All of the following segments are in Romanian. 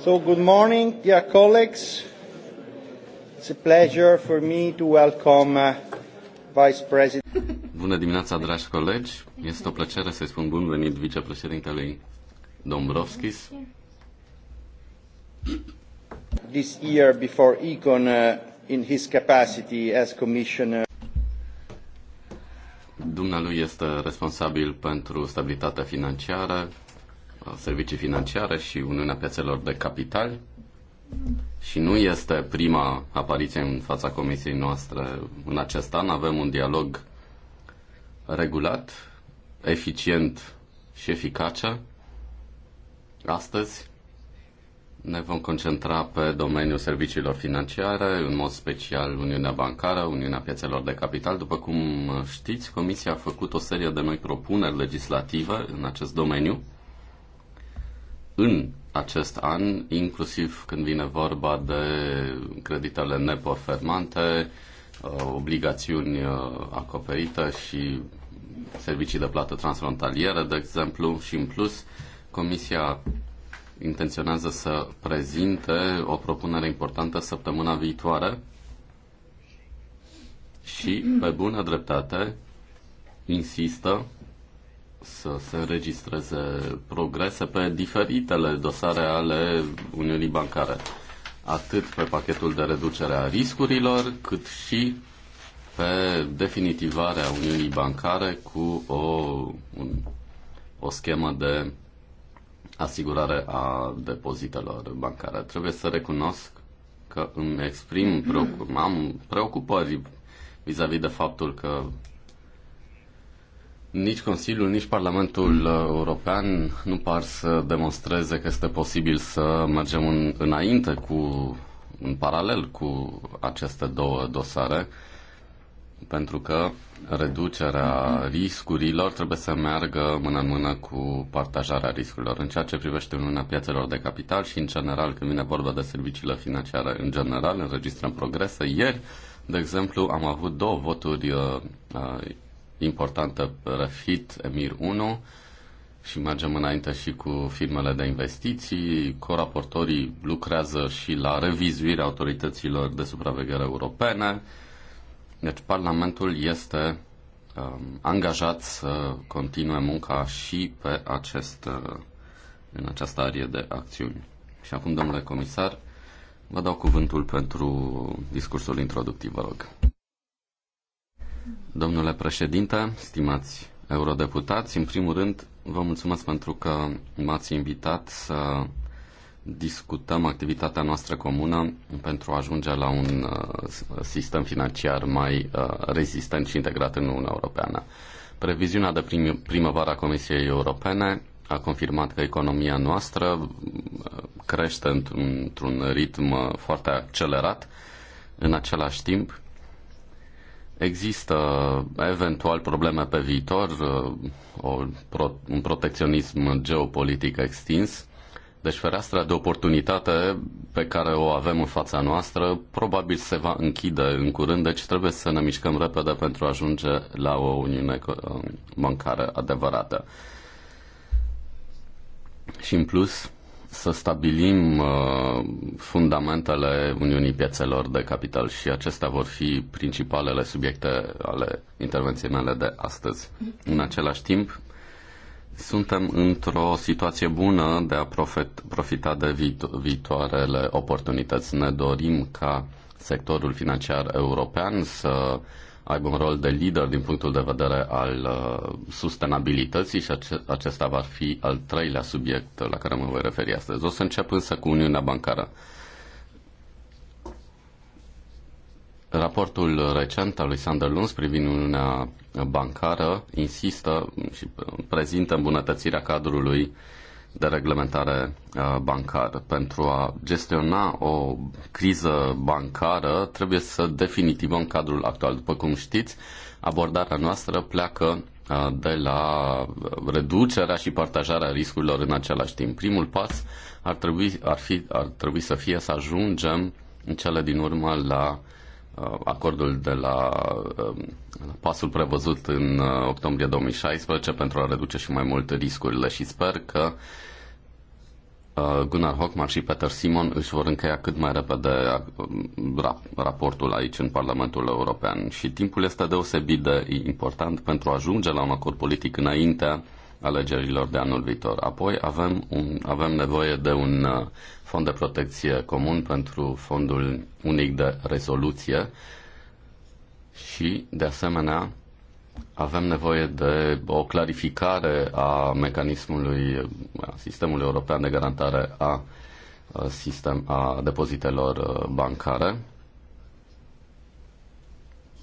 So good morning, dear colleagues. It's a pleasure for me to welcome uh, Vice President. Bună dimineața, dragi colegi. Este o plăcere să-i spun bun venit vicepreședintelui Dombrovskis. This year before Econ uh, in his capacity as commissioner Dumnealui este responsabil pentru stabilitatea financiară, servicii financiare și Uniunea Piațelor de Capital și nu este prima apariție în fața comisiei noastre în acest an. Avem un dialog regulat, eficient și eficace. Astăzi ne vom concentra pe domeniul serviciilor financiare, în mod special Uniunea Bancară, Uniunea piațelor de Capital. După cum știți, Comisia a făcut o serie de noi propuneri legislative în acest domeniu în acest an, inclusiv când vine vorba de creditele neperformante, uh, obligațiuni uh, acoperite și servicii de plată transfrontaliere, de exemplu, și în plus Comisia intenționează să prezinte o propunere importantă săptămâna viitoare și, pe bună dreptate, insistă să se înregistreze progrese pe diferitele dosare ale Uniunii Bancare, atât pe pachetul de reducere a riscurilor, cât și pe definitivarea Uniunii Bancare cu o, un, o schemă de asigurare a depozitelor bancare. Trebuie să recunosc că îmi exprim, preocup, am preocupări vis-a-vis -vis de faptul că nici Consiliul, nici Parlamentul uh, European nu par să demonstreze că este posibil să mergem în, înainte cu, în paralel cu aceste două dosare, pentru că reducerea riscurilor trebuie să meargă mână în mână cu partajarea riscurilor. În ceea ce privește Uniunea Piațelor de Capital și, în general, când vine vorba de serviciile financiare, în general, înregistrăm progrese. Ieri, de exemplu, am avut două voturi uh, uh importantă Refit, Emir 1 și mergem înainte și cu firmele de investiții. Coraportorii lucrează și la revizuirea autorităților de supraveghere europene. Deci Parlamentul este um, angajat să continue munca și pe acest, uh, în această arie de acțiuni. Și acum, domnule comisar, vă dau cuvântul pentru discursul introductiv, vă rog. Domnule președinte, stimați eurodeputați, în primul rând vă mulțumesc pentru că m-ați invitat să discutăm activitatea noastră comună pentru a ajunge la un uh, sistem financiar mai uh, rezistent și integrat în Uniunea Europeană. Previziunea de prim- primăvară a Comisiei Europene a confirmat că economia noastră uh, crește într-un, într ritm foarte accelerat. În același timp, Există eventual probleme pe viitor, uh, o, un protecționism geopolitic extins, deci fereastra de oportunitate pe care o avem în fața noastră probabil se va închide în curând, deci trebuie să ne mișcăm repede pentru a ajunge la o uniune uh, bancară adevărată. Și în plus, să stabilim uh, fundamentele Uniunii Piețelor de Capital și acestea vor fi principalele subiecte ale intervenției mele de astăzi. În același timp, suntem într-o situație bună de a profita de viitoarele oportunități. Ne dorim ca sectorul financiar european să aibă un rol de lider din punctul de vedere al uh, sustenabilității și ace- acesta va fi al treilea subiect la care mă voi referi astăzi. O să încep însă cu Uniunea Bancară. Raportul recent al lui Sander Luns privind Uniunea Bancară insistă și prezintă îmbunătățirea cadrului uh, de reglementare uh, bancară. Pentru a gestiona o criză bancară trebuie să definitivăm cadrul actual. După cum știți, abordarea noastră pleacă uh, de la reducerea și partajarea riscurilor în același timp. Primul pas ar trebui, ar fi, ar trebui să fie să ajungem în cele din urmă la Uh, acordul de uh, la pasul prevăzut în uh, octombrie 2016 pentru a reduce și mai mult riscurile și sper că Gunnar Hockmar și Peter Simon își vor încheia cât mai repede raportul aici în Parlamentul European și timpul este deosebit de important pentru a ajunge la un acord politic înaintea alegerilor de anul viitor. Apoi avem, un, avem nevoie de un uh, fond de protecție comun pentru fondul unic de rezoluție și, de asemenea, avem nevoie de o clarificare a mecanismului, a sistemului european de garantare a, uh, sistem, a depozitelor uh, bancare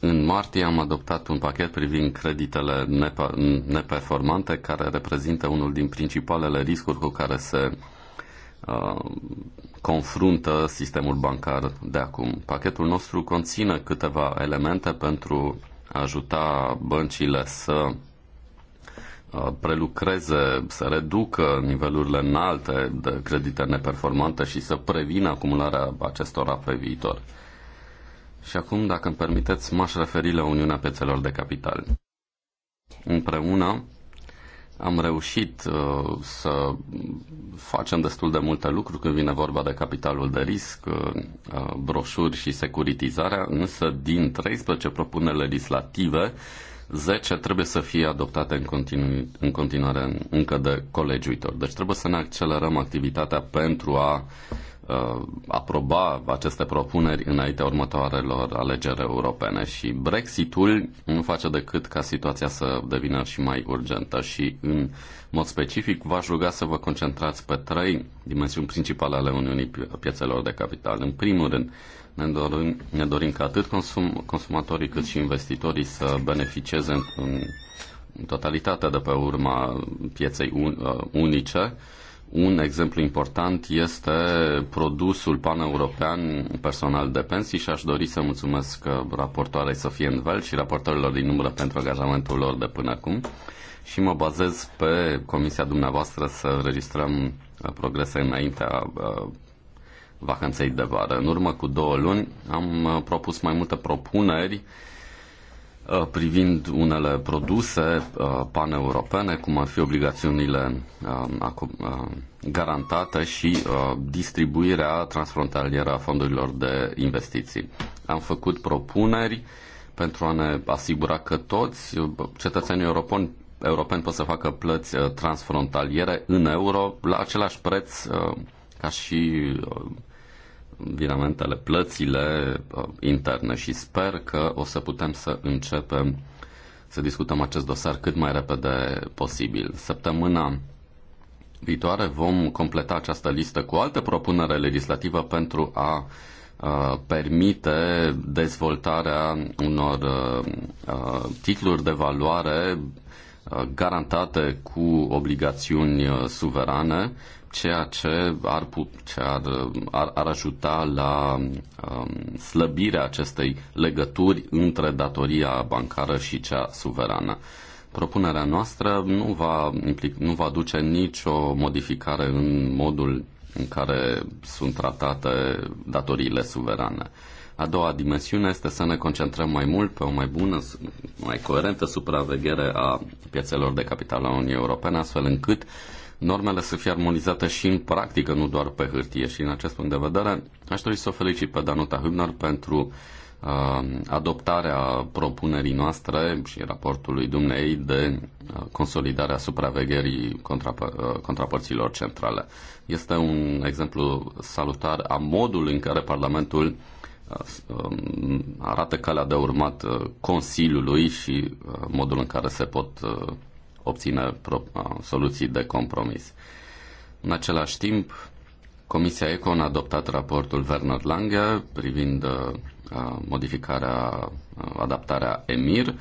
în martie am adoptat un pachet privind creditele neperformante, care reprezintă unul din principalele riscuri cu care se uh, confruntă sistemul bancar de acum. Pachetul nostru conține câteva elemente pentru a ajuta băncile să uh, prelucreze, să reducă nivelurile înalte de credite neperformante și să prevină acumularea acestora pe viitor. Și acum, dacă îmi permiteți, m-aș referi la Uniunea Piețelor de Capital. Împreună am reușit uh, să facem destul de multe lucruri când vine vorba de capitalul de risc, uh, uh broșuri și securitizarea, însă din 13 propuneri legislative, 10 trebuie să fie adoptate în, continu- în continuare încă de colegiuitor. Deci trebuie să ne accelerăm activitatea pentru a uh, uh, aproba aceste propuneri înaintea următoarelor alegeri europene și Brexitul nu face decât ca situația să devină și mai urgentă și în mod specific v-aș ruga să vă concentrați pe trei dimensiuni principale ale Uniunii Piețelor de Capital. În primul rând, ne dorim, ne dorim ca atât consum, consumatorii cât și investitorii să beneficieze în, în totalitate de pe urma pieței un, uh, unice, uh, un exemplu important este produsul pan european personal de pensii și aș dori să mulțumesc uh, raportoarei Sofie Envel și raportorilor din umbră pentru angajamentul lor de până acum și mă bazez pe comisia dumneavoastră să registrăm uh, progrese înaintea uh, vacanței de vară. În urmă cu două luni am propus mai multe propuneri Uh, privind unele produse uh, paneuropene, cum ar fi obligațiunile um, uh, garantate și distribuirea transfrontalieră a fondurilor de investiții. Am făcut propuneri pentru a ne asigura că toți cetățenii europeni europeni pot să facă plăți transfrontaliere în euro la același preț ca și evenimentele, plățile uh, interne și sper că o să putem să începem să discutăm acest dosar cât mai repede posibil. Săptămâna viitoare vom completa această listă cu altă propunere legislativă pentru a uh, permite dezvoltarea unor uh, titluri de valoare garantate cu obligațiuni suverane ceea ce ar, put, ce ar, ar, ar ajuta la um, slăbirea acestei legături între datoria bancară și cea suverană. Propunerea noastră nu va, implic, nu va duce nicio modificare în modul în care sunt tratate datoriile suverane. A doua dimensiune este să ne concentrăm mai mult pe o mai bună, mai coerentă supraveghere a piețelor de capital a Uniunii Europene, astfel încât uh, normele să fie armonizate și în practică, nu doar pe hârtie. Și în acest punct de vedere, aș dori să o felicit pe Danuta Hübner pentru uh, adoptarea propunerii noastre și raportului dumnei de uh, consolidarea supravegherii contrap- uh, contrapărților centrale. Este un exemplu salutar a modului în care Parlamentul uh, um, arată calea de urmat Consiliului și modul în care se pot uh, soluții de compromis. În același timp, Comisia Econ a adoptat raportul Werner Lange privind modificarea, adaptarea EMIR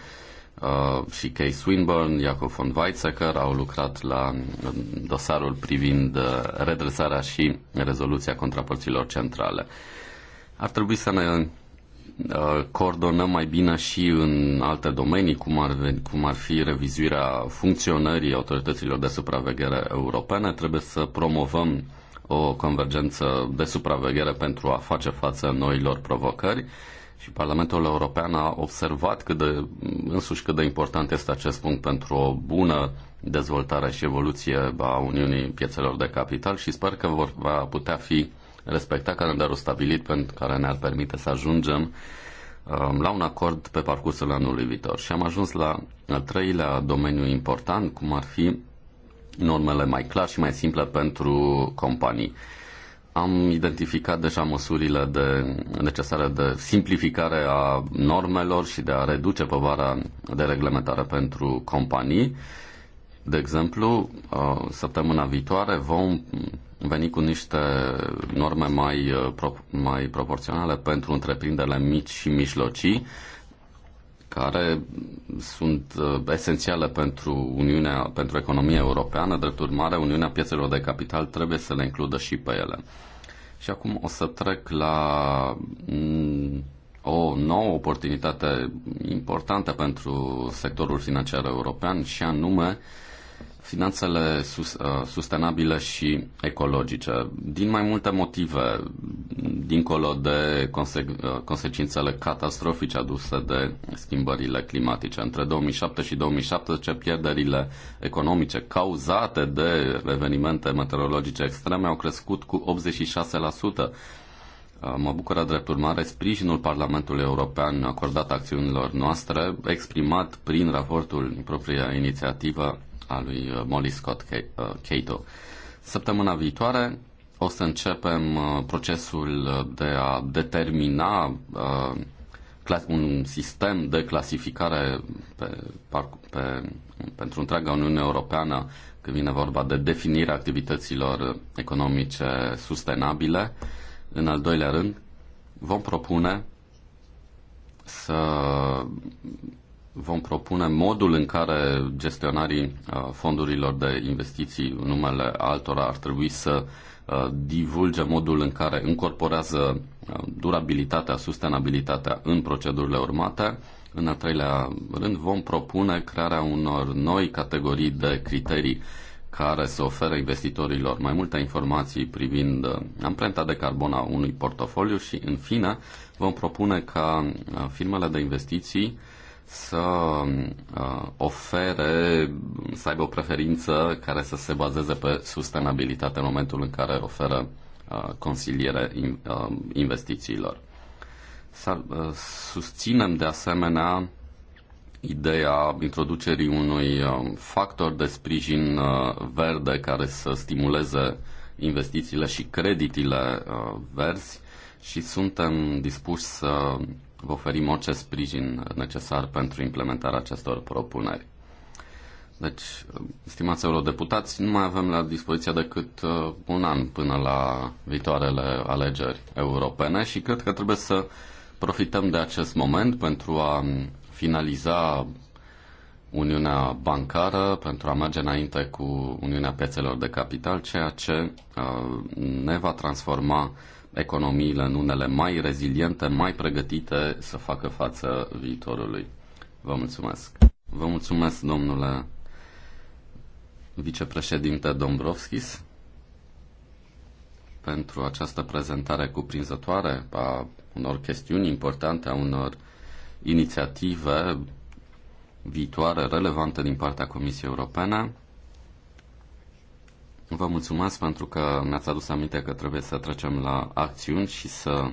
și Kay Swinburne, Jacob von Weizsäcker au lucrat la dosarul privind redresarea și rezoluția contrapărților centrale. Ar trebui să ne Uh, coordonăm mai bine și în alte domenii, cum ar, cum ar fi revizuirea funcționării autorităților de supraveghere europene. Trebuie să promovăm o convergență de supraveghere pentru a face față noilor provocări și Parlamentul European a observat cât de, însuși cât de important este acest punct pentru o bună dezvoltare și evoluție a Uniunii piețelor de capital și sper că vor va putea fi respecta calendarul stabilit pentru care ne-ar permite să ajungem um, la un acord pe parcursul anului viitor. Și am ajuns la al treilea domeniu important, cum ar fi normele mai clare și mai simple pentru companii. Am identificat deja măsurile de, necesare de simplificare a normelor și de a reduce povara de reglementare pentru companii. De exemplu, uh, săptămâna viitoare vom veni cu niște norme mai, uh, mai proporționale pentru întreprinderile mici și mijlocii, care sunt uh, esențiale pentru Uniunea, pentru economia europeană. Drept urmare, Uniunea Piețelor de Capital trebuie să le includă și pe ele. Și acum o să trec la mm, o nouă oportunitate importantă pentru sectorul financiar european și anume uh, finanțele sus, uh, sustenabile și ecologice, din mai multe motive, dincolo de conse- uh, consecințele catastrofice aduse de schimbările climatice. Între 2007 și 2017, pierderile economice cauzate de evenimente meteorologice extreme au crescut cu 86%. Uh, mă bucură drept urmare sprijinul Parlamentului European acordat acțiunilor noastre, exprimat prin raportul propria inițiativă a lui uh, Molly Scott uh, Cato. Săptămâna viitoare o să începem uh, procesul de a determina un sistem de clasificare pe, pe, pentru întreaga Uniune Europeană când vine vorba de definirea activităților economice sustenabile. În al doilea rând, vom propune să vom propune modul în care gestionarii uh, fondurilor de investiții în numele altora ar trebui să uh, divulge modul în care încorporează uh, durabilitatea, sustenabilitatea în procedurile urmate. În al treilea rând, vom propune crearea unor noi categorii de criterii care să ofere investitorilor mai multe informații privind amprenta de carbon a unui portofoliu și, în fine, vom propune ca firmele de investiții să uh, ofere, să aibă o preferință care să se bazeze pe sustenabilitate în momentul în care oferă uh, consiliere uh, investițiilor. Susținem de asemenea ideea introducerii unui factor de sprijin verde care să stimuleze investițiile și creditile verzi și suntem dispuși să vă oferim orice sprijin necesar pentru implementarea acestor propuneri. Deci, stimați eurodeputați, nu mai avem la dispoziție decât uh, un an până la viitoarele alegeri europene și cred că trebuie să profităm de acest moment pentru a um, finaliza Uniunea Bancară, pentru a merge înainte cu Uniunea Piețelor de Capital, ceea ce uh, ne va transforma economiile în unele mai reziliente, mai pregătite să facă față viitorului. Vă mulțumesc. Vă mulțumesc, domnule vicepreședinte Dombrovskis, pentru această prezentare cuprinzătoare a unor chestiuni importante, a unor inițiative viitoare relevante din partea Comisiei Europene. Vă mulțumesc pentru că mi-ați adus aminte că trebuie să trecem la acțiuni și să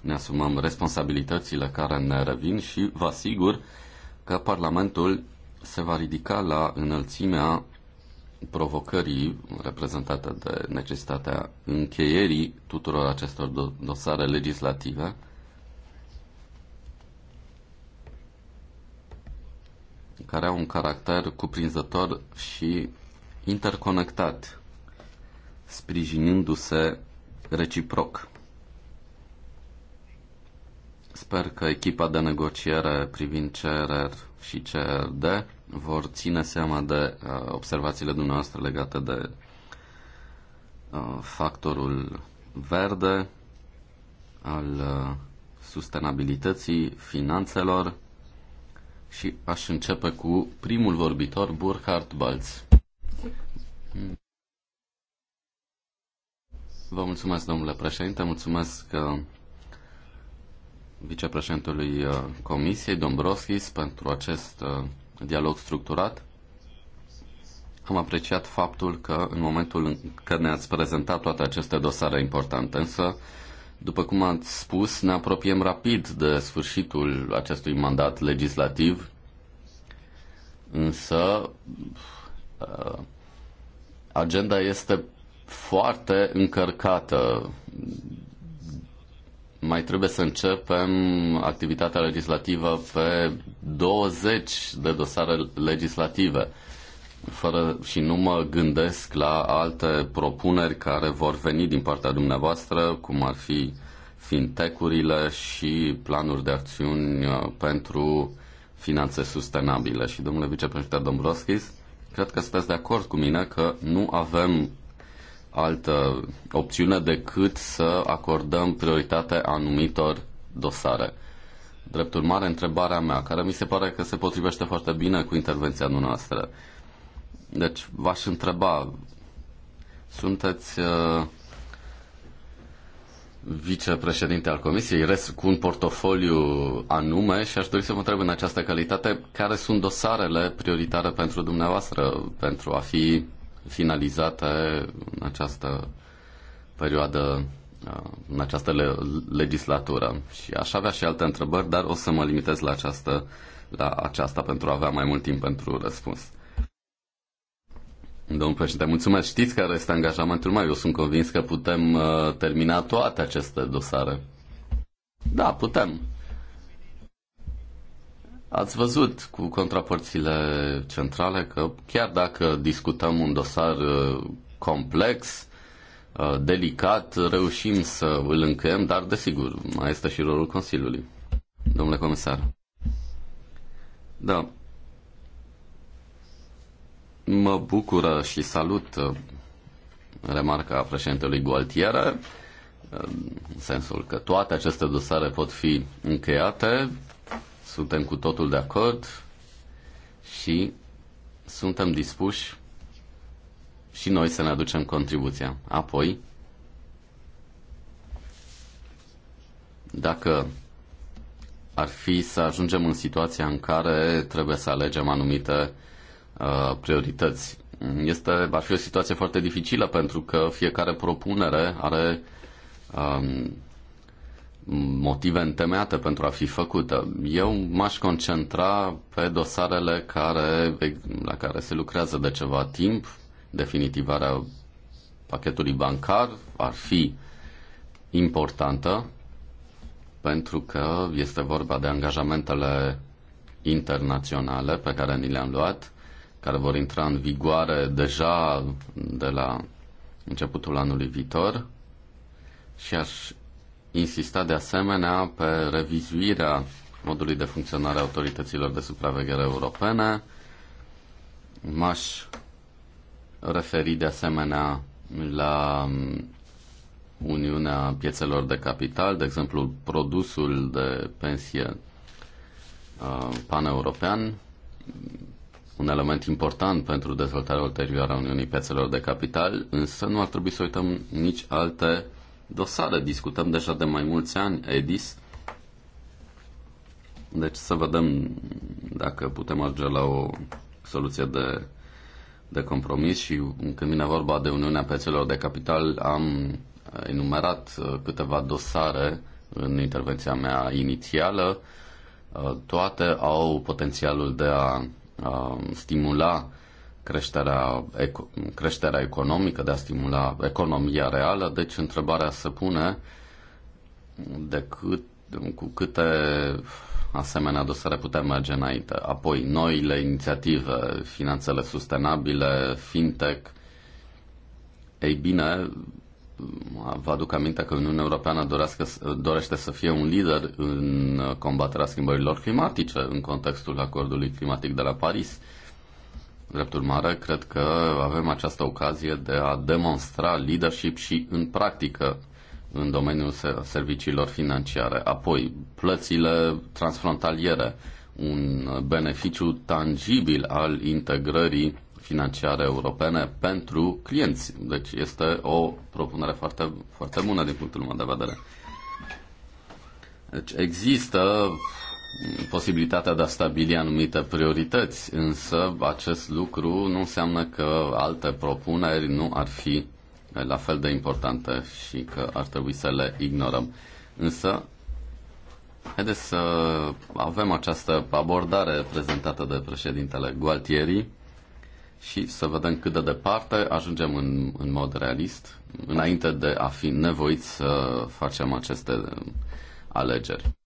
ne asumăm responsabilitățile care ne revin și vă asigur că Parlamentul se va ridica la înălțimea provocării reprezentate de necesitatea încheierii tuturor acestor dosare legislative care au un caracter cuprinzător și interconectat sprijinindu-se reciproc. Sper că echipa de negociere privind CRR și CRD vor ține seama de uh, observațiile dumneavoastră legate de uh, factorul verde, al uh, sustenabilității finanțelor și aș începe cu primul vorbitor, Burkhard Balz. Vă mulțumesc, domnule președinte, mulțumesc uh, vicepreședintelui uh, Comisiei, Dombrovskis, pentru acest uh, dialog structurat. Am apreciat faptul că în momentul în care ne-ați prezentat toate aceste dosare importante, însă, după cum ați spus, ne apropiem rapid de sfârșitul acestui mandat legislativ, însă agenda este foarte încărcată. Mai trebuie să începem activitatea legislativă pe 20 de dosare legislative. Fără și nu mă gândesc la alte propuneri care vor veni din partea dumneavoastră, cum ar fi fintecurile și planuri de acțiuni uh, pentru finanțe sustenabile. Și domnule vicepreședinte Dombrovskis, cred că sunteți de acord cu mine că nu avem altă opțiune decât să acordăm prioritate anumitor dosare. Drept urmare, întrebarea mea, care mi se pare că se potrivește foarte bine cu intervenția noastră. Deci, v-aș întreba, sunteți uh, vicepreședinte al Comisiei, res cu un portofoliu anume și aș dori să vă întreb în această calitate care sunt dosarele prioritare pentru dumneavoastră pentru a fi finalizate în această perioadă, uh, în această le- legislatură. Și aș avea și alte întrebări, dar o să mă limitez la această, la aceasta pentru a avea mai mult timp pentru răspuns. Domnul președinte, mulțumesc. Știți care este angajamentul meu. Eu sunt convins că putem uh, termina toate aceste dosare. Da, putem. Ați văzut cu contrapărțile centrale că chiar dacă discutăm un dosar uh, complex, uh, delicat, reușim să îl încheiem, dar desigur, mai este și rolul Consiliului. Domnule comisar. Da. Mă bucură și salut uh, remarca președintelui Gualtiere, în sensul că toate aceste dosare pot fi încheiate suntem cu totul de acord și suntem dispuși și noi să ne aducem contribuția. Apoi, dacă ar fi să ajungem în situația în care trebuie să alegem anumite uh, priorități. Este, ar fi o situație foarte dificilă pentru că fiecare propunere are um, motive întemeiate pentru a fi făcută. Eu m-aș concentra pe dosarele care, la care se lucrează de ceva timp, definitivarea pachetului bancar ar fi importantă pentru că este vorba de angajamentele internaționale pe care ni le-am luat, care vor intra în vigoare deja de la începutul anului viitor și aș insista de asemenea pe revizuirea modului de funcționare a autorităților de supraveghere europene. M-aș referi de asemenea la mm, Uniunea Piețelor de Capital, de exemplu, produsul de pensie paneuropean, un element important pentru dezvoltarea ulterioară a Uniunii Piețelor de Capital, însă nu ar trebui să uităm nici alte dosare. Discutăm deja de mai mulți ani EDIS. Deci să vedem dacă putem ajunge la o soluție de, de compromis și când vine vorba de Uniunea Piețelor de Capital am enumerat uh, câteva dosare în intervenția mea inițială. Uh, toate au potențialul de a, stimula creșterea, eco, creșterea economică, de a stimula economia reală. Deci întrebarea se pune de cât, cu câte asemenea dosare putem merge înainte. Apoi noile inițiative, finanțele sustenabile, fintech. Ei bine, vă aduc aminte că Uniunea Europeană dorească, dorește să fie un lider în combaterea schimbărilor climatice în contextul acordului climatic de la Paris. Uh, Drept urmare, cred că avem această ocazie de a demonstra leadership și în practică în domeniul serviciilor financiare. Apoi, plățile transfrontaliere, un beneficiu tangibil al integrării financiare europene pentru clienți. Deci este o propunere foarte, foarte bună din punctul meu de vedere. Deci există posibilitatea de a stabili anumite priorități, însă acest lucru nu înseamnă că alte propuneri nu ar fi la fel de importante și că ar trebui să le ignorăm. Însă, haideți să avem această abordare prezentată de președintele Gualtieri și să vedem cât de departe ajungem în, în mod realist, înainte de a fi nevoiți să facem aceste alegeri.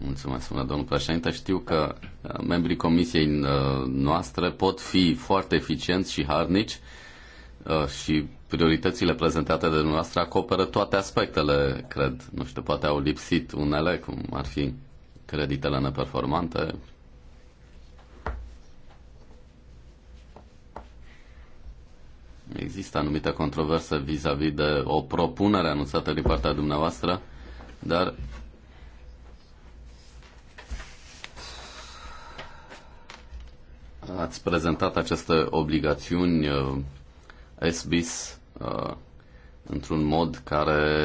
Mulțumesc, mână, domnul președinte. Știu că uh, membrii comisiei uh, noastre pot fi foarte eficienți și harnici uh, și prioritățile prezentate de noastră acoperă toate aspectele, cred. Nu știu, poate au lipsit unele, cum ar fi creditele neperformante. Există anumite controverse vis-a-vis -vis de o propunere anunțată din partea dumneavoastră, dar ați prezentat aceste obligațiuni SBIS uh, uh, într-un mod care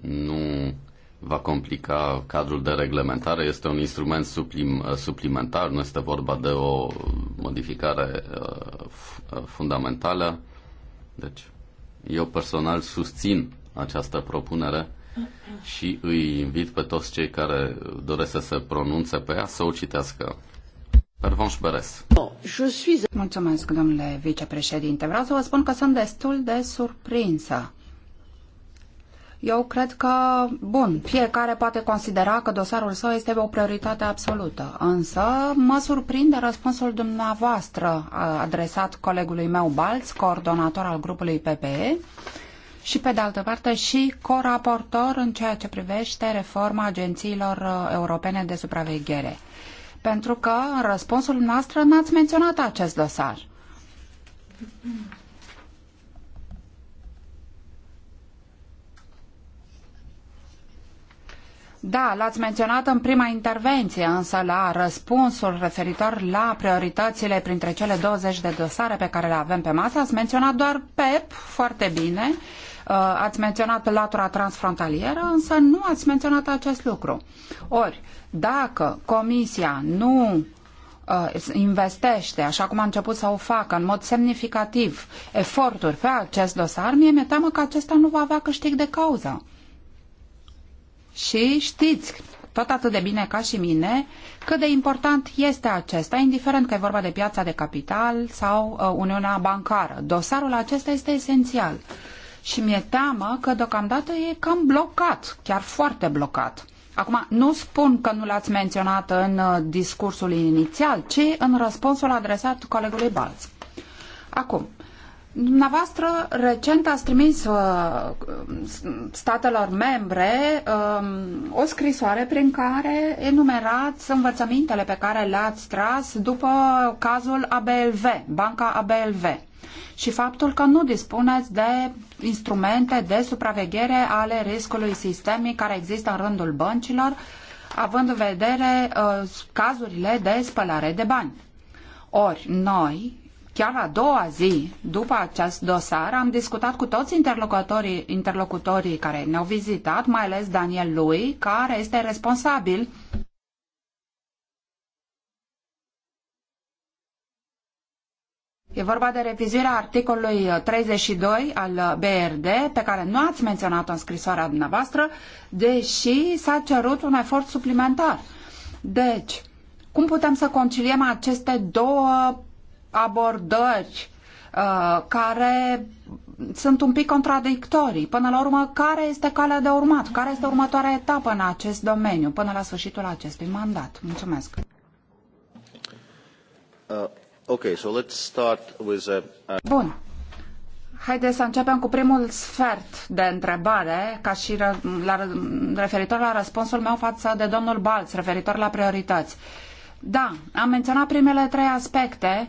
nu va complica cadrul de reglementare. Este un instrument suplim, uh, suplimentar, nu este vorba de o modificare fundamentală. Deci, eu personal susțin această propunere și îi invit pe toți cei care doresc să se pronunțe pe ea să o citească Mulțumesc, domnule vicepreședinte. Vreau să vă spun că sunt destul de surprinsă. Eu cred că, bun, fiecare poate considera că dosarul său este o prioritate absolută, însă mă surprinde răspunsul dumneavoastră adresat colegului meu Balț, coordonator al grupului PPE, și pe de altă parte și coraportor în ceea ce privește reforma agențiilor uh, europene de supraveghere pentru că în răspunsul noastră n-ați menționat acest dosar. Da, l-ați menționat în prima intervenție, însă la răspunsul referitor la prioritățile printre cele 20 de dosare pe care le avem pe masă, ați menționat doar PEP, foarte bine, uh, Uh, ați menționat latura transfrontalieră, însă nu ați menționat acest lucru. Ori, dacă Comisia nu uh, investește, așa cum a început să o facă, în mod semnificativ, eforturi pe acest dosar, mie mi-e teamă că acesta nu va avea câștig de cauză. Și știți, tot atât de bine ca și mine, cât de important este acesta, indiferent că e vorba de piața de capital sau uh, Uniunea Bancară. Dosarul acesta este esențial și mi-e teamă că deocamdată e cam blocat, chiar foarte blocat. Acum, nu spun că nu l-ați menționat în uh, discursul inițial, ci în răspunsul adresat colegului Balț. Acum, Dumneavoastră recent ați trimis uh, statelor membre um, o scrisoare prin care enumerați învățămintele pe care le-ați tras după cazul ABLV, banca ABLV și faptul că nu dispuneți de instrumente de supraveghere ale riscului sistemic care există în rândul băncilor, având în vedere uh, cazurile de spălare de bani. Ori noi, chiar la doua zi după acest dosar, am discutat cu toți interlocutorii, interlocutorii care ne-au vizitat, mai ales Daniel Lui, care este responsabil E vorba de revizuirea articolului 32 uh, al uh, BRD, pe care nu ați menționat-o în scrisoarea dumneavoastră, deși s-a cerut un efort suplimentar. Deci, cum putem să conciliem aceste două abordări uh, care sunt un pic contradictorii? Până la urmă, care este calea de urmat? Care este următoarea etapă în acest domeniu până la sfârșitul acestui mandat? Mulțumesc! Uh. Okay, so let's start with a... Bun. Haideți să începem cu primul sfert de întrebare, ca și la, referitor la răspunsul meu față de domnul Balț, referitor la priorități. Da, am menționat primele trei aspecte,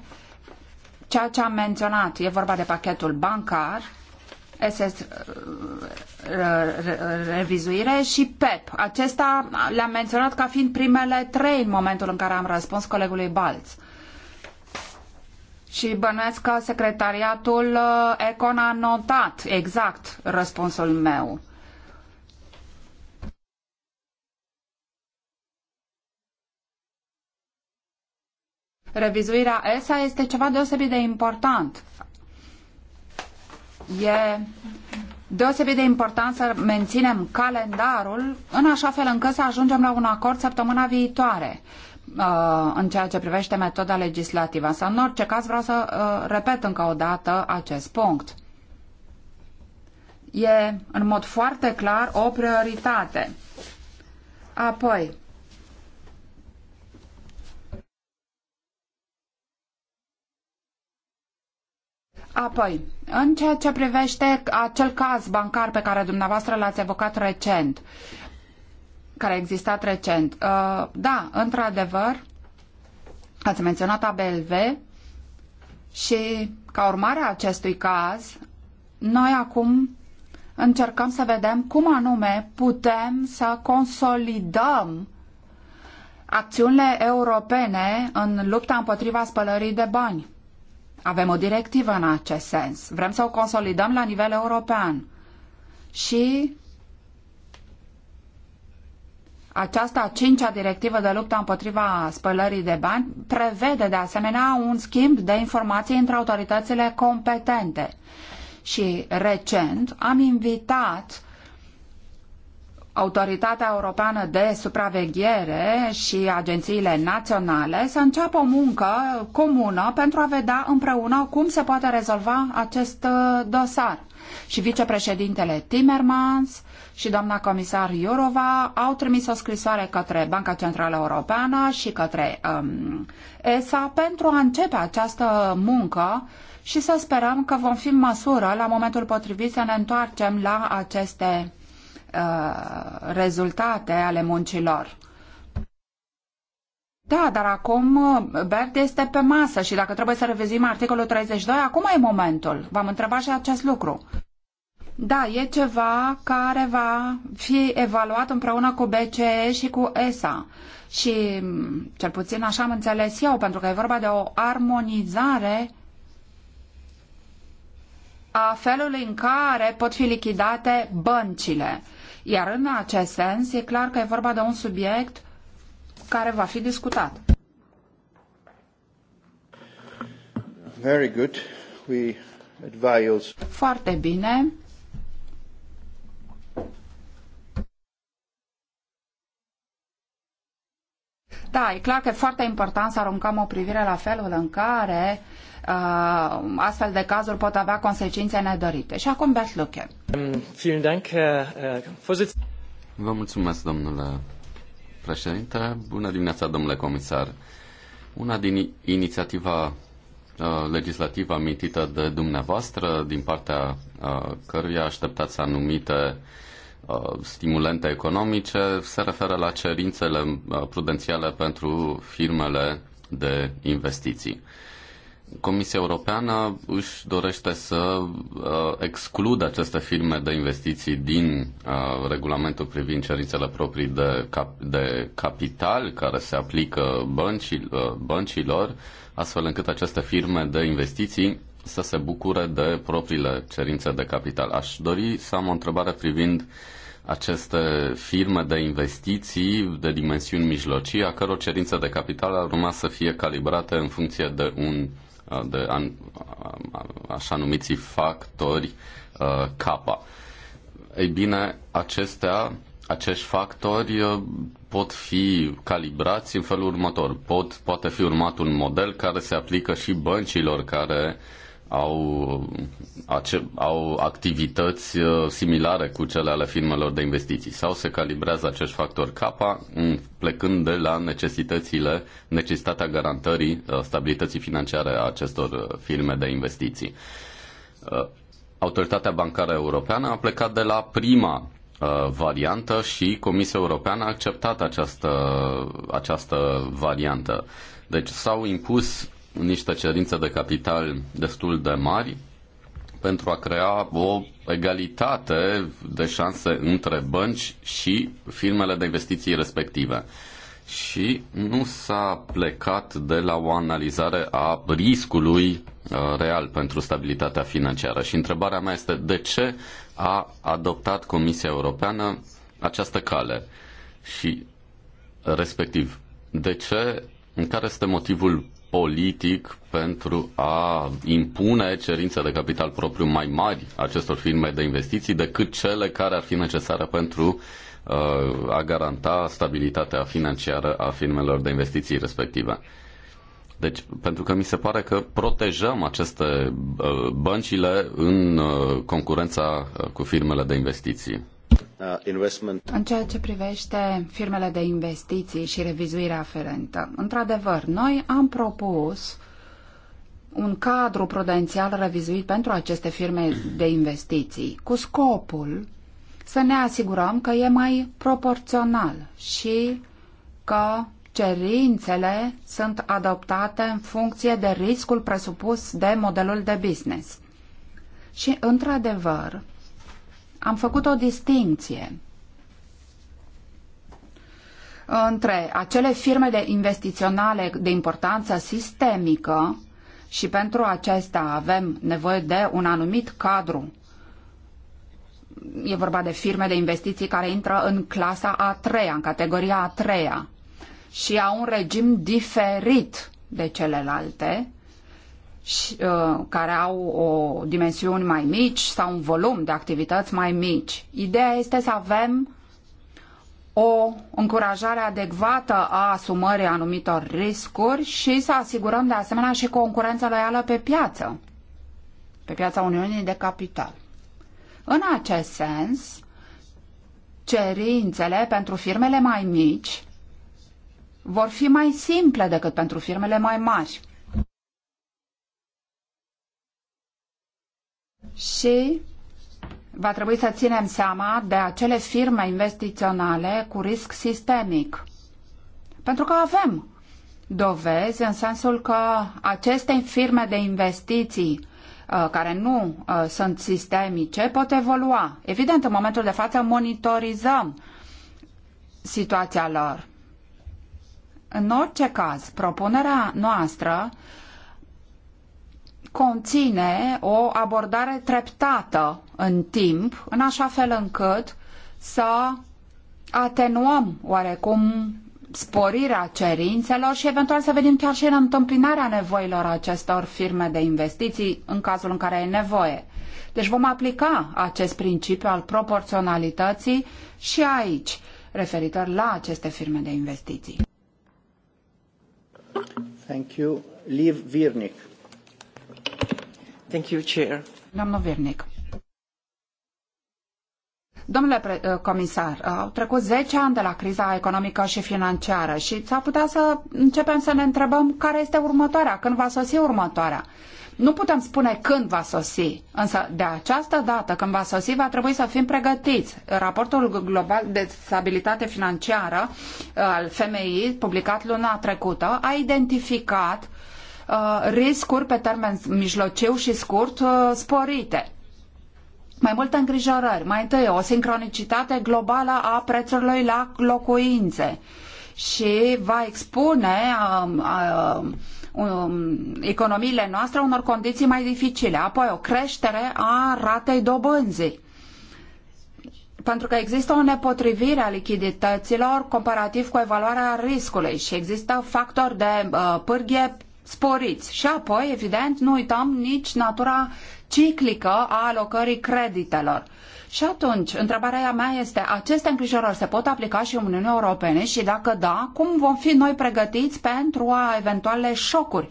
ceea ce am menționat, e vorba de pachetul bancar, SS, uh, revizuire și PEP. Acesta le-am menționat ca fiind primele trei în momentul în care am răspuns colegului Balț. Și bănuiesc că secretariatul uh, Econ a notat exact răspunsul meu. Revizuirea ESA este ceva deosebit de important. E deosebit de important să menținem calendarul în așa fel încât să ajungem la un acord săptămâna viitoare. Uh, în ceea ce privește metoda legislativă. Însă, în orice caz, vreau să uh, repet încă o dată acest punct. E, în mod foarte clar, o prioritate. Apoi, Apoi, în ceea ce privește acel caz bancar pe care dumneavoastră l-ați evocat recent, care a existat recent. Uh, da, într-adevăr, ați menționat ABLV și ca urmare a acestui caz, noi acum încercăm să vedem cum anume putem să consolidăm acțiunile europene în lupta împotriva spălării de bani. Avem o directivă în acest sens. Vrem să o consolidăm la nivel european. Și aceasta a cincea directivă de luptă împotriva spălării de bani prevede de asemenea un schimb de informații între autoritățile competente. Și recent am invitat Autoritatea Europeană de Supraveghere și agențiile naționale să înceapă o muncă comună pentru a vedea împreună cum se poate rezolva acest uh, dosar și vicepreședintele Timmermans și doamna comisar Iurova au trimis o scrisoare către Banca Centrală Europeană și către um, ESA pentru a începe această muncă și să sperăm că vom fi în măsură la momentul potrivit să ne întoarcem la aceste uh, rezultate ale muncilor. Da, dar acum uh, Bert este pe masă și dacă trebuie să revizim articolul 32, acum e momentul. V-am întrebat și acest lucru. Da, e ceva care va fi evaluat împreună cu BCE și cu ESA. Și mm, cel puțin așa am înțeles eu, pentru că e vorba de o armonizare a felului în care pot fi lichidate băncile. Iar în acest sens, e clar că e vorba de un subiect care va fi discutat. Very good. We advise. Foarte bine. Da, e clar că e foarte important să aruncăm o privire la felul în care uh, astfel de cazuri pot avea consecințe nedorite. Și acum Bert Luche. Um, Vă mulțumesc, domnule președinte. Bună dimineața, domnule comisar. Una din inițiativa uh, legislativă amintită de dumneavoastră, din partea uh, căruia așteptați anumite Uh, stimulente economice se referă la cerințele uh, prudențiale pentru firmele de investiții. Comisia Europeană își dorește să uh, excludă aceste firme de investiții din regulamentul privind cerințele proprii de, cap- de capital care se aplică băncii, băncilor, astfel încât aceste firme de investiții să se bucure de propriile cerințe de capital. Aș dori să am o întrebare privind aceste firme de investiții de dimensiuni mijlocii, a căror cerințe de capital ar urma să fie calibrate în funcție de un de an, așa numiți factori uh, K. Ei bine, acestea, acești factori uh, pot fi calibrați în felul următor. Pot, poate fi urmat un model care se aplică și băncilor care uh, au, ace- au activități uh, similare cu cele ale firmelor de investiții sau se calibrează acești factori K mm, plecând de la necesitățile, necesitatea garantării uh, stabilității financiare a acestor uh, firme de investiții. Autoritatea Bancară Europeană a plecat de la prima variantă și Comisia Europeană a acceptat această, această variantă. Deci s-au impus niște cerințe de capital destul de mari pentru a crea o egalitate de șanse între bănci și firmele de investiții respective. Și nu s-a plecat de la o analizare a riscului uh, real pentru stabilitatea financiară. Și întrebarea mea este de ce a adoptat Comisia Europeană această cale? Și respectiv, de ce, în care este motivul politic pentru a impune cerințe de capital propriu mai mari acestor firme de investiții decât cele care ar fi necesare pentru uh, a garanta stabilitatea financiară a firmelor de investiții respective. Deci, pentru că mi se pare că protejăm aceste uh, băncile în uh, concurența cu firmele de investiții. Uh, în ceea ce privește firmele de investiții și revizuirea aferentă, într-adevăr, noi am propus un cadru prudențial revizuit pentru aceste firme de investiții, cu scopul să ne asigurăm că e mai proporțional și că cerințele sunt adoptate în funcție de riscul presupus de modelul de business. Și, într-adevăr, am făcut o distinție între acele firme de investiționale de importanță sistemică și pentru acestea avem nevoie de un anumit cadru. E vorba de firme de investiții care intră în clasa a treia, în categoria a treia și au un regim diferit de celelalte și, uh, care au o dimensiuni mai mici sau un volum de activități mai mici. Ideea este să avem o încurajare adecvată a asumării anumitor riscuri și să asigurăm de asemenea și concurența loială pe piață, pe piața Uniunii de Capital. În acest sens, cerințele pentru firmele mai mici vor fi mai simple decât pentru firmele mai mari. și va trebui să ținem seama de acele firme investiționale cu risc sistemic. Pentru că avem dovezi în sensul că aceste firme de investiții uh, care nu uh, sunt sistemice pot evolua. Evident, în momentul de față monitorizăm situația lor. În orice caz, propunerea noastră conține o abordare treptată în timp, în așa fel încât să atenuăm oarecum sporirea cerințelor și eventual să venim chiar și în întâmpinarea nevoilor acestor firme de investiții în cazul în care e nevoie. Deci vom aplica acest principiu al proporționalității și aici, referitor la aceste firme de investiții. Thank you. Liv Virnic. Domnule uh, comisar, uh, au trecut zece ani de la criza economică și financiară și s-ar putea să începem să ne întrebăm care este următoarea, când va sosi următoarea. Nu putem spune când va sosi, însă de această dată, când va sosi, va trebui să fim pregătiți. Raportul global de stabilitate financiară uh, al FMI, publicat luna trecută, a identificat Uh, riscuri pe termen mijlociu și scurt uh, sporite. Mai multe îngrijorări. Mai întâi, o sincronicitate globală a prețurilor la locuințe și va expune um, um, um, economiile noastre unor condiții mai dificile. Apoi, o creștere a ratei dobânzii pentru că există o nepotrivire a lichidităților comparativ cu evaluarea riscului și există factori de uh, pârghie sporiți. Și apoi, evident, nu uităm nici natura ciclică a alocării creditelor. Și atunci, întrebarea mea este, aceste îngrijorări se pot aplica și în Uniunea Europene și dacă da, cum vom fi noi pregătiți pentru a eventuale șocuri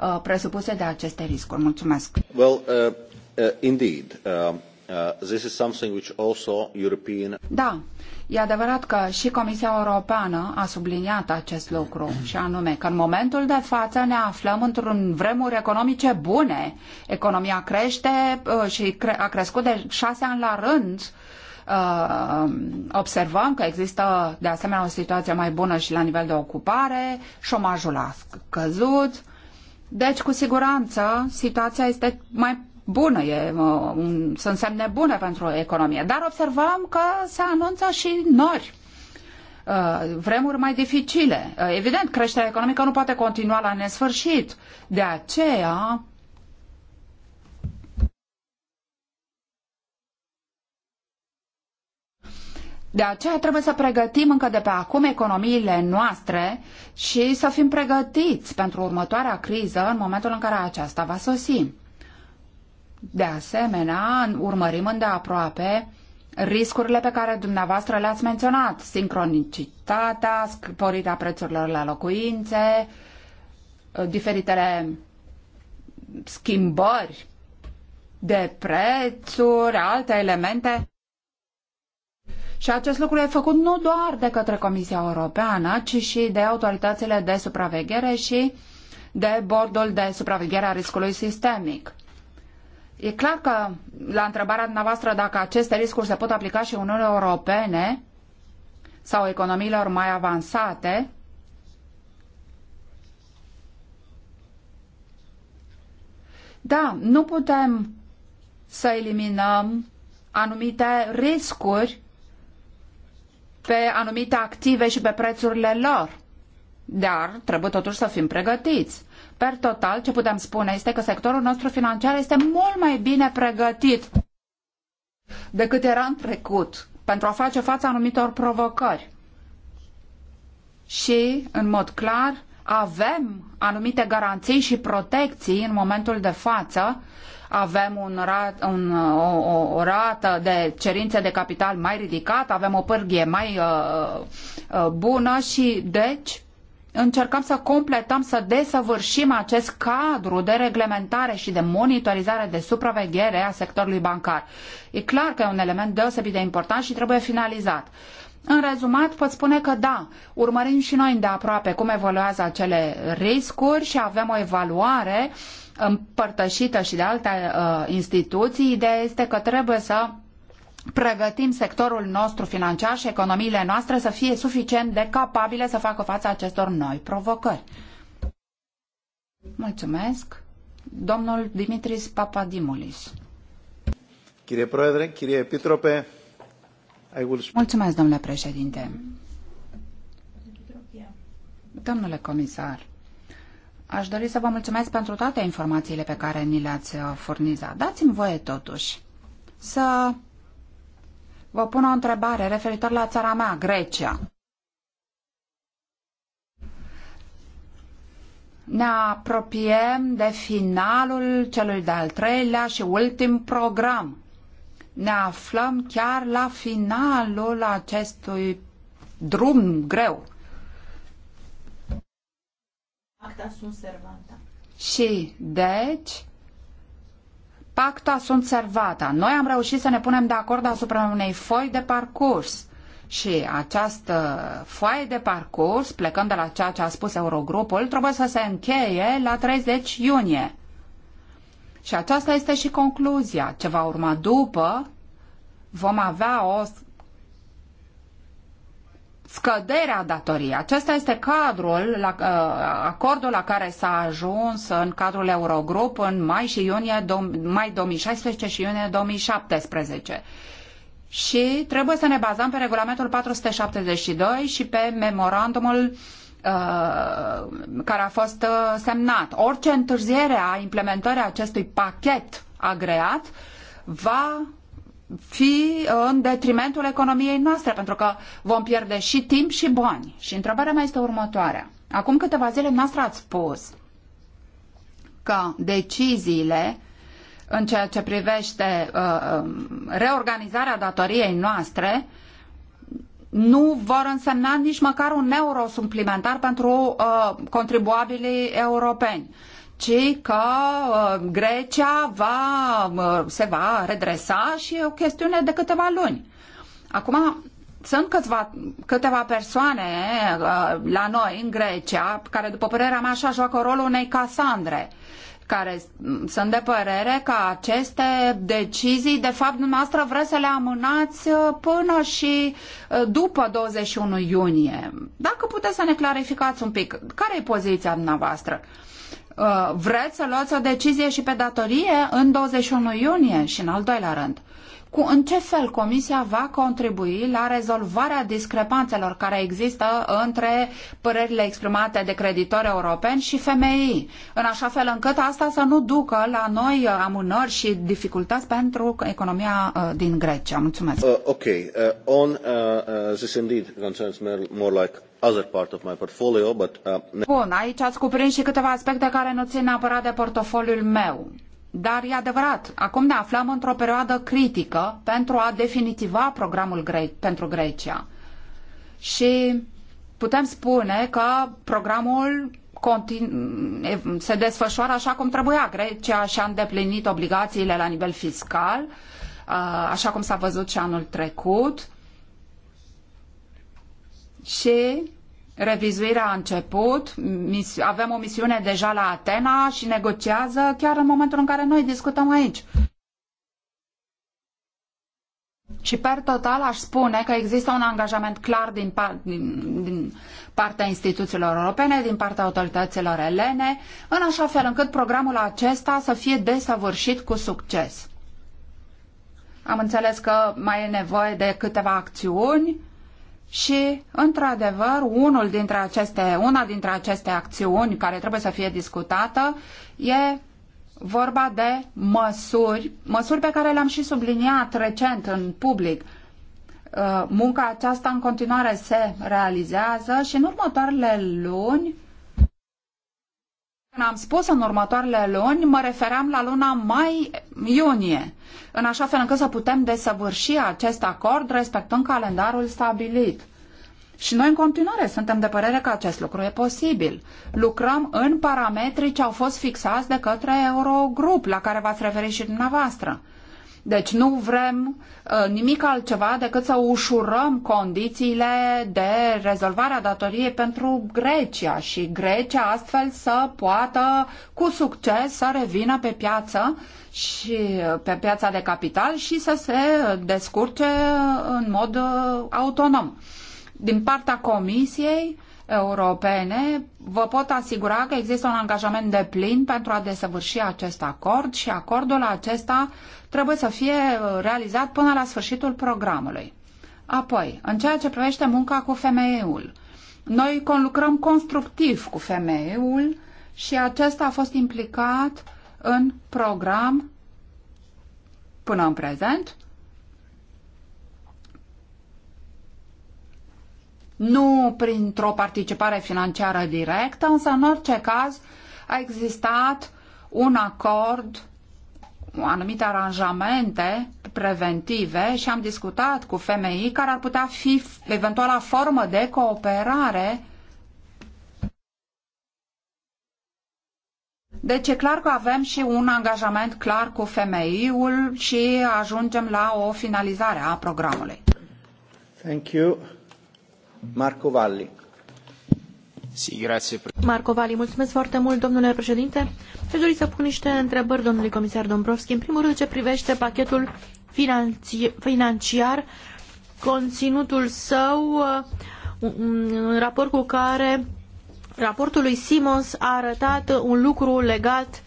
uh, presupuse de aceste riscuri? Mulțumesc. Well, uh, uh, indeed, uh, uh, this is something which also European... Da, E adevărat că și Comisia Europeană a subliniat acest lucru și anume că în momentul de față ne aflăm într-un vremuri economice bune. Economia crește uh, și a crescut de șase ani la rând uh, observăm că există de asemenea o situație mai bună și la nivel de ocupare, șomajul a scăzut. Deci, cu siguranță, situația este mai bună, e uh, un, sunt semne bune pentru economie, dar observăm că se anunță și nori uh, vremuri mai dificile. Uh, evident, creșterea economică nu poate continua la nesfârșit. De aceea, De aceea trebuie să pregătim încă de pe acum economiile noastre și să fim pregătiți pentru următoarea criză în momentul în care aceasta va sosi. De asemenea, urmărim îndeaproape riscurile pe care dumneavoastră le-ați menționat, sincronicitatea, sporirea prețurilor la locuințe, diferitele schimbări de prețuri, alte elemente. Și acest lucru e făcut nu doar de către Comisia Europeană, ci și de autoritățile de supraveghere și de bordul de supraveghere a riscului sistemic. E clar că la întrebarea dumneavoastră dacă aceste riscuri se pot aplica și Uniunii Europene sau economiilor mai avansate, da, nu putem să eliminăm anumite riscuri pe anumite active și pe prețurile lor. Dar trebuie totuși să fim pregătiți. Per total, ce putem spune este că sectorul nostru financiar este mult mai bine pregătit decât era în trecut pentru a face față anumitor provocări. Și, în mod clar, avem anumite garanții și protecții în momentul de față, avem un rat, un, o, o, o rată de cerințe de capital mai ridicată, avem o pârghie mai uh, uh, bună și, deci, încercăm să completăm, să desăvârșim acest cadru de reglementare și de monitorizare, de supraveghere a sectorului bancar. E clar că e un element deosebit de important și trebuie finalizat. În rezumat, pot spune că da, urmărim și noi îndeaproape cum evoluează acele riscuri și avem o evaluare împărtășită și de alte uh, instituții. Ideea este că trebuie să pregătim sectorul nostru financiar și economiile noastre să fie suficient de capabile să facă față acestor noi provocări. Mulțumesc. Domnul Dimitris Papadimulis. Chirie Proedre, Chirie Epitrope, Mulțumesc, domnule președinte. Domnule comisar, aș dori să vă mulțumesc pentru toate informațiile pe care ni le-ați furnizat. Dați-mi voie totuși să Vă pun o întrebare referitor la țara mea, Grecia. Ne apropiem de finalul celui de-al treilea și ultim program. Ne aflăm chiar la finalul acestui drum greu. Acta sunt servanta. Și, deci, Pacta sunt servata. Noi am reușit să ne punem de acord asupra unei foi de parcurs. Și această foaie de parcurs, plecând de la ceea ce a spus Eurogrupul, trebuie să se încheie la 30 iunie. Și aceasta este și concluzia. Ce va urma după, vom avea o scăderea datoriei. Acesta este cadrul, la, uh, acordul la care s-a ajuns în cadrul Eurogrup în mai și iunie, mai 2016 și iunie 2017. Și trebuie să ne bazăm pe regulamentul 472 și pe memorandumul uh, care a fost uh, semnat. Orice întârziere a implementării acestui pachet agreat va fi în detrimentul economiei noastre, pentru că vom pierde și timp și bani. Și întrebarea mea este următoarea. Acum câteva zile noastre ați spus că deciziile în ceea ce privește uh, um, reorganizarea datoriei noastre nu vor însemna nici măcar un euro suplimentar pentru uh, contribuabilii europeni ci că uh, Grecia va, uh, se va redresa și e o chestiune de câteva luni. Acum, sunt câțiva, câteva persoane uh, la noi, în Grecia, care, după părerea mea, așa joacă rolul unei Casandre care sunt de părere că aceste decizii, de fapt, dumneavoastră vreți să le amânați până și după 21 iunie. Dacă puteți să ne clarificați un pic, care e poziția dumneavoastră? Uh, Uh, vreți să luați o decizie și pe datorie în 21 iunie și în al doilea rând. Cu, în ce fel Comisia va contribui la rezolvarea discrepanțelor care există între părerile exprimate de creditori europeni și femei, în așa fel încât asta să nu ducă la noi amânări și dificultăți pentru economia uh, din Grecia? Mulțumesc. Uh, ok. Uh, on uh, uh this indeed concerns more like other part of my portfolio, but... Uh... Bun, aici ați cuprins și câteva aspecte care nu țin neapărat de portofoliul meu. Dar e adevărat, acum ne aflăm într-o perioadă critică pentru a definitiva programul Gre- pentru Grecia. Și putem spune că programul se desfășoară așa cum trebuia. Grecia și-a îndeplinit obligațiile la nivel fiscal, uh, așa cum s-a văzut și anul trecut și revizuirea a început, avem o misiune deja la Atena și negociază chiar în momentul în care noi discutăm aici. Și per total aș spune că există un angajament clar din, par, din, din partea instituțiilor europene, din partea autorităților elene, în așa fel încât programul acesta să fie desăvârșit cu succes. Am înțeles că mai e nevoie de câteva acțiuni și, într-adevăr, unul dintre aceste, una dintre aceste acțiuni care trebuie să fie discutată e vorba de măsuri, măsuri pe care le-am și subliniat recent în public. Uh, munca aceasta în continuare se realizează și în următoarele luni am spus în următoarele luni, mă refeream la luna mai-iunie, în așa fel încât să putem desăvârși acest acord respectând calendarul stabilit. Și noi în continuare suntem de părere că acest lucru e posibil. Lucrăm în parametrii ce au fost fixați de către Eurogrup, la care v-ați referit și dumneavoastră. Deci nu vrem uh, nimic altceva decât să ușurăm condițiile de rezolvare a datoriei pentru Grecia și Grecia astfel să poată cu succes să revină pe piață și uh, pe piața de capital și să se descurce în mod uh, autonom. Din partea Comisiei, europene, vă pot asigura că există un angajament de plin pentru a desăvârși acest acord și acordul acesta trebuie să fie realizat până la sfârșitul programului. Apoi, în ceea ce privește munca cu femeiul, noi conlucrăm constructiv cu femeiul și acesta a fost implicat în program până în prezent nu printr-o participare financiară directă, însă în orice caz a existat un acord, anumite aranjamente preventive și am discutat cu FMI care ar putea fi eventuala formă de cooperare Deci e clar că avem și un angajament clar cu femeiul și ajungem la o finalizare a programului. Thank you. Marco Valli. Marco mulțumesc foarte mult, domnule președinte. Aș dori să pun niște întrebări domnului comisar Dombrovski. În primul rând, ce privește pachetul financiar, conținutul său, în uh, raport cu care raportul lui Simons a arătat un lucru legat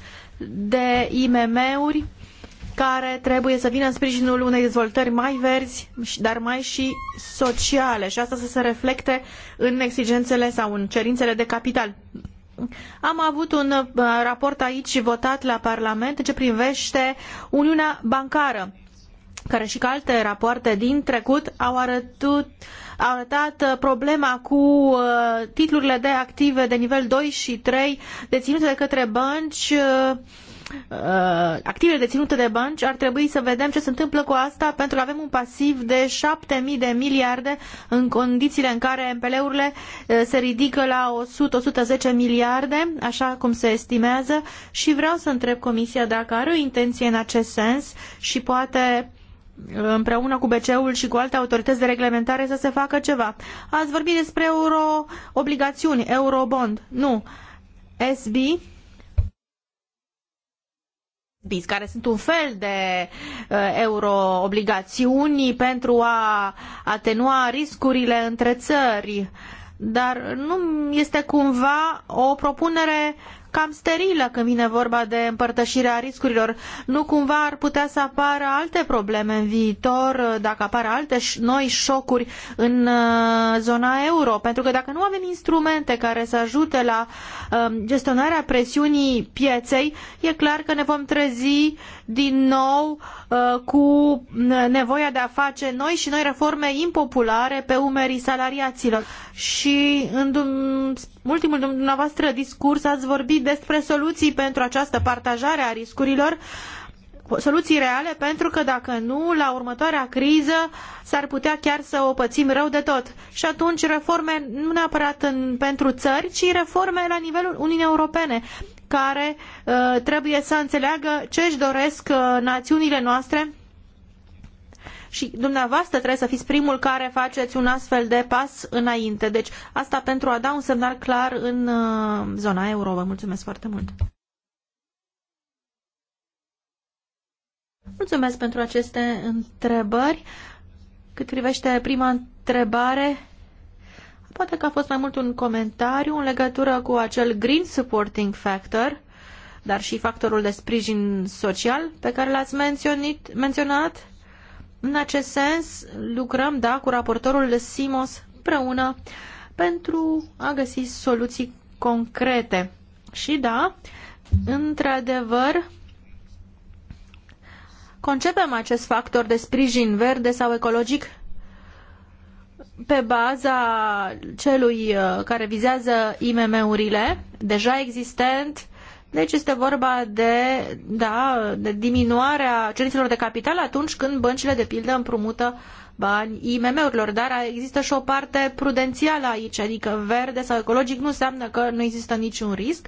de IMM-uri care trebuie să vină în sprijinul unei dezvoltări mai verzi, dar mai și sociale și asta să se reflecte în exigențele sau în cerințele de capital. Am avut un uh, raport aici votat la Parlament ce privește Uniunea Bancară care și ca alte rapoarte din trecut au arătut, au arătat uh, problema cu uh, titlurile de active de nivel 2 și 3 deținute de către bănci Uh, activele deținute de bănci, ar trebui să vedem ce se întâmplă cu asta, pentru că avem un pasiv de 7.000 de miliarde în condițiile în care MPL-urile uh, se ridică la 100-110 miliarde, așa cum se estimează, și vreau să întreb Comisia dacă are o intenție în acest sens și poate uh, împreună cu BCE-ul și cu alte autorități de reglementare să se facă ceva. Ați vorbit despre euro obligațiuni, eurobond. Nu. SB BIS, care sunt un fel de uh, euroobligațiuni pentru a atenua riscurile între țări, dar nu este cumva o propunere cam sterilă când vine vorba de împărtășirea riscurilor. Nu cumva ar putea să apară alte probleme în viitor, dacă apar alte noi șocuri în uh, zona euro, pentru că dacă nu avem instrumente care să ajute la um, gestionarea presiunii pieței, e clar că ne vom trezi din nou uh, cu nevoia de a face noi și noi reforme impopulare pe umerii salariaților. Și în ultimul dumneavoastră discurs ați vorbit despre soluții pentru această partajare a riscurilor, soluții reale, pentru că dacă nu, la următoarea criză s-ar putea chiar să o pățim rău de tot. Și atunci reforme nu neapărat în, pentru țări, ci reforme la nivelul Uniunii Europene, care uh, trebuie să înțeleagă ce își doresc uh, națiunile noastre și dumneavoastră trebuie să fiți primul care faceți un astfel de pas înainte. Deci asta pentru a da un semnal clar în uh, zona euro. Vă mulțumesc foarte mult! Mulțumesc pentru aceste întrebări. Cât privește prima întrebare, poate că a fost mai mult un comentariu în legătură cu acel green supporting factor, dar și factorul de sprijin social pe care l-ați menționat în acest sens, lucrăm, da, cu raportorul Simos împreună pentru a găsi soluții concrete. Și da, într-adevăr, concepem acest factor de sprijin verde sau ecologic pe baza celui uh, care vizează IMM-urile, deja existent, deci este vorba de, da, de diminuarea cerințelor de capital atunci când băncile, de pildă, împrumută bani IMM-urilor, dar există și o parte prudențială aici, adică verde sau ecologic nu înseamnă că nu există niciun risc,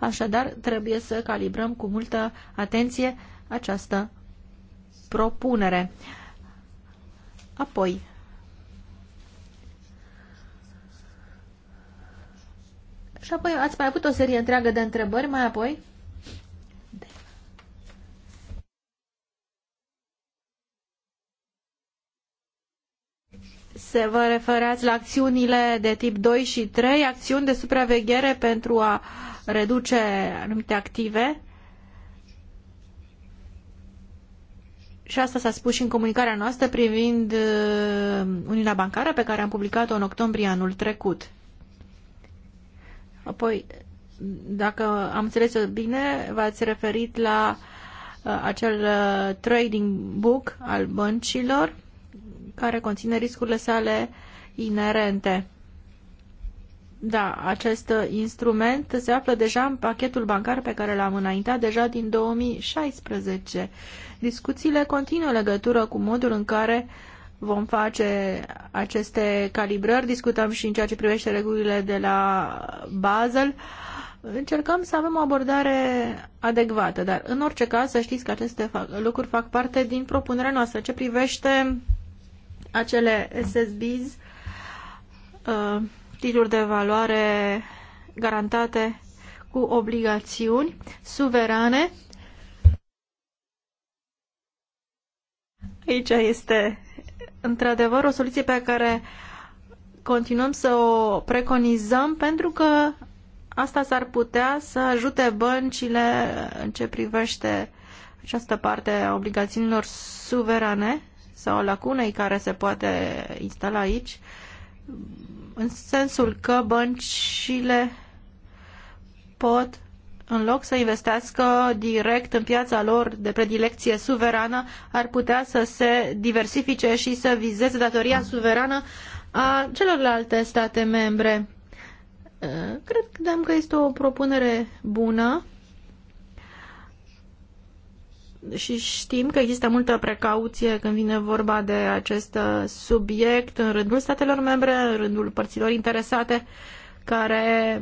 așadar trebuie să calibrăm cu multă atenție această propunere. Apoi, Și apoi ați mai avut o serie întreagă de întrebări, mai apoi. Se vă referați la acțiunile de tip 2 și 3, acțiuni de supraveghere pentru a reduce anumite active. Și asta s-a spus și în comunicarea noastră privind uh, Uniunea Bancară pe care am publicat-o în octombrie anul trecut. Apoi, dacă am înțeles bine, v-ați referit la uh, acel uh, trading book al băncilor care conține riscurile sale inerente. Da, acest uh, instrument se află deja în pachetul bancar pe care l-am înaintat deja din 2016. Discuțiile continuă legătură cu modul în care uh, vom face aceste calibrări. Discutăm și în ceea ce privește regulile de la Basel. Încercăm să avem o abordare adecvată, dar în orice caz să știți că aceste lucruri fac parte din propunerea noastră. Ce privește acele SSBs, uh, titluri de valoare garantate cu obligațiuni suverane. Aici este într-adevăr o soluție pe care continuăm să o preconizăm pentru că asta s-ar putea să ajute băncile în ce privește această parte a obligațiunilor suverane sau lacunei care se poate instala aici, în sensul că băncile pot în loc să investească direct în piața lor de predilecție suverană, ar putea să se diversifice și să vizeze datoria suverană a celorlalte state membre. Uh, Credem că este o propunere bună și știm că există multă precauție când vine vorba de acest subiect în rândul statelor membre, în rândul părților interesate care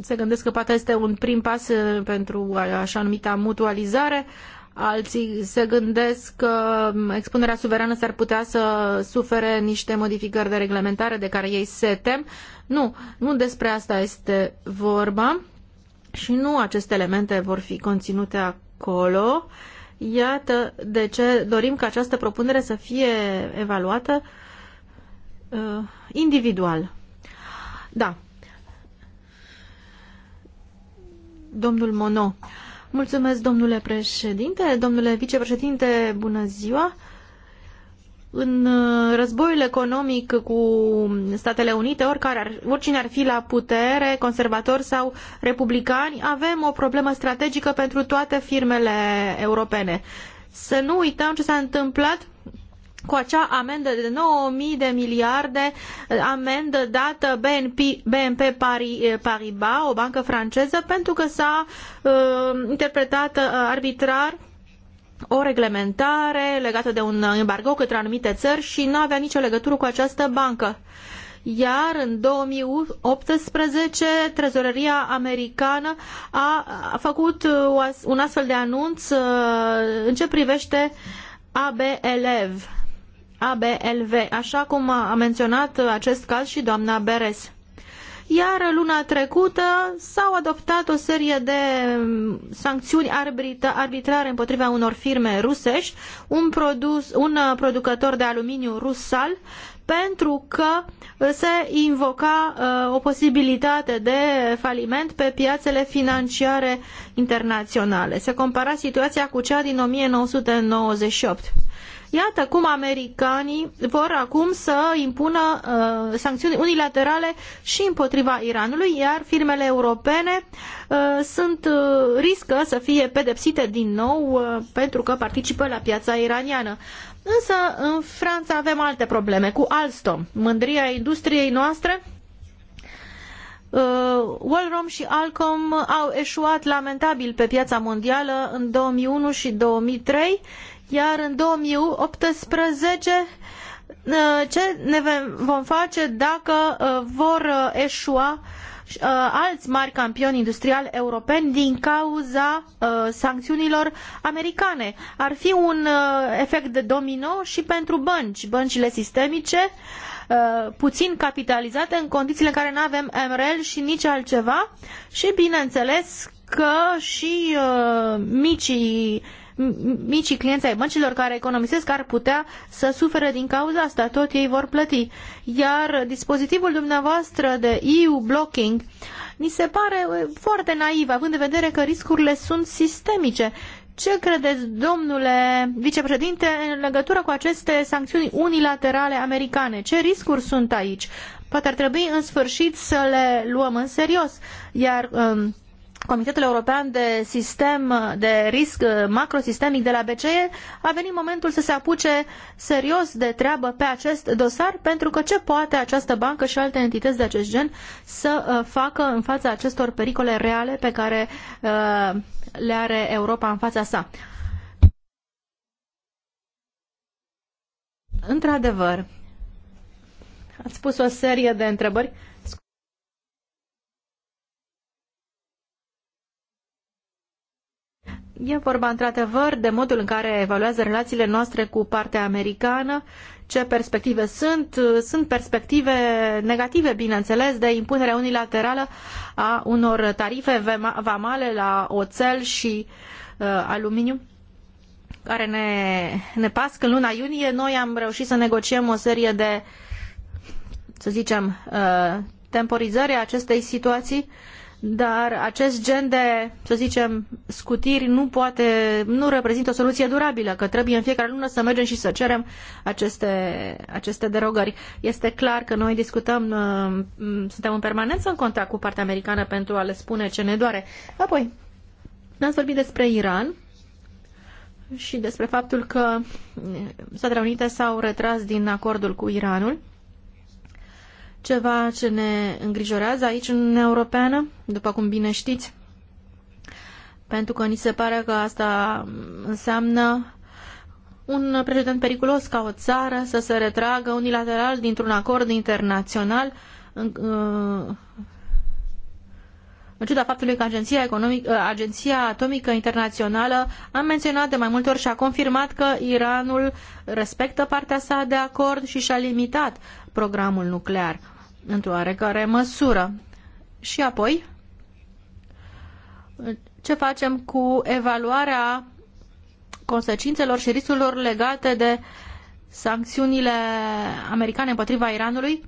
se gândesc că poate este un prim pas uh, pentru uh, așa numita mutualizare, alții se gândesc că um, expunerea suverană s-ar putea să sufere niște modificări de reglementare de care ei se tem. Nu, nu despre asta este vorba și nu aceste elemente vor fi conținute acolo. Iată de ce dorim ca această propunere să fie evaluată uh, individual. Da, domnul Mono. Mulțumesc, domnule președinte, domnule vicepreședinte, bună ziua! În uh, războiul economic cu Statele Unite, oricare ar, oricine ar fi la putere, conservatori sau republicani, avem o problemă strategică pentru toate firmele europene. Să nu uităm ce s-a întâmplat cu acea amendă de 9.000 de miliarde, amendă dată BNP, BNP eh, Paribas, o bancă franceză, pentru că s-a uh, interpretat eh, arbitrar o reglementare legată de un embargo către anumite țări și nu avea nicio legătură cu această bancă. Iar în 2018, trezoreria americană a făcut un astfel de anunț în ce privește AB Elev. ABLV, așa cum a menționat acest caz și doamna Beres. Iar luna trecută s-au adoptat o serie de mm, sancțiuni arbitrare împotriva unor firme rusești, un, produs, un uh, producător de aluminiu rusal, pentru că uh, se invoca uh, o posibilitate de faliment pe piațele financiare internaționale. Se compara situația cu cea din 1998. Iată cum americanii vor acum să impună uh, sancțiuni unilaterale și împotriva Iranului, iar firmele europene uh, sunt uh, riscă să fie pedepsite din nou uh, pentru că participă la piața iraniană. Însă în Franța avem alte probleme cu Alstom, mândria industriei noastre Uh, Walrom și Alcom au eșuat lamentabil pe piața mondială în 2001 și 2003, iar în 2018 uh, ce ne vom face dacă uh, vor uh, eșua alți mari campioni industriali europeni din cauza sancțiunilor americane. Ar fi un efect de domino și pentru bănci, băncile sistemice, puțin capitalizate în condițiile în care nu avem MREL și nici altceva și bineînțeles că și micii micii clienți ai băncilor care economisesc ar putea să sufere din cauza asta, tot ei vor plăti. Iar dispozitivul dumneavoastră de EU blocking ni se pare uh, foarte naiv, având în vedere că riscurile sunt sistemice. Ce credeți, domnule vicepreședinte, în legătură cu aceste sancțiuni unilaterale americane? Ce riscuri sunt aici? Poate ar trebui în sfârșit să le luăm în serios. Iar um, Comitetul European de Sistem de Risc Macrosistemic de la BCE, a venit momentul să se apuce serios de treabă pe acest dosar, pentru că ce poate această bancă și alte entități de acest gen să uh, facă în fața acestor pericole reale pe care uh, le are Europa în fața sa. Într-adevăr, ați pus o serie de întrebări E vorba într-adevăr de modul în care evaluează relațiile noastre cu partea americană, ce perspective sunt. Sunt perspective negative, bineînțeles, de impunerea unilaterală a unor tarife vamale la oțel și uh, aluminiu care ne, ne pasc în luna iunie. Noi am reușit să negociem o serie de, să zicem, uh, temporizări a acestei situații uh, dar acest gen de, să zicem, scutiri nu poate, nu reprezintă o soluție durabilă, că trebuie în fiecare lună să mergem și să cerem aceste, aceste derogări. Este clar că noi discutăm, uh, suntem în permanență în contact cu partea americană pentru a le spune ce ne doare. Apoi, ați vorbit despre Iran și despre faptul că Statele Unite s-au retras din acordul cu Iranul ceva ce ne îngrijorează aici în Uniunea Europeană, după cum bine știți, pentru că ni se pare că asta înseamnă un precedent periculos ca o țară să se retragă unilateral dintr-un acord internațional în, uh, în ciuda faptului că Agenția, Economic, uh, Agenția Atomică Internațională a menționat de mai multe ori și a confirmat că Iranul respectă partea sa de acord și și-a limitat programul nuclear într-o oarecare măsură. Și apoi, ce facem cu evaluarea consecințelor și riscurilor legate de sancțiunile americane împotriva Iranului?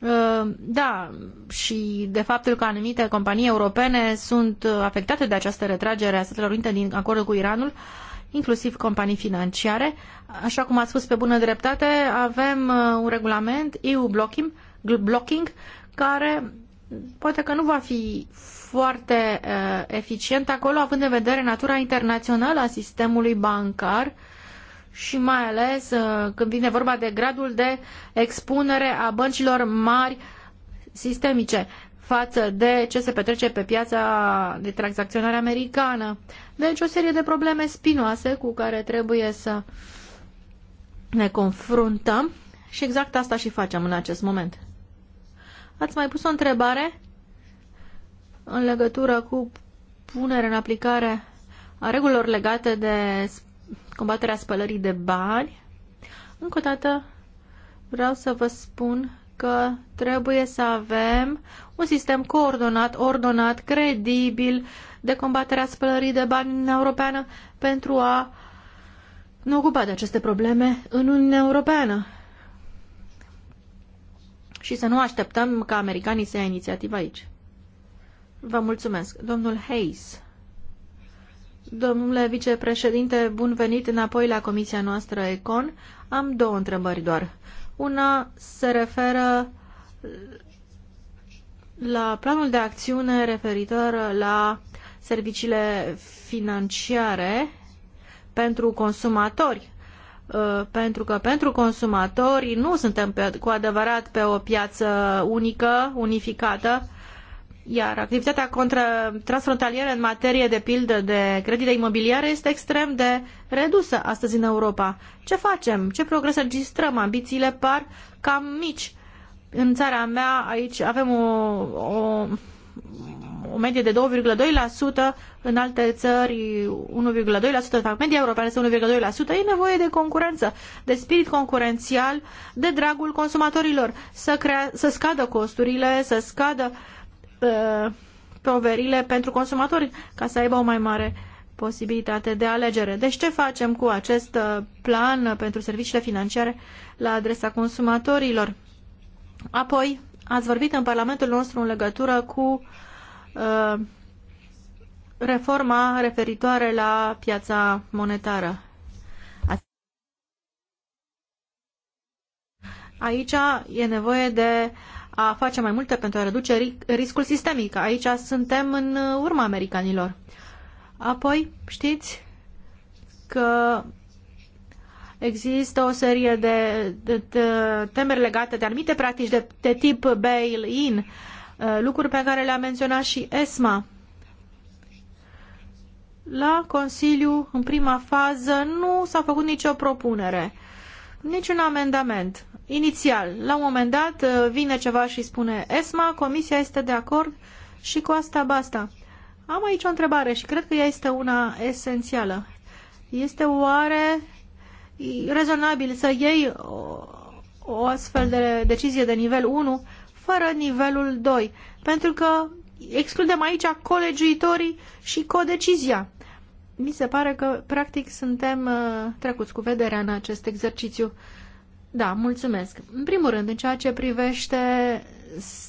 Uh, da, și de faptul că anumite companii europene sunt afectate de această retragere a Statelor Unite din acordul cu Iranul, inclusiv companii financiare. Așa cum a spus pe bună dreptate, avem uh, un regulament EU Blocking blocking, care poate că nu va fi foarte uh, eficient acolo, având în vedere natura internațională a sistemului bancar și mai ales uh, când vine vorba de gradul de expunere a băncilor mari sistemice față de ce se petrece pe piața de tranzacționare americană. Deci o serie de probleme spinoase cu care trebuie să ne confruntăm și exact asta și facem în acest moment. Ați mai pus o întrebare în legătură cu punerea în aplicare a regulilor legate de combaterea spălării de bani. Încă o dată vreau să vă spun că trebuie să avem un sistem coordonat, ordonat, credibil de combaterea spălării de bani în Europeană pentru a ne ocupa de aceste probleme în Uniunea Europeană și să nu așteptăm ca americanii să ia inițiativa aici. Vă mulțumesc. Domnul Hayes. Domnule vicepreședinte, bun venit înapoi la comisia noastră Econ. Am două întrebări doar. Una se referă la planul de acțiune referitor la serviciile financiare pentru consumatori. Uh, pentru că pentru consumatori nu suntem pe, cu adevărat pe o piață unică, unificată, iar activitatea contra, transfrontalieră în materie de pildă de credite imobiliare este extrem de redusă astăzi în Europa. Ce facem? Ce progres înregistrăm? Ambițiile par cam mici. În țara mea, aici avem o, o o medie de 2,2%, în alte țări 1,2%, fac media europeană este 1,2%, e nevoie de concurență, de spirit concurențial, de dragul consumatorilor, să, crea, să scadă costurile, să scadă uh, proverile pentru consumatori, ca să aibă o mai mare posibilitate de alegere. Deci ce facem cu acest uh, plan pentru serviciile financiare la adresa consumatorilor? Apoi, ați vorbit în Parlamentul nostru în legătură cu uh, Uh, reforma referitoare la piața monetară. Aici e nevoie de a face mai multe pentru a reduce riscul sistemic. Aici suntem în urma americanilor. Apoi, știți că există o serie de, de, de temeri legate de anumite practici de, de tip bail-in. Uh, Uh, lucruri pe care le-a menționat și ESMA. La Consiliu, în prima fază, nu s-a făcut nicio propunere, niciun amendament. Inițial, la un moment dat, uh, vine ceva și spune ESMA, Comisia este de acord și cu asta basta. Am aici o întrebare și cred că ea este una esențială. Este oare rezonabil să iei o, o astfel de decizie de nivel 1 fără nivelul 2, pentru că excludem aici colegiuitorii și codecizia. Mi se pare că, practic, suntem uh, trecuți cu vederea în acest exercițiu. Da, mulțumesc. În primul rând, în ceea ce privește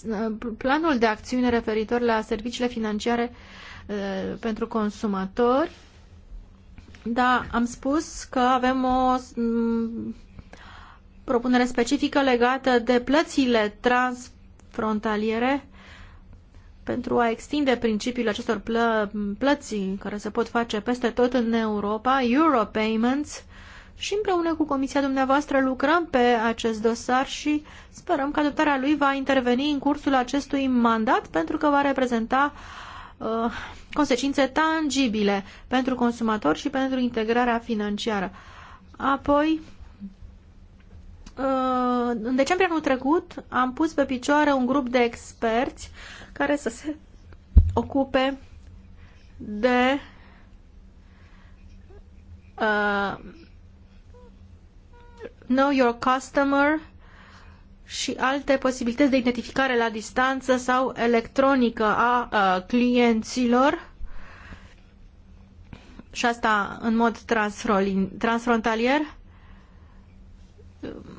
uh, planul de acțiune referitor la serviciile financiare uh, pentru consumatori, da, am spus că avem o mm, propunere specifică legată de plățile trans transfrontaliere pentru a extinde principiul acestor plă plăți care se pot face peste tot în Europa, Europayments, și împreună cu comisia dumneavoastră lucrăm pe acest dosar și sperăm că adoptarea lui va interveni în cursul acestui mandat pentru că va reprezenta uh, consecințe tangibile pentru consumatori și pentru integrarea financiară. Apoi, Uh, în decembrie anul trecut am pus pe picioare un grup de experți care să se ocupe de uh, Know Your Customer și alte posibilități de identificare la distanță sau electronică a uh, clienților și asta în mod transfrontalier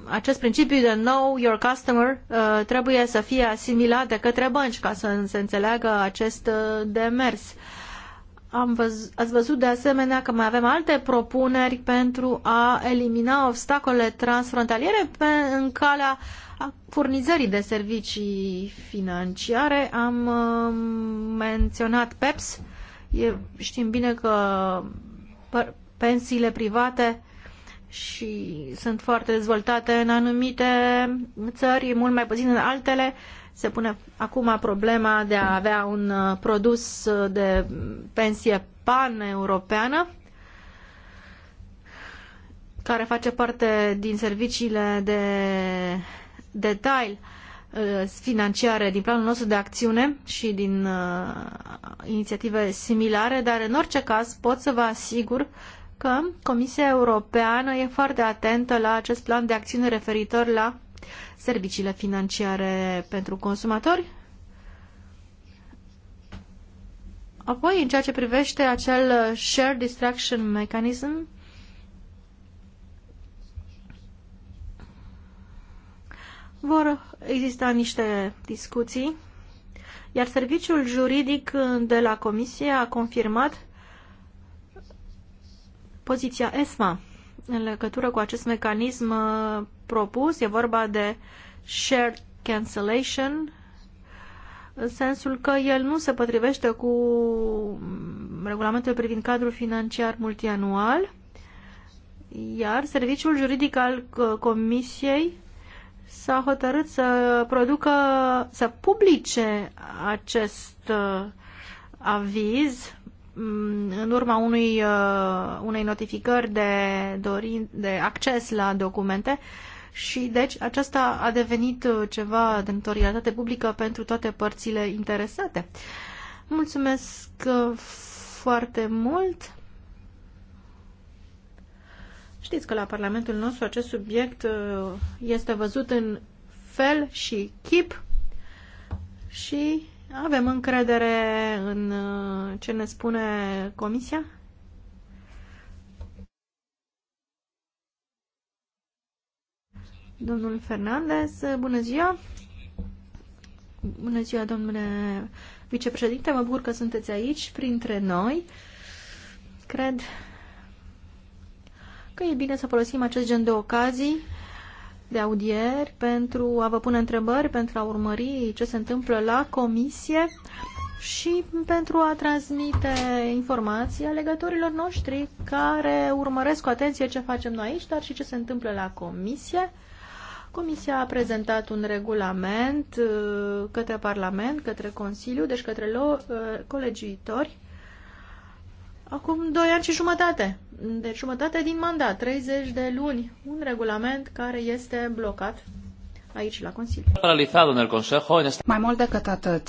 acest principiu de know your customer uh, trebuie să fie asimilat de către bănci ca să se înțeleagă acest uh, demers. Am văz- ați văzut de asemenea că mai avem alte propuneri pentru a elimina obstacole transfrontaliere pe, în calea furnizării de servicii financiare. Am uh, menționat PEPS. E, știm bine că pensiile private și sunt foarte dezvoltate în anumite țări, mult mai puțin în altele. Se pune acum problema de a avea un uh, produs de pensie pan-europeană care face parte din serviciile de detail uh, financiare din planul nostru de acțiune și din uh, inițiative similare, dar în orice caz pot să vă asigur că Comisia Europeană e foarte atentă la acest plan de acțiune referitor la serviciile financiare pentru consumatori. Apoi, în ceea ce privește acel Share Distraction Mechanism, vor exista niște discuții, iar serviciul juridic de la Comisie a confirmat Poziția ESMA în legătură cu acest mecanism uh, propus, e vorba de shared cancellation, în sensul că el nu se potrivește cu mm, regulamentul privind cadrul financiar multianual, iar serviciul juridic al uh, Comisiei s-a hotărât să producă, să publice acest uh, aviz Mm, în urma unui, uh, unei notificări de, dorin, de acces la documente și deci aceasta a devenit uh, ceva de notorietate publică pentru toate părțile interesate. Mulțumesc uh, foarte mult! Știți că la Parlamentul nostru acest subiect este văzut în fel și chip și avem încredere în uh, ce ne spune Comisia? Domnul Fernandez, bună ziua! Bună ziua, domnule vicepreședinte, mă bucur că sunteți aici, printre noi. Cred că e bine să folosim acest gen de ocazii de audieri pentru a vă pune întrebări, pentru a urmări ce se întâmplă la comisie și pentru a transmite informații alegătorilor noștri care urmăresc cu atenție ce facem noi aici, dar și ce se întâmplă la comisie. Comisia a prezentat un regulament uh, către Parlament, către Consiliu, deci către uh, colegiitori, acum doi ani și jumătate de deci jumătate din mandat, 30 de luni, un regulament care este blocat aici la Consiliu. Mai mult decât atât,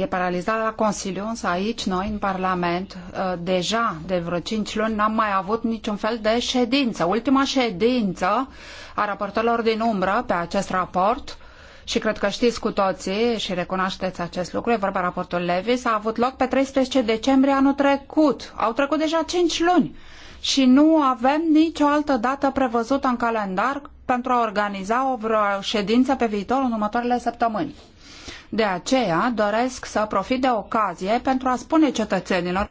e paralizat la Consiliu, însă aici noi, în Parlament, deja de vreo 5 luni n-am mai avut niciun fel de ședință. Ultima ședință a raportorilor din umbră pe acest raport și cred că știți cu toții și recunoașteți acest lucru, e vorba raportul Levis, a avut loc pe 13 decembrie anul trecut. Au trecut deja 5 luni și nu avem nicio altă dată prevăzută în calendar pentru a organiza o vreo ședință pe viitor în următoarele săptămâni. De aceea doresc să profit de ocazie pentru a spune cetățenilor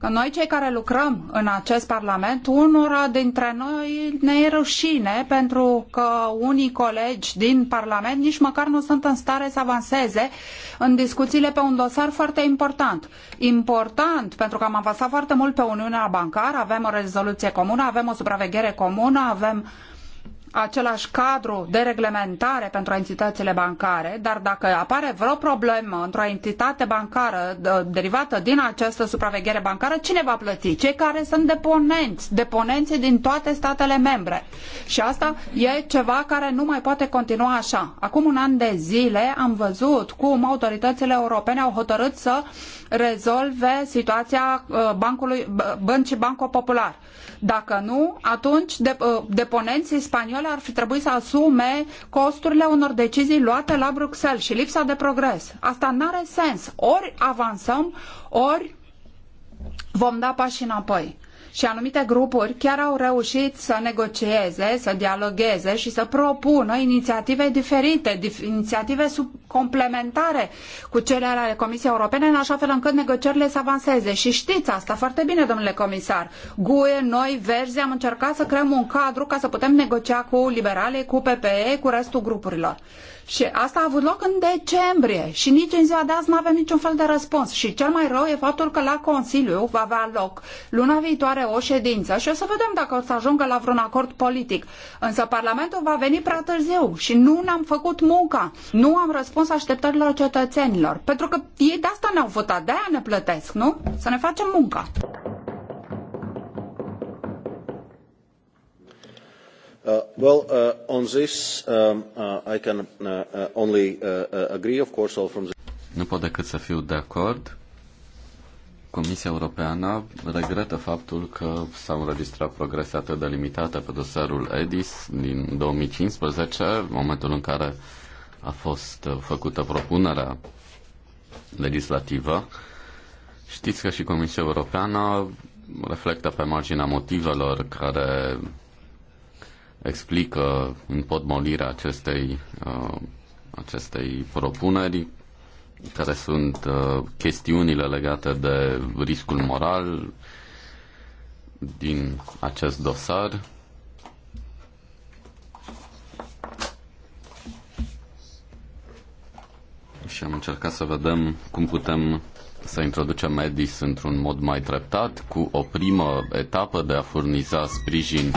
că noi cei care lucrăm în acest Parlament, unora dintre noi ne e rușine pentru că unii colegi din Parlament nici măcar nu sunt în stare să avanseze în discuțiile pe un dosar foarte important. Important pentru că am avansat foarte mult pe Uniunea Bancară, avem o rezoluție comună, avem o supraveghere comună, avem același cadru de reglementare pentru entitățile bancare, dar dacă apare vreo problemă într-o entitate bancară derivată din această supraveghere bancară, cine va plăti? Cei care sunt deponenți, deponenții din toate statele membre. Și asta e ceva care nu mai poate continua așa. Acum un an de zile am văzut cum autoritățile europene au hotărât să rezolve situația uh, bancului, băncii Banco Popular. Dacă nu, atunci de, uh, deponenții spanioli ar fi trebuit să asume costurile unor decizii luate la Bruxelles și lipsa de progres. Asta nu are sens. Ori avansăm, ori vom da pași înapoi și anumite grupuri chiar au reușit să negocieze, să dialogueze și să propună inițiative diferite, inițiative sub complementare cu cele ale Comisiei Europene, în așa fel încât negocierile să avanseze. Și știți asta foarte bine, domnule comisar. GUE, noi, Verzi, am încercat să creăm un cadru ca să putem negocia cu liberale, cu PPE, cu restul grupurilor. Și asta a avut loc în decembrie și nici în ziua de azi nu avem niciun fel de răspuns. Și cel mai rău e faptul că la Consiliu va avea loc luna viitoare o ședință și o să vedem dacă o să ajungă la vreun acord politic. Însă Parlamentul va veni prea târziu și nu ne-am făcut munca. Nu am răspuns așteptărilor cetățenilor. Pentru că ei de asta ne-au votat, de aia ne plătesc, nu? Să ne facem munca. Uh, well, uh, on this, um, uh, I can uh, uh, only agree, of course, all from the... Nu pot decât să fiu de acord. Comisia Europeană regretă faptul că s-au înregistrat progrese atât de limitate pe dosarul EDIS din 2015, momentul în care a fost făcută propunerea legislativă. Știți că și Comisia Europeană reflectă pe marginea motivelor care explică împotmolirea acestei, uh, acestei propuneri, care sunt uh, chestiunile legate de riscul moral din acest dosar. Și am încercat să vedem cum putem să introducem Medis într-un mod mai treptat, cu o primă etapă de a furniza sprijin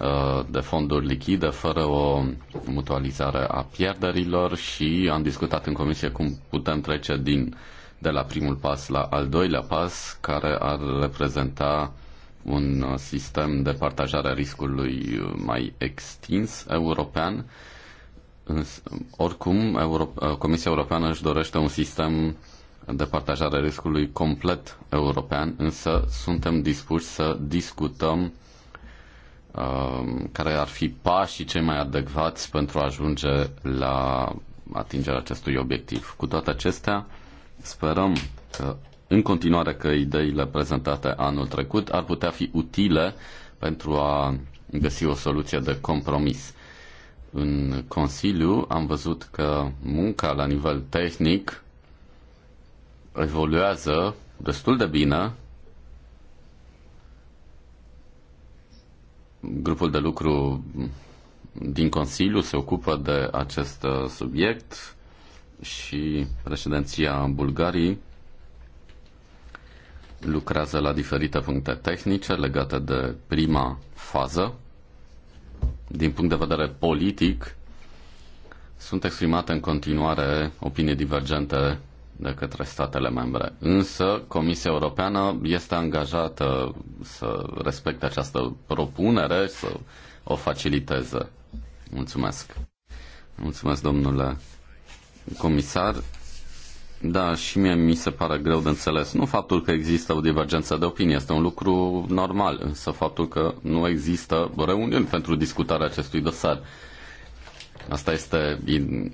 Uh, de fonduri lichide fără o mutualizare a pierderilor și am discutat în comisie cum putem trece din de la primul pas la al doilea pas care ar reprezenta un sistem de partajare a riscului mai extins european. Oricum, uh, Comisia Europeană își dorește un sistem de partajare a riscului complet european, însă suntem dispuși să discutăm Um, care ar fi pașii cei mai adecvați pentru a ajunge la atingerea acestui obiectiv. Cu toate acestea, sperăm că în continuare că ideile prezentate anul trecut ar putea fi utile pentru a găsi o soluție de compromis. În Consiliu am văzut că munca la nivel tehnic evoluează destul de bine Grupul de lucru din Consiliu se ocupă de acest uh, subiect și președinția Bulgariei lucrează la diferite puncte tehnice legate de prima fază. Din punct de vedere politic, sunt exprimate în continuare opinii divergente de către statele membre. Însă Comisia Europeană este angajată să respecte această propunere, să o faciliteze. Mulțumesc. Mulțumesc, domnule comisar. Da, și mie mi se pare greu de înțeles. Nu faptul că există o divergență de opinie, este un lucru normal, însă faptul că nu există reuniuni pentru discutarea acestui dosar. Asta este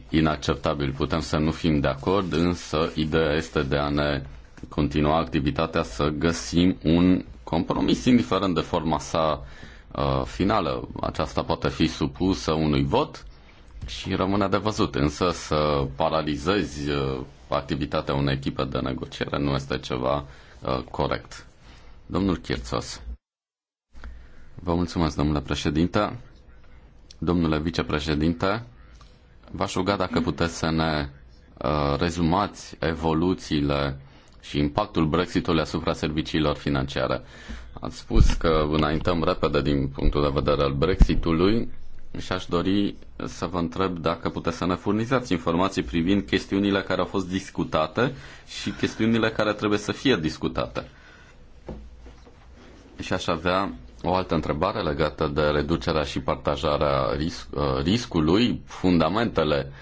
inacceptabil. Putem să nu fim de acord, însă ideea este de a ne continua activitatea să găsim un compromis, indiferent de forma sa uh, finală. Aceasta poate fi supusă unui vot și rămâne de văzut. Însă să paralizezi uh, activitatea unei echipe de negociere nu este ceva uh, corect. Domnul Chirțos. Vă mulțumesc, domnule președinte. Domnule vicepreședinte, v-aș ruga dacă puteți să ne uh, rezumați evoluțiile și impactul Brexitului asupra serviciilor financiare. Ați spus că înaintăm repede din punctul de vedere al Brexitului și aș dori să vă întreb dacă puteți să ne furnizați informații privind chestiunile care au fost discutate și chestiunile care trebuie să fie discutate. Și aș avea o altă întrebare legată de reducerea și partajarea risc, uh, riscului, fundamentele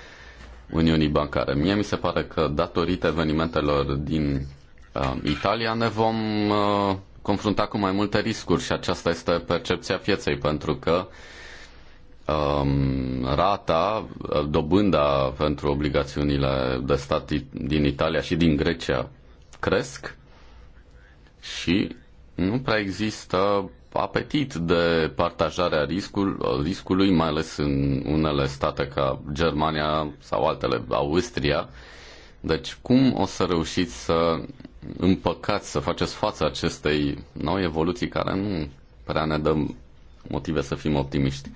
Uniunii Bancare. Mie mi se pare că datorită evenimentelor din uh, Italia ne vom uh, confrunta cu mai multe riscuri și aceasta este percepția pieței, pentru că um, rata, uh, dobânda pentru obligațiunile de stat din Italia și din Grecia cresc și nu prea există apetit de partajarea riscul, riscului, mai ales în unele state ca Germania sau altele, Austria. Deci cum o să reușiți să împăcați, să faceți față acestei noi evoluții care nu prea ne dă motive să fim optimiști?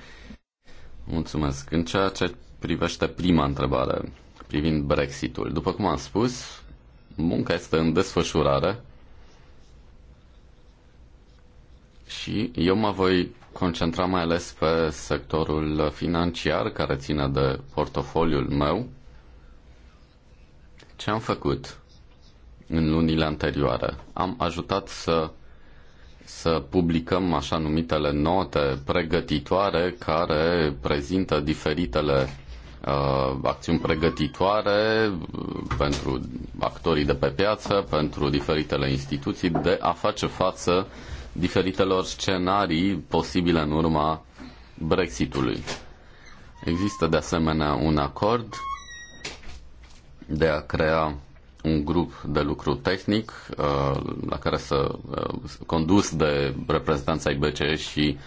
Mulțumesc. În ceea ce privește prima întrebare privind Brexitul, după cum am spus, munca este în desfășurare Și eu mă voi concentra mai ales pe sectorul financiar care ține de portofoliul meu. Ce am făcut în lunile anterioare? Am ajutat să să publicăm așa numitele note pregătitoare care prezintă diferitele uh, acțiuni pregătitoare uh, pentru actorii de pe piață, pentru diferitele instituții de a face față diferitelor scenarii posibile în urma Brexitului. Există de asemenea un acord de a crea un grup de lucru tehnic uh, la care să uh, condus de reprezentanța BCE și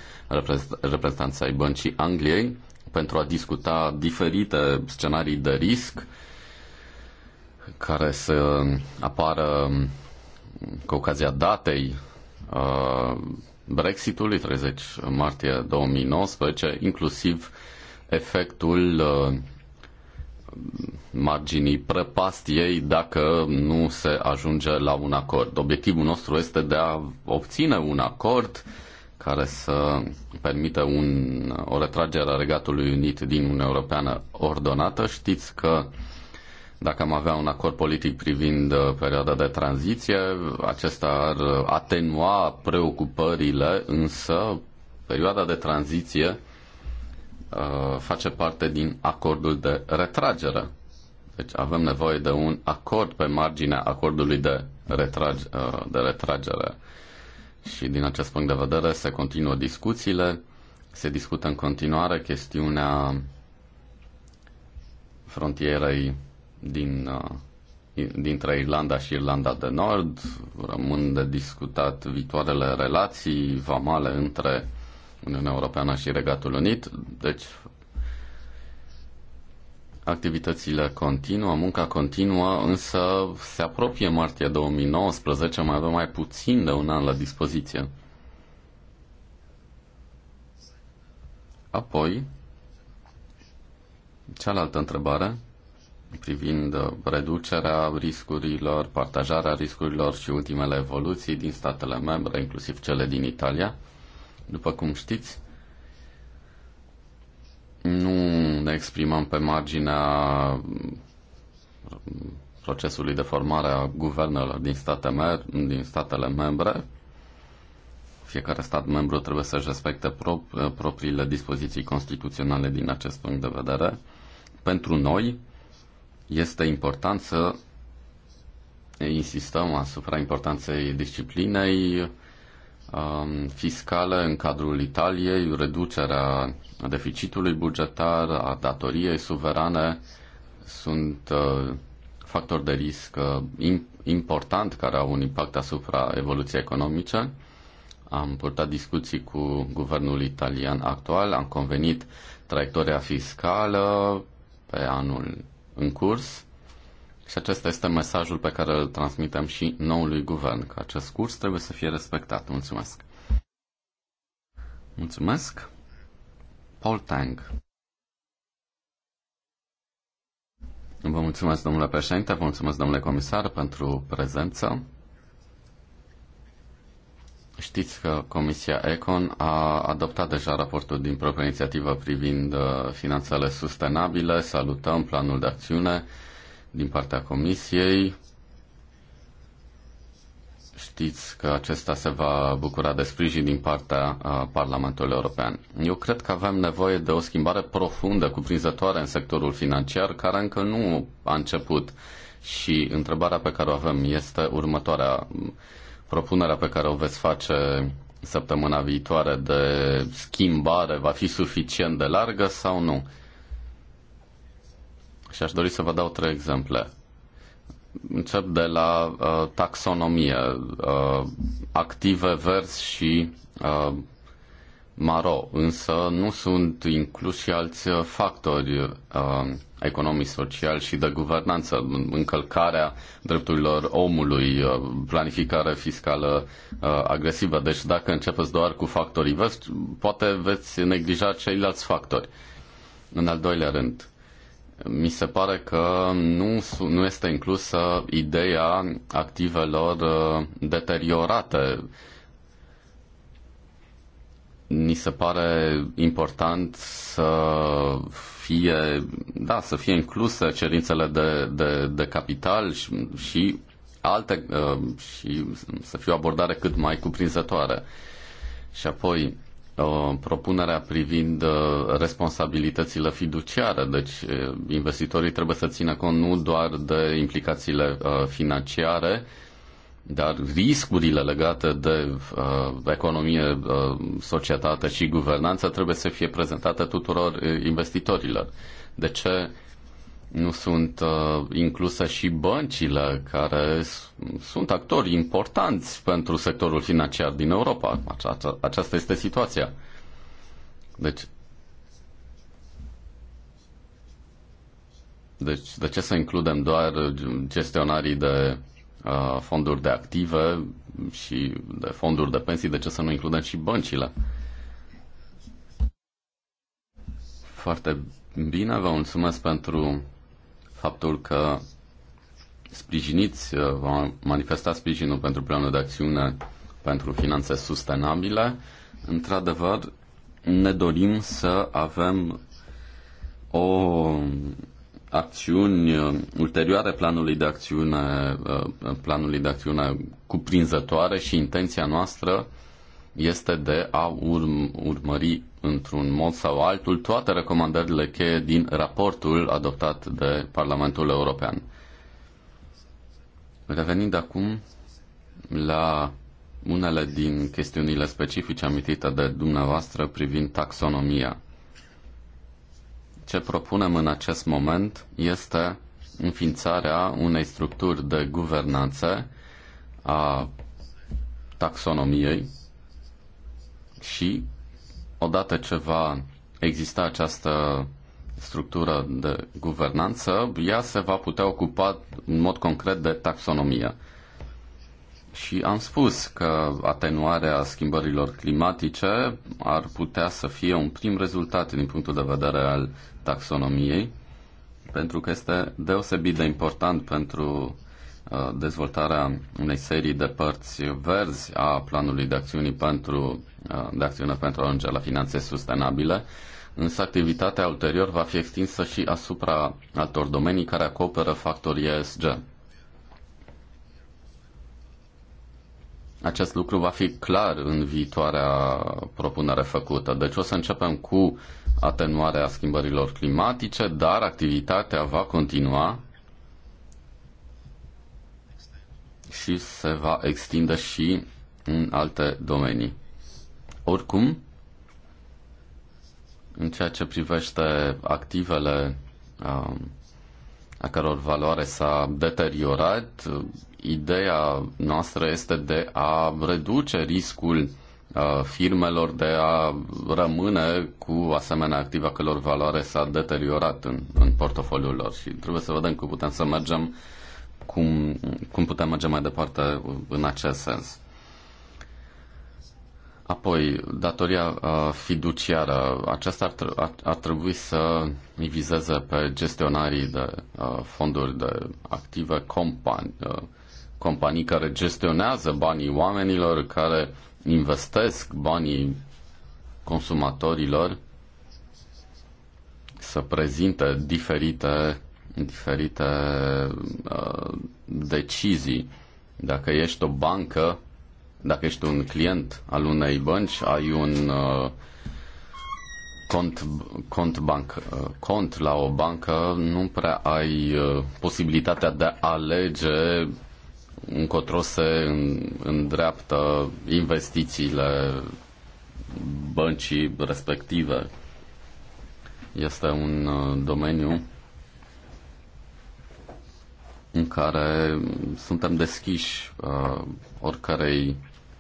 reprezentanța Băncii Angliei pentru a discuta diferite scenarii de risc care să apară cu ocazia datei Uh, Brexitului 30 martie 2019, inclusiv efectul uh, marginii prăpastiei dacă nu se ajunge la un acord. Obiectivul nostru este de a obține un acord care să permită un, o retragere a Regatului Unit din Uniunea Europeană ordonată. Știți că uh, dacă am avea un acord politic privind uh, perioada de tranziție, acesta ar uh, atenua preocupările, însă perioada de tranziție uh, face parte din acordul de retragere. Deci avem nevoie de un acord pe marginea acordului de, retrag, de retragere. Și din acest punct de vedere se continuă discuțiile, se discută în continuare chestiunea frontierei din, uh, dintre Irlanda și Irlanda de Nord. Rămân de discutat viitoarele relații vamale între Uniunea Europeană și Regatul Unit. Deci, activitățile continuă, munca continuă, însă se apropie martie 2019, mai avem mai puțin de un an la dispoziție. Apoi, cealaltă întrebare privind uh, reducerea riscurilor, partajarea riscurilor și ultimele evoluții din statele membre, inclusiv cele din Italia. După cum știți, nu ne exprimăm pe marginea mm, procesului de formare a guvernelor din, state mer- din statele membre. Fiecare stat membru trebuie să-și respecte pro- propriile dispoziții constituționale din acest punct de vedere. Pentru noi, este important să insistăm asupra importanței disciplinei um, fiscale în cadrul Italiei, reducerea deficitului bugetar, a datoriei suverane sunt uh, factori de risc uh, important care au un impact asupra evoluției economice. Am purtat discuții cu guvernul italian actual, am convenit traiectoria fiscală pe anul în curs și acesta este mesajul pe care îl transmitem și noului guvern, că acest curs trebuie să fie respectat. Mulțumesc! Mulțumesc! Paul Tang Vă mulțumesc, domnule președinte, vă mulțumesc, domnule comisar, pentru prezență. Știți că Comisia Econ a adoptat deja raportul din propria inițiativă privind uh, finanțele sustenabile. Salutăm planul de acțiune din partea Comisiei. Știți că acesta se va bucura de sprijin din partea uh, Parlamentului European. Eu cred că avem nevoie de o schimbare profundă, cuprinzătoare în sectorul financiar, care încă nu a început. Și întrebarea pe care o avem este următoarea propunerea pe care o veți face săptămâna viitoare de schimbare va fi suficient de largă sau nu? Și aș dori să vă dau trei exemple. Încep de la uh, taxonomie, uh, active vers și uh, maro, însă nu sunt inclus și alți uh, factori uh, economici, sociali și de guvernanță, încălcarea drepturilor omului, uh, planificare fiscală uh, agresivă. Deci dacă începeți doar cu factorii vest, poate veți neglija ceilalți factori. În al doilea rând, mi se pare că nu, nu este inclusă ideea activelor uh, deteriorate ni se pare important să fie, da, să fie incluse cerințele de, de, de capital și, și alte uh, și să fie o abordare cât mai cuprinzătoare. Și apoi uh, propunerea privind uh, responsabilitățile fiduciare, deci investitorii trebuie să țină cont nu doar de implicațiile financiare, dar riscurile legate de uh, economie, uh, societate și guvernanță trebuie să fie prezentate tuturor uh, investitorilor. De ce nu sunt uh, incluse și băncile care sunt actori importanți pentru sectorul financiar din Europa. Aceasta, aceasta este situația. Deci, deci, de ce să includem doar gestionarii de Uh, fonduri de active și de fonduri de pensii, de ce să nu includem și băncile? Foarte bine, vă mulțumesc pentru faptul că sprijiniți, uh, vă manifestați sprijinul pentru planul de acțiune pentru finanțe sustenabile. Într-adevăr, ne dorim să avem o acțiuni uh, ulterioare planului de acțiune, uh, planului de acțiune cuprinzătoare și intenția noastră este de a urm- urmări într-un mod sau altul toate recomandările cheie din raportul adoptat de Parlamentul European. Revenind acum la unele din chestiunile specifice amintite de dumneavoastră privind taxonomia. Ce propunem în acest moment este înființarea unei structuri de guvernanță a taxonomiei și odată ce va exista această structură de guvernanță, ea se va putea ocupa în mod concret de taxonomie. Și am spus că atenuarea schimbărilor climatice ar putea să fie un prim rezultat din punctul de vedere al taxonomiei, pentru că este deosebit de important pentru uh, dezvoltarea unei serii de părți verzi a planului de, acțiuni pentru, uh, de acțiune pentru a ajunge la finanțe sustenabile, însă activitatea ulterior va fi extinsă și asupra altor domenii care acoperă factorii ESG. Acest lucru va fi clar în viitoarea propunere făcută. Deci o să începem cu atenuarea schimbărilor climatice, dar activitatea va continua și se va extinde și în alte domenii. Oricum, în ceea ce privește activele um, a căror valoare s-a deteriorat, ideea noastră este de a reduce riscul firmelor de a rămâne cu asemenea activa a valoare s-a deteriorat în, în portofoliul lor și trebuie să vedem cum putem să mergem cum, cum putem merge mai departe în acest sens. Apoi, datoria fiduciară. Aceasta ar, ar, trebui să îi vizeze pe gestionarii de fonduri de active, companii, companii care gestionează banii oamenilor, care investesc banii consumatorilor să prezinte diferite, diferite uh, decizii. Dacă ești o bancă, dacă ești un client al unei bănci, ai un uh, cont, cont, banc, uh, cont la o bancă, nu prea ai uh, posibilitatea de a alege încotro se îndreaptă investițiile băncii respective. Este un uh, domeniu în care suntem deschiși uh, oricărei,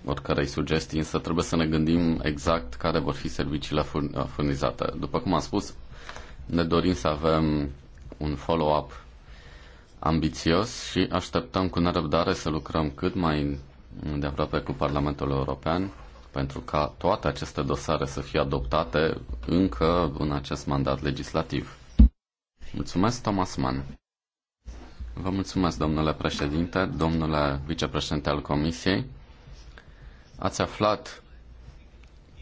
oricărei sugestii, însă trebuie să ne gândim exact care vor fi serviciile uh, furnizate. După cum am spus, ne dorim să avem un follow-up ambițios și așteptăm cu nerăbdare să lucrăm cât mai de aproape cu Parlamentul European pentru ca toate aceste dosare să fie adoptate încă în acest mandat legislativ. Mulțumesc, Thomas Mann. Vă mulțumesc, domnule președinte, domnule vicepreședinte al Comisiei. Ați aflat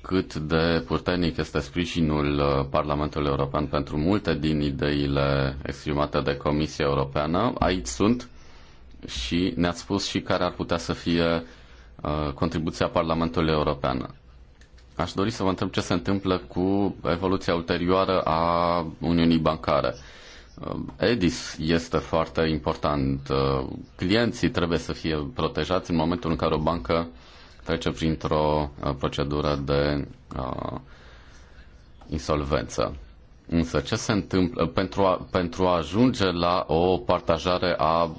cât de puternic este sprijinul uh, Parlamentului European pentru multe din ideile exprimate de Comisia Europeană. Aici sunt și ne-ați spus și care ar putea să fie uh, contribuția Parlamentului European. Aș dori să vă întreb ce se întâmplă cu evoluția ulterioară a Uniunii Bancare. Uh, EDIS este foarte important. Clienții trebuie să fie protejați în momentul în care o bancă trece printr-o uh, procedură de uh, insolvență. Însă ce se întâmplă pentru a, pentru a ajunge la o partajare a,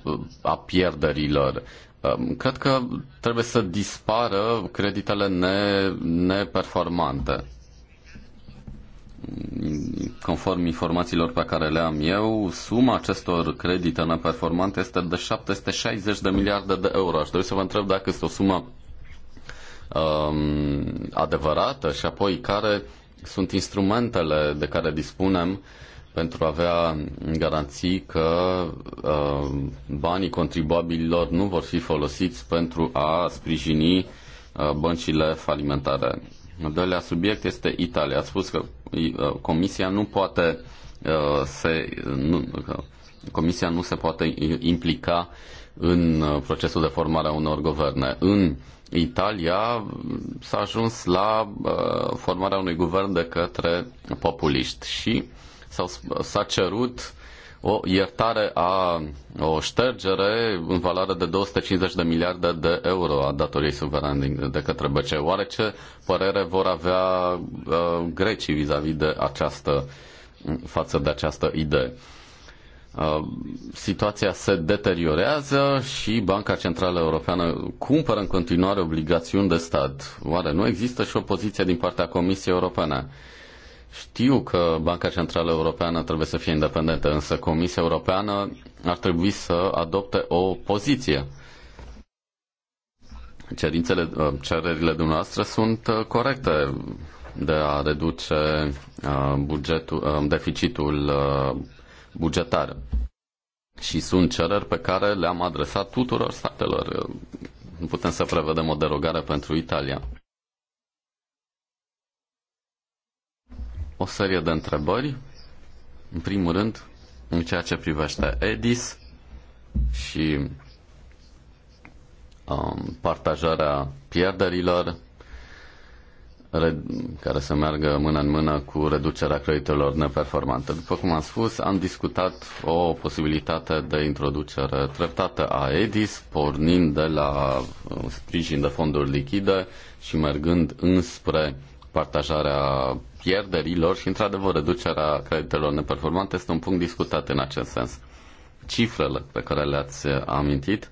a pierderilor? Um, cred că trebuie să dispară creditele ne, neperformante. Conform informațiilor pe care le am eu, suma acestor credite neperformante este de 760 de miliarde de euro. Aș dori să vă întreb dacă este o sumă um, adevărată și apoi care sunt instrumentele de care dispunem pentru a avea garanții că uh, banii contribuabililor nu vor fi folosiți pentru a sprijini uh, băncile falimentare. Al doilea subiect este Italia. A spus că uh, Comisia nu poate uh, se, nu, că Comisia nu se poate implica uh, în uh, procesul de formare a unor guverne. În Italia s-a ajuns la uh, formarea unui guvern de către populiști și s-a cerut o iertare a o ștergere în valoare de 250 de miliarde de euro a datoriei suverane de către BCE. Oare ce părere vor avea uh, grecii vis-a-vis -vis de această față de această idee? Uh, situația se deteriorează și Banca Centrală Europeană cumpără în continuare obligațiuni de stat. Oare nu există și o poziție din partea Comisiei Europene? Știu că Banca Centrală Europeană trebuie să fie independentă, însă Comisia Europeană ar trebui să adopte o poziție. Cerințele, uh, cererile dumneavoastră sunt uh, corecte de a reduce bugetul, deficitul bugetare. Și sunt cereri pe care le-am adresat tuturor statelor. Nu putem să prevedem o derogare pentru Italia. O serie de întrebări. În primul rând, în ceea ce privește EDIS și um, partajarea pierderilor care să meargă mână în mână cu reducerea creditelor neperformante. După cum am spus, am discutat o posibilitate de introducere treptată a EDIS, pornind de la uh, sprijin de fonduri lichide și mergând înspre partajarea pierderilor și, într-adevăr, reducerea creditelor neperformante este un punct discutat în acest sens. Cifrele pe care le-ați uh, amintit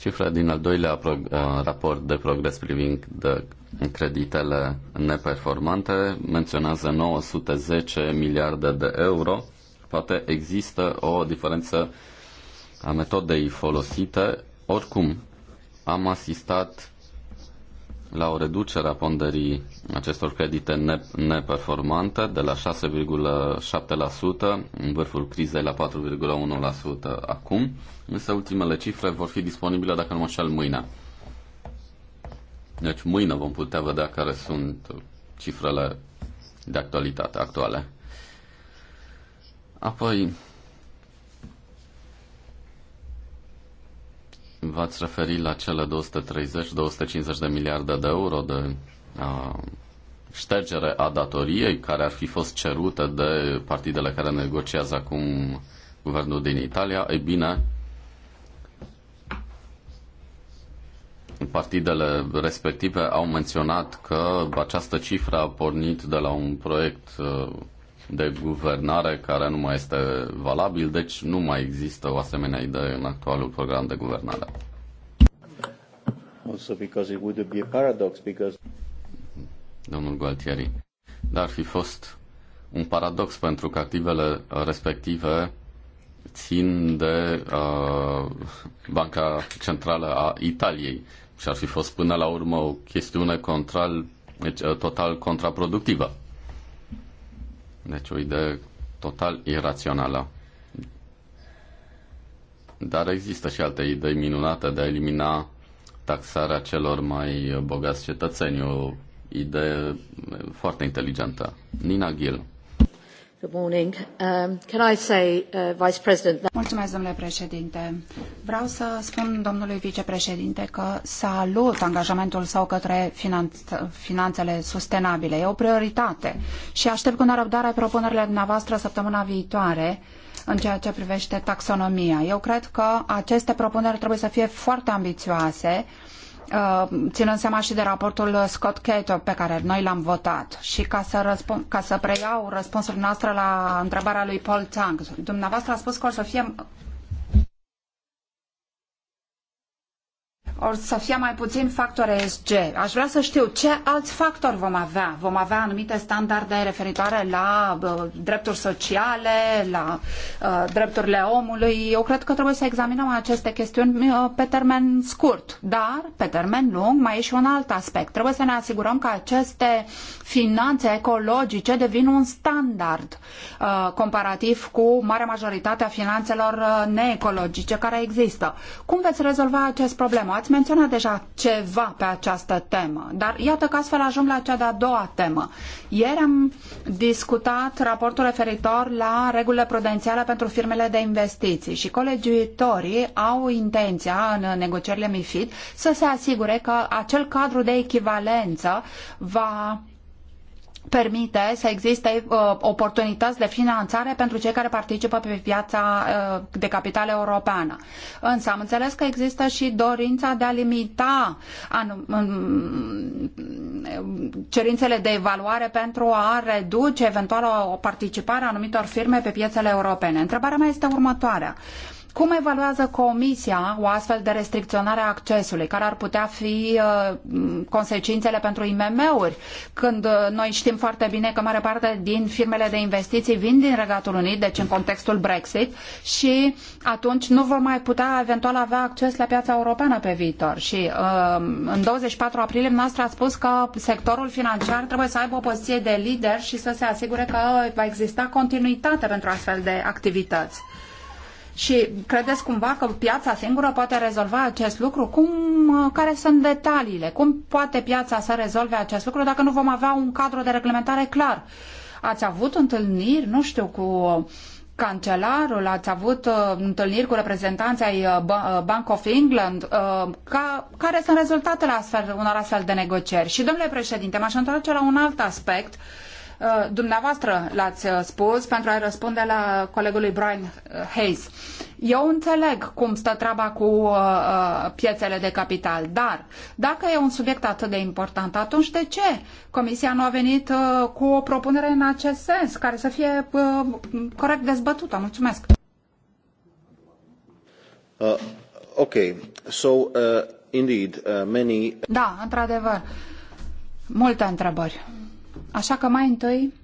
Cifra din al doilea uh, raport de progres privind de creditele neperformante menționează 910 miliarde de euro. Poate există o diferență a metodei folosite. Oricum, am asistat la o reducere a ponderii acestor credite neperformante de la 6,7% în vârful crizei la 4,1% acum, însă ultimele cifre vor fi disponibile dacă nu așa mâine. Deci mâine vom putea vedea care sunt cifrele de actualitate actuale. Apoi, V-ați referit la cele 230-250 de miliarde de euro de a, ștergere a datoriei care ar fi fost cerute de partidele care negociază acum guvernul din Italia. Ei bine, partidele respective au menționat că această cifră a pornit de la un proiect de guvernare care nu mai este valabil, deci nu mai există o asemenea idee în actualul program de guvernare. Also because it would be a paradox because domnul Gualtieri. Dar ar fi fost un paradox pentru că activele respective țin de uh, Banca Centrală a Italiei și ar fi fost până la urmă o chestiune contral, deci, uh, total contraproductivă. Deci o idee total irațională. Dar există și alte idei minunate de a elimina taxarea celor mai bogați cetățeni. O idee foarte inteligentă. Nina Gil. Good morning. Um, can I say, uh, Vice President... Mulțumesc, domnule președinte. Vreau să spun domnului vicepreședinte că salut angajamentul său către finanț- finanțele sustenabile. E o prioritate și aștept cu nerăbdare propunerile dumneavoastră săptămâna viitoare în ceea ce privește taxonomia. Eu cred că aceste propuneri trebuie să fie foarte ambițioase uh, Uh, ținând seama și de raportul Scott Cato pe care noi l-am votat. Și ca să, răspun- ca să preiau răspunsul noastră la întrebarea lui Paul Tang, dumneavoastră a spus că o să fie Or să fie mai puțin factori ESG. Aș vrea să știu ce alți factori vom avea. Vom avea anumite standarde referitoare la uh, drepturi sociale, la uh, drepturile omului. Eu cred că trebuie să examinăm aceste chestiuni uh, pe termen scurt, dar pe termen lung mai e și un alt aspect. Trebuie să ne asigurăm că aceste finanțe ecologice devin un standard uh, comparativ cu marea majoritate a finanțelor uh, neecologice care există. Cum veți rezolva acest problemă? Ați ați menționat deja ceva pe această temă, dar iată că astfel ajung la cea de-a doua temă. Ieri am discutat raportul referitor la regulile prudențiale pentru firmele de investiții și colegiuitorii au intenția în negocierile MIFID să se asigure că acel cadru de echivalență va permite să existe uh, oportunități de finanțare pentru cei care participă pe piața uh, de capital europeană. Însă am înțeles că există și dorința de a limita anum, cerințele de evaluare pentru a reduce eventual o participare a anumitor firme pe piețele europene. Întrebarea mea este următoarea. Uh, cum evaluează Comisia o astfel de restricționare a accesului? Care ar putea fi uh, consecințele pentru IMM-uri? Când uh, noi știm foarte bine că mare parte din firmele de investiții vin din Regatul Unit, deci în contextul Brexit, și atunci nu vor mai putea eventual avea acces la piața europeană pe viitor. Și uh, în 24 aprilie noastră a spus că sectorul financiar trebuie să aibă o poziție de lider și să se asigure că va exista continuitate pentru astfel de activități. Și credeți cumva că piața singură poate rezolva acest lucru? Cum, uh, care sunt detaliile? Cum poate piața să rezolve acest lucru dacă nu vom avea un cadru de reglementare clar? Ați avut întâlniri, nu știu, cu uh, cancelarul, ați avut uh, întâlniri cu reprezentanții ai uh, uh, Bank of England, uh, ca, care sunt rezultatele astfel, unor astfel de negocieri? Și, domnule președinte, m-aș întoarce la un alt aspect uh, Uh, dumneavoastră l-ați uh, spus pentru a răspunde la colegului Brian uh, Hayes. Eu înțeleg cum stă treaba cu uh, piețele de capital, dar dacă e un subiect atât de important, atunci de ce Comisia nu a venit uh, cu o propunere în acest sens, care să fie uh, corect dezbătută? Mulțumesc! Uh, ok, so, uh, indeed, uh, many... Da, într-adevăr, multe întrebări. Așa că mai întâi,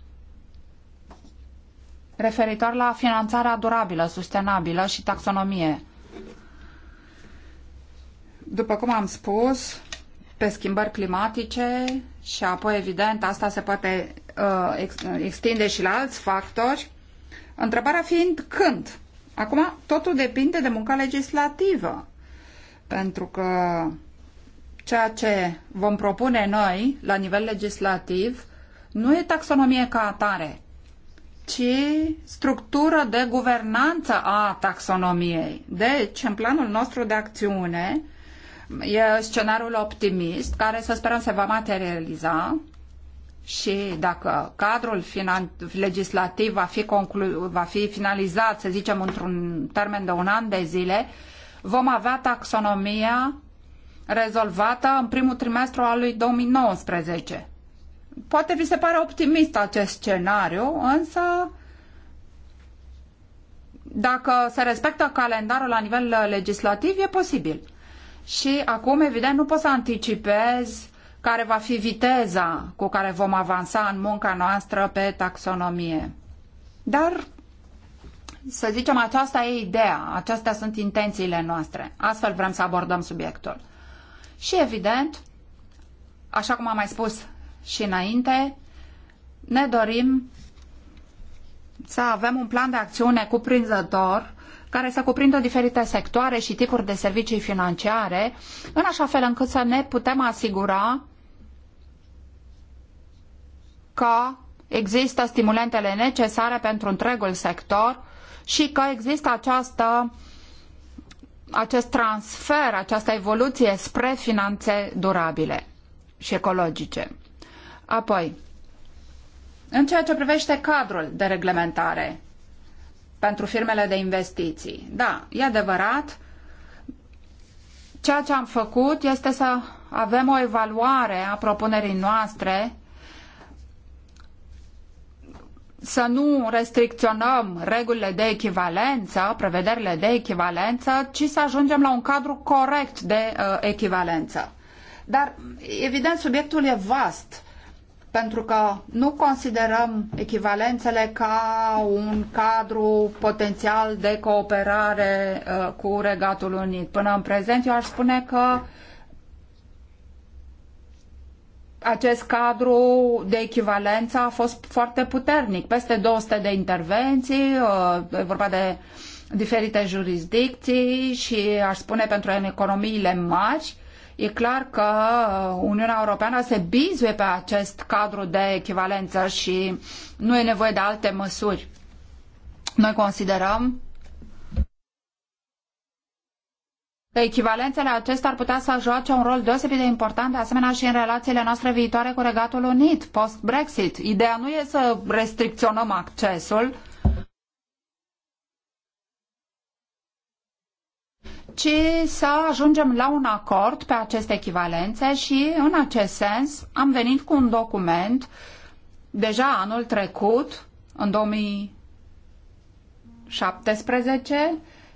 referitor la finanțarea durabilă, sustenabilă și taxonomie. După cum am spus, pe schimbări climatice și apoi, evident, asta se poate uh, ex extinde și la alți factori, întrebarea fiind când. Acum, totul depinde de munca legislativă, pentru că ceea ce vom propune noi la nivel legislativ nu e taxonomie ca atare, ci structură de guvernanță a taxonomiei. Deci, în planul nostru de acțiune, e scenariul optimist, care să sperăm se va materializa și dacă cadrul legislativ va fi, va fi finalizat, să zicem, într-un termen de un an de zile, vom avea taxonomia rezolvată în primul trimestru al lui 2019 poate vi se pare optimist acest scenariu, însă dacă se respectă calendarul la nivel legislativ, e posibil. Și acum, evident, nu pot să anticipez care va fi viteza cu care vom avansa în munca noastră pe taxonomie. Dar, să zicem, aceasta e ideea, acestea sunt intențiile noastre. Astfel vrem să abordăm subiectul. Și, evident, așa cum am mai spus și înainte, ne dorim să avem un plan de acțiune cuprinzător care să cuprindă diferite sectoare și tipuri de servicii financiare, în așa fel încât să ne putem asigura că există stimulentele necesare pentru întregul sector și că există această, acest transfer, această evoluție spre finanțe durabile și ecologice. Apoi, în ceea ce privește cadrul de reglementare pentru firmele de investiții, da, e adevărat, ceea ce am făcut este să avem o evaluare a propunerii noastre să nu restricționăm regulile de echivalență, prevederile de echivalență, ci să ajungem la un cadru corect de uh, echivalență. Dar, evident, subiectul e vast pentru că nu considerăm echivalențele ca un cadru potențial de cooperare uh, cu Regatul Unit. Până în prezent, eu aș spune că acest cadru de echivalență a fost foarte puternic. Peste 200 de intervenții, uh, e vorba de diferite jurisdicții și aș spune pentru economiile mari, E clar că Uniunea Europeană se bizuie pe acest cadru de echivalență și nu e nevoie de alte măsuri. Noi considerăm că echivalențele acestea ar putea să joace un rol deosebit de important, de asemenea și în relațiile noastre viitoare cu Regatul Unit, post-Brexit. Ideea nu e să restricționăm accesul, ci să ajungem la un acord pe aceste echivalențe și în acest sens am venit cu un document deja anul trecut, în 2017,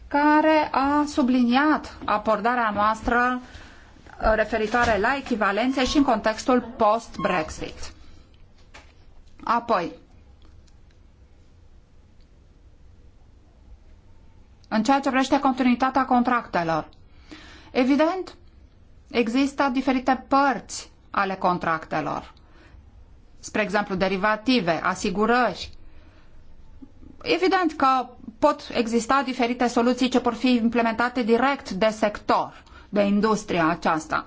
care a subliniat abordarea noastră uh, referitoare la echivalențe și în contextul post-Brexit. Apoi, în ceea ce vrește continuitatea contractelor. Evident, există diferite părți ale contractelor. Spre exemplu, derivative, asigurări. Evident că pot exista diferite soluții ce pot fi implementate direct de sector, de industria aceasta.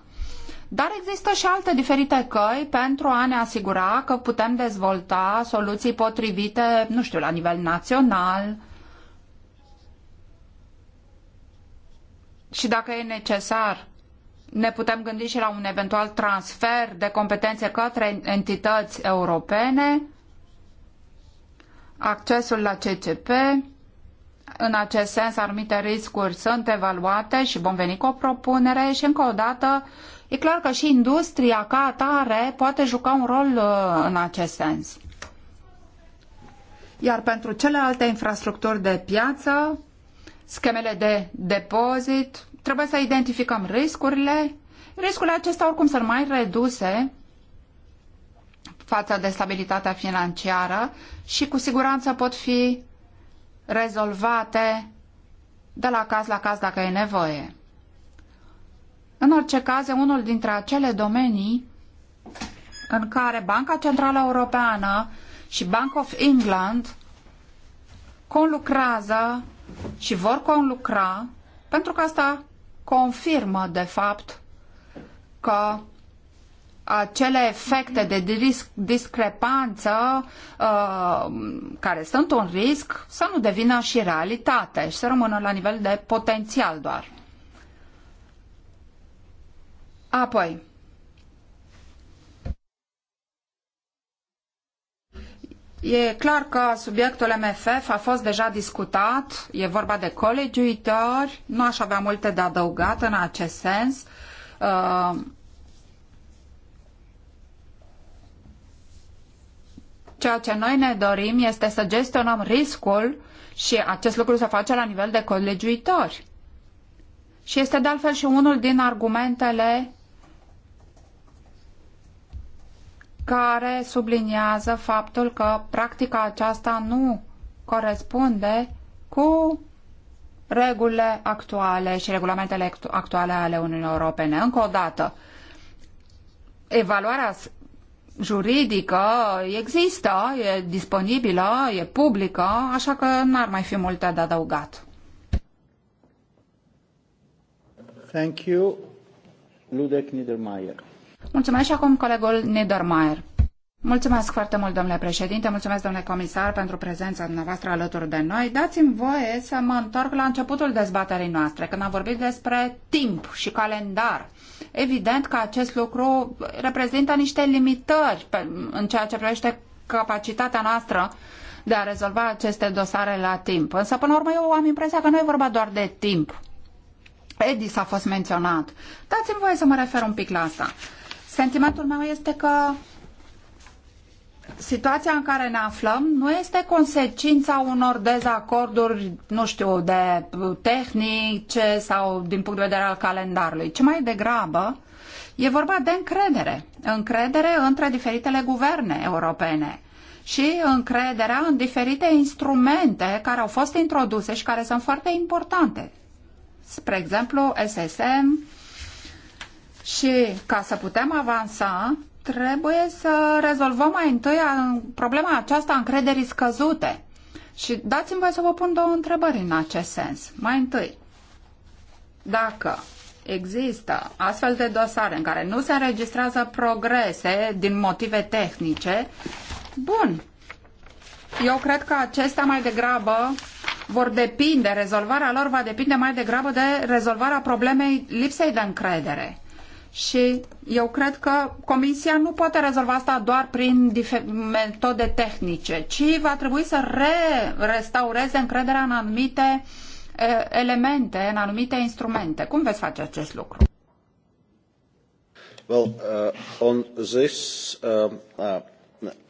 Dar există și alte diferite căi pentru a ne asigura că putem dezvolta soluții potrivite, nu știu, la nivel național, și dacă e necesar, ne putem gândi și la un eventual transfer de competențe către entități europene, accesul la CCP. În acest sens, anumite riscuri sunt evaluate și vom veni cu o propunere și încă o dată e clar că și industria ca atare poate juca un rol uh, în acest sens. Iar pentru celelalte infrastructuri de piață, schemele de depozit, trebuie să identificăm riscurile. Riscurile acestea oricum sunt mai reduse față de stabilitatea financiară și cu siguranță pot fi rezolvate de la caz la caz dacă e nevoie. În orice caz, unul dintre acele domenii în care Banca Centrală Europeană și Bank of England conlucrează și vor conlucra, pentru că asta confirmă, de fapt, că acele efecte de disc, discrepanță uh, care sunt un risc să nu devină și realitate și să rămână la nivel de potențial doar. Apoi, E clar că subiectul MFF a fost deja discutat, e vorba de colegiuitori, nu aș avea multe de adăugat în acest sens. Uh, ceea ce noi ne dorim este să gestionăm riscul și acest lucru se face la nivel de colegiuitori. Și este de altfel și unul din argumentele care subliniază faptul că practica aceasta nu corespunde cu regulile actuale și regulamentele actuale ale Uniunii Europene. Încă o dată, evaluarea juridică există, e disponibilă, e publică, așa că n-ar mai fi multe de adăugat. Thank you, Ludek Niedermayer. Mulțumesc și acum colegul Niedermayer. Mulțumesc foarte mult, domnule președinte, mulțumesc, domnule comisar, pentru prezența dumneavoastră alături de noi. Dați-mi voie să mă întorc la începutul dezbaterii noastre, când am vorbit despre timp și calendar. Evident că acest lucru reprezintă niște limitări în ceea ce privește capacitatea noastră de a rezolva aceste dosare la timp. Însă, până la urmă, eu am impresia că nu e vorba doar de timp. Edis a fost menționat. Dați-mi voie să mă refer un pic la asta. Sentimentul meu este că situația în care ne aflăm nu este consecința unor dezacorduri, nu știu, de tehnice sau din punct de vedere al calendarului, ci mai degrabă e vorba de încredere. Încredere între diferitele guverne europene și încrederea în diferite instrumente care au fost introduse și care sunt foarte importante. Spre exemplu, SSM, și ca să putem avansa, trebuie să rezolvăm mai întâi problema aceasta a încrederii scăzute. Și dați-mi voi să vă pun două întrebări în acest sens. Mai întâi, dacă există astfel de dosare în care nu se înregistrează progrese din motive tehnice, bun, eu cred că acestea mai degrabă vor depinde, rezolvarea lor va depinde mai degrabă de rezolvarea problemei lipsei de încredere și eu cred că Comisia nu poate rezolva asta doar prin metode tehnice, ci va trebui să restaureze încrederea în anumite elemente, în anumite instrumente. Cum veți face acest lucru? Well, uh, on this, uh, uh,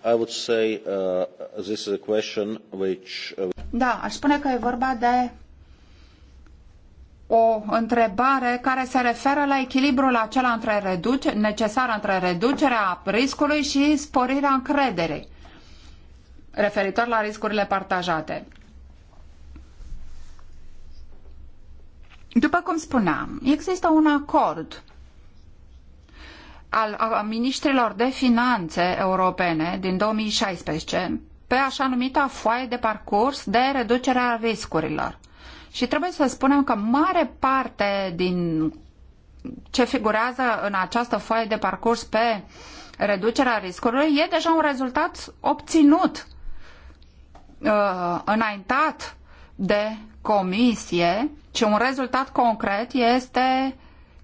I would say uh, this is a question which... Uh, da, aș spune că e vorba de o întrebare care se referă la echilibrul acela între reduce, necesar între reducerea riscului și sporirea încrederii referitor la riscurile partajate. După cum spuneam, există un acord al ministrilor de finanțe europene din 2016 pe așa numita foaie de parcurs de reducerea riscurilor. Și trebuie să spunem că mare parte din ce figurează în această foaie de parcurs pe reducerea riscurilor e deja un rezultat obținut, uh, înaintat de comisie, ci un rezultat concret este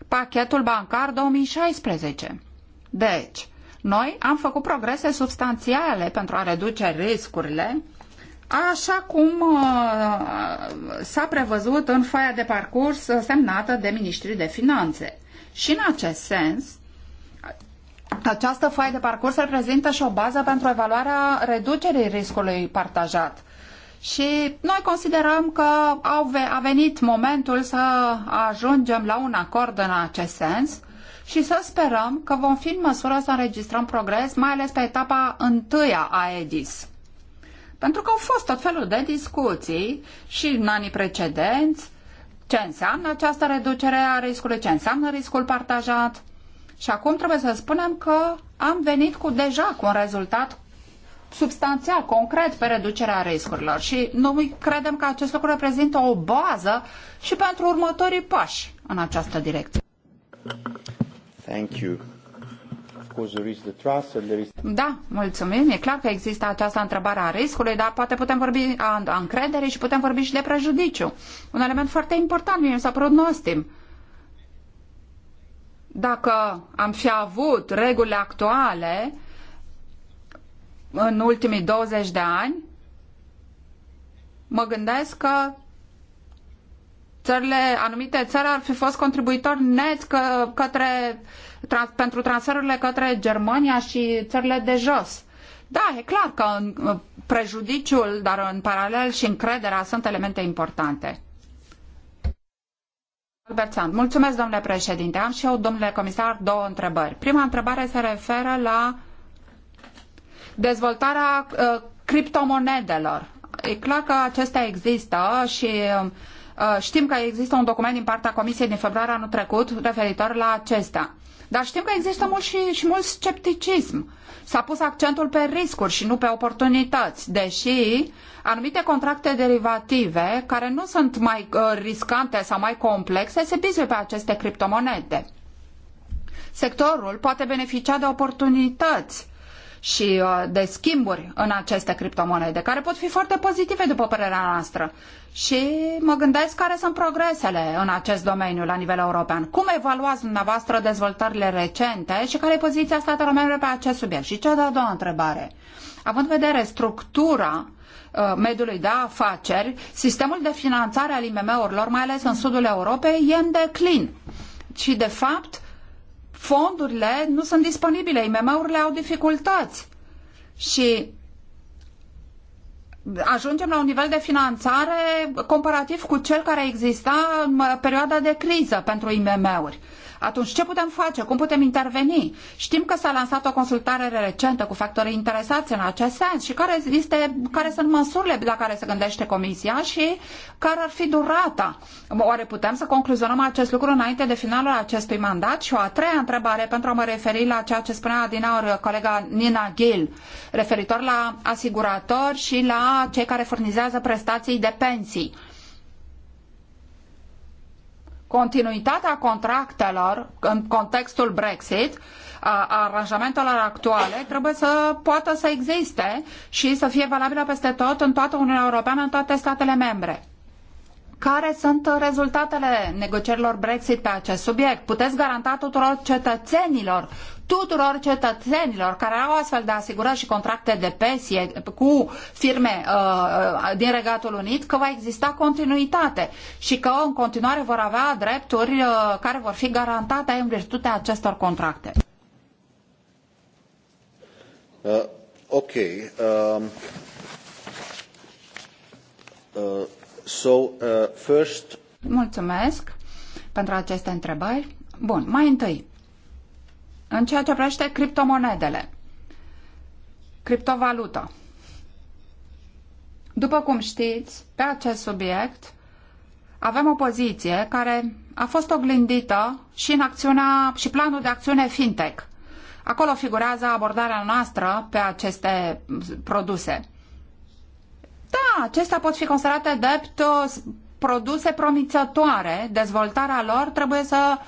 pachetul bancar 2016. Deci, noi am făcut progrese substanțiale pentru a reduce riscurile așa cum uh, s-a prevăzut în foaia de parcurs uh, semnată de ministrii de finanțe. Și în acest sens, această foaie de parcurs reprezintă și o bază pentru evaluarea reducerii riscului partajat. Și noi considerăm că au a venit momentul să ajungem la un acord în acest sens și să sperăm că vom fi în măsură să înregistrăm progres, mai ales pe etapa întâia a EDIS. Pentru că au fost tot felul de discuții și în anii precedenți ce înseamnă această reducere a riscului, ce înseamnă riscul partajat. Și acum trebuie să spunem că am venit cu deja cu un rezultat substanțial, concret pe reducerea riscurilor și noi credem că acest lucru reprezintă o bază și pentru următorii pași în această direcție. Thank you. Da, mulțumim. E clar că există această întrebare a riscului, dar poate putem vorbi a, a încrederii și putem vorbi și de prejudiciu. Un element foarte important, mie mi s-a părut nostim. Dacă am fi avut regulile actuale în ultimii 20 de ani, mă gândesc că țările, anumite țări ar fi fost contribuitori net că, către uh, pentru transferurile către Germania și țările de jos. Da, e clar că în, prejudiciul, dar în paralel și încrederea sunt elemente importante. Albert Sand, mulțumesc, domnule președinte. Am și eu, domnule comisar, două întrebări. Prima întrebare se referă la dezvoltarea uh, criptomonedelor. E clar că acestea există și uh, știm că există un document din partea Comisiei din februarie anul trecut referitor la acestea. Dar știm că există mult și, și mult scepticism. S-a pus accentul pe riscuri și nu pe oportunități, deși anumite contracte derivative, care nu sunt mai uh, riscante sau mai complexe, se bizuie pe aceste criptomonede. Sectorul poate beneficia de oportunități și uh, de schimburi în aceste criptomonede, care pot fi foarte pozitive, după părerea noastră. Și mă gândesc care sunt progresele în acest domeniu la nivel european. Cum evaluați dumneavoastră dezvoltările recente și care e poziția statelor membre pe acest subiect? Și cea de-a doua întrebare. Având în vedere structura uh, mediului de afaceri, sistemul de finanțare al IMM-urilor, mai ales în sudul Europei, e în declin. Și, de fapt, fondurile nu sunt disponibile, IMM-urile au dificultăți. Și ajungem la un nivel de finanțare comparativ cu cel care exista în perioada de criză pentru IMM-uri. Atunci ce putem face? Cum putem interveni? Știm că s-a lansat o consultare recentă cu factorii interesați în acest sens și care, este, care sunt măsurile la care se gândește Comisia și care ar fi durata. Oare putem să concluzionăm acest lucru înainte de finalul acestui mandat? Și o a treia întrebare pentru a mă referi la ceea ce spunea din aur colega Nina Gil referitor la asiguratori și la cei care furnizează prestații de pensii. Continuitatea contractelor în contextul Brexit, a aranjamentelor actuale, trebuie să poată să existe și să fie valabilă peste tot, în toată Uniunea Europeană, în toate statele membre. Care sunt rezultatele negocierilor Brexit pe acest subiect? Puteți garanta tuturor cetățenilor tuturor cetățenilor care au astfel de asigurări și contracte de pensie cu firme uh, uh, din Regatul Unit că va exista continuitate și că în continuare vor avea drepturi uh, care vor fi garantate în virtutea acestor contracte. Uh, ok. Um, uh, so, uh, first... Mulțumesc pentru aceste întrebări. Bun, mai întâi, în ceea ce privește criptomonedele, criptovalută. După cum știți, pe acest subiect avem o poziție care a fost oglindită și în acțiunea și planul de acțiune fintech. Acolo figurează abordarea noastră pe aceste produse. Da, acestea pot fi considerate drept uh, produse promițătoare. Dezvoltarea lor trebuie să uh,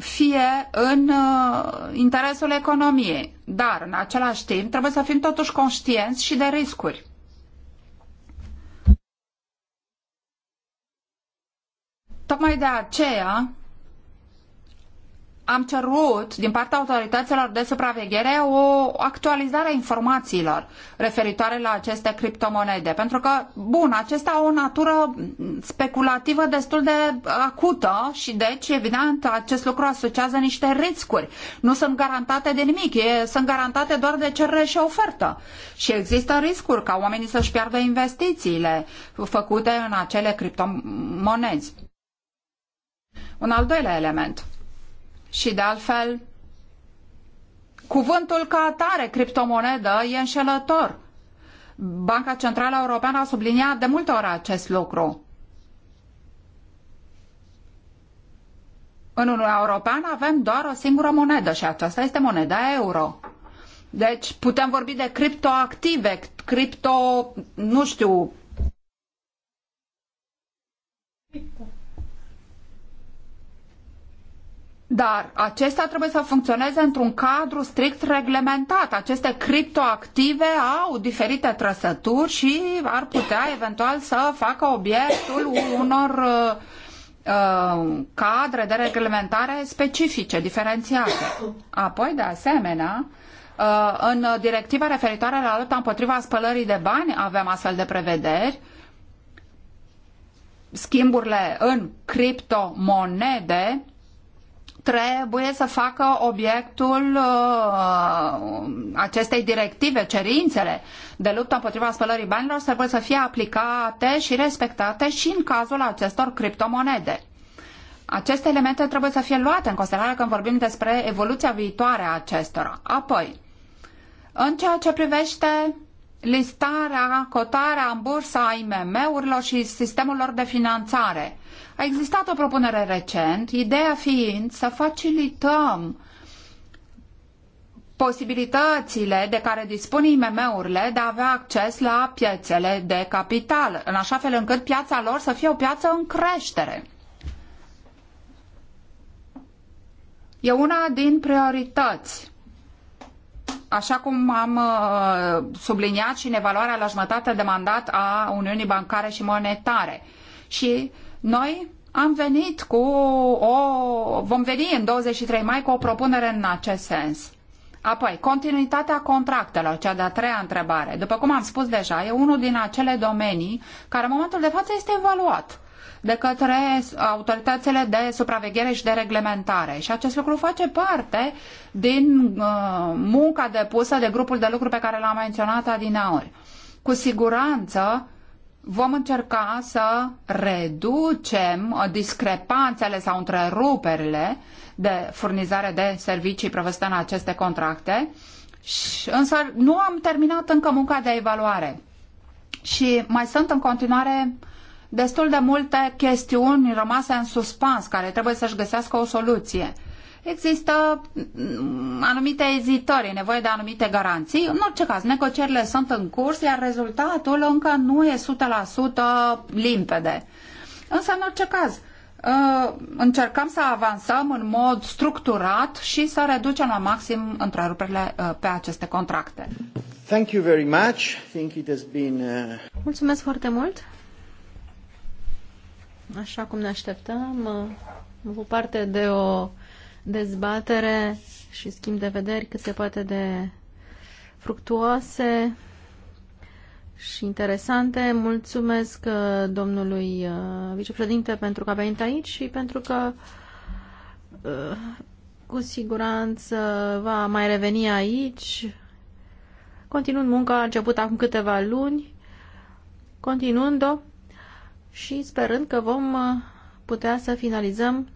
fie în uh, interesul economiei, dar în același timp trebuie să fim totuși conștienți și de riscuri. Tocmai de aceea am cerut din partea autorităților de supraveghere o actualizare a informațiilor referitoare la aceste criptomonede. Pentru că, bun, acestea au o natură speculativă destul de acută și deci, evident, acest lucru asociază niște riscuri. Nu sunt garantate de nimic, e, sunt garantate doar de cerere și ofertă. Și există riscuri ca oamenii să-și piardă investițiile făcute în acele criptomonezi. Un al doilea element – și de altfel, cuvântul ca atare, criptomonedă, e înșelător. Banca Centrală Europeană a subliniat de multe ori acest lucru. În Uniunea Europeană avem doar o singură monedă și aceasta este moneda euro. Deci putem vorbi de criptoactive, cripto, nu știu. Dar acestea trebuie să funcționeze într-un cadru strict reglementat. Aceste criptoactive au diferite trăsături și ar putea eventual să facă obiectul unor uh, uh, cadre de reglementare specifice, diferențiate. Apoi, de asemenea, uh, în directiva referitoare la lupta împotriva spălării de bani avem astfel de prevederi schimburile în criptomonede trebuie să facă obiectul uh, acestei directive, cerințele de luptă împotriva spălării banilor trebuie să fie aplicate și respectate și în cazul acestor criptomonede. Aceste elemente trebuie să fie luate în considerare când vorbim despre evoluția viitoare a acestora. Apoi, în ceea ce privește listarea, cotarea în bursa a IMM-urilor și sistemul lor de finanțare, a existat o propunere recent, ideea fiind să facilităm posibilitățile de care dispun IMM-urile de a avea acces la piețele de capital, în așa fel încât piața lor să fie o piață în creștere. E una din priorități. Așa cum am uh, subliniat și în evaluarea la jumătate de mandat a Uniunii Bancare și Monetare. Și noi am venit cu o... vom veni în 23 mai cu o propunere în acest sens. Apoi, continuitatea contractelor, cea de-a treia întrebare. După cum am spus deja, e unul din acele domenii care în momentul de față este evaluat de către autoritățile de supraveghere și de reglementare. Și acest lucru face parte din uh, munca depusă de grupul de lucru pe care l-am menționat adineori. Cu siguranță, vom încerca să reducem uh, discrepanțele sau întreruperile de furnizare de servicii prevăzute în aceste contracte, însă nu am terminat încă munca de evaluare. Și mai sunt în continuare destul de multe chestiuni rămase în suspans, care trebuie să-și găsească o soluție există mm, anumite ezitări, nevoie de anumite garanții. În orice caz, negocierile sunt în curs, iar rezultatul încă nu e 100% limpede. Însă, în orice caz, uh, încercăm să avansăm în mod structurat și să reducem la maxim întreruperile uh, pe aceste contracte. Thank you very much. Think it has been, uh... Mulțumesc foarte mult. Așa cum ne așteptam, am uh, avut parte de o dezbatere și schimb de vederi cât se poate de fructuoase și interesante. Mulțumesc uh, domnului uh, vicepreședinte pentru că a venit aici și pentru că uh, cu siguranță va mai reveni aici, continuând munca început acum câteva luni, continuând-o și sperând că vom putea să finalizăm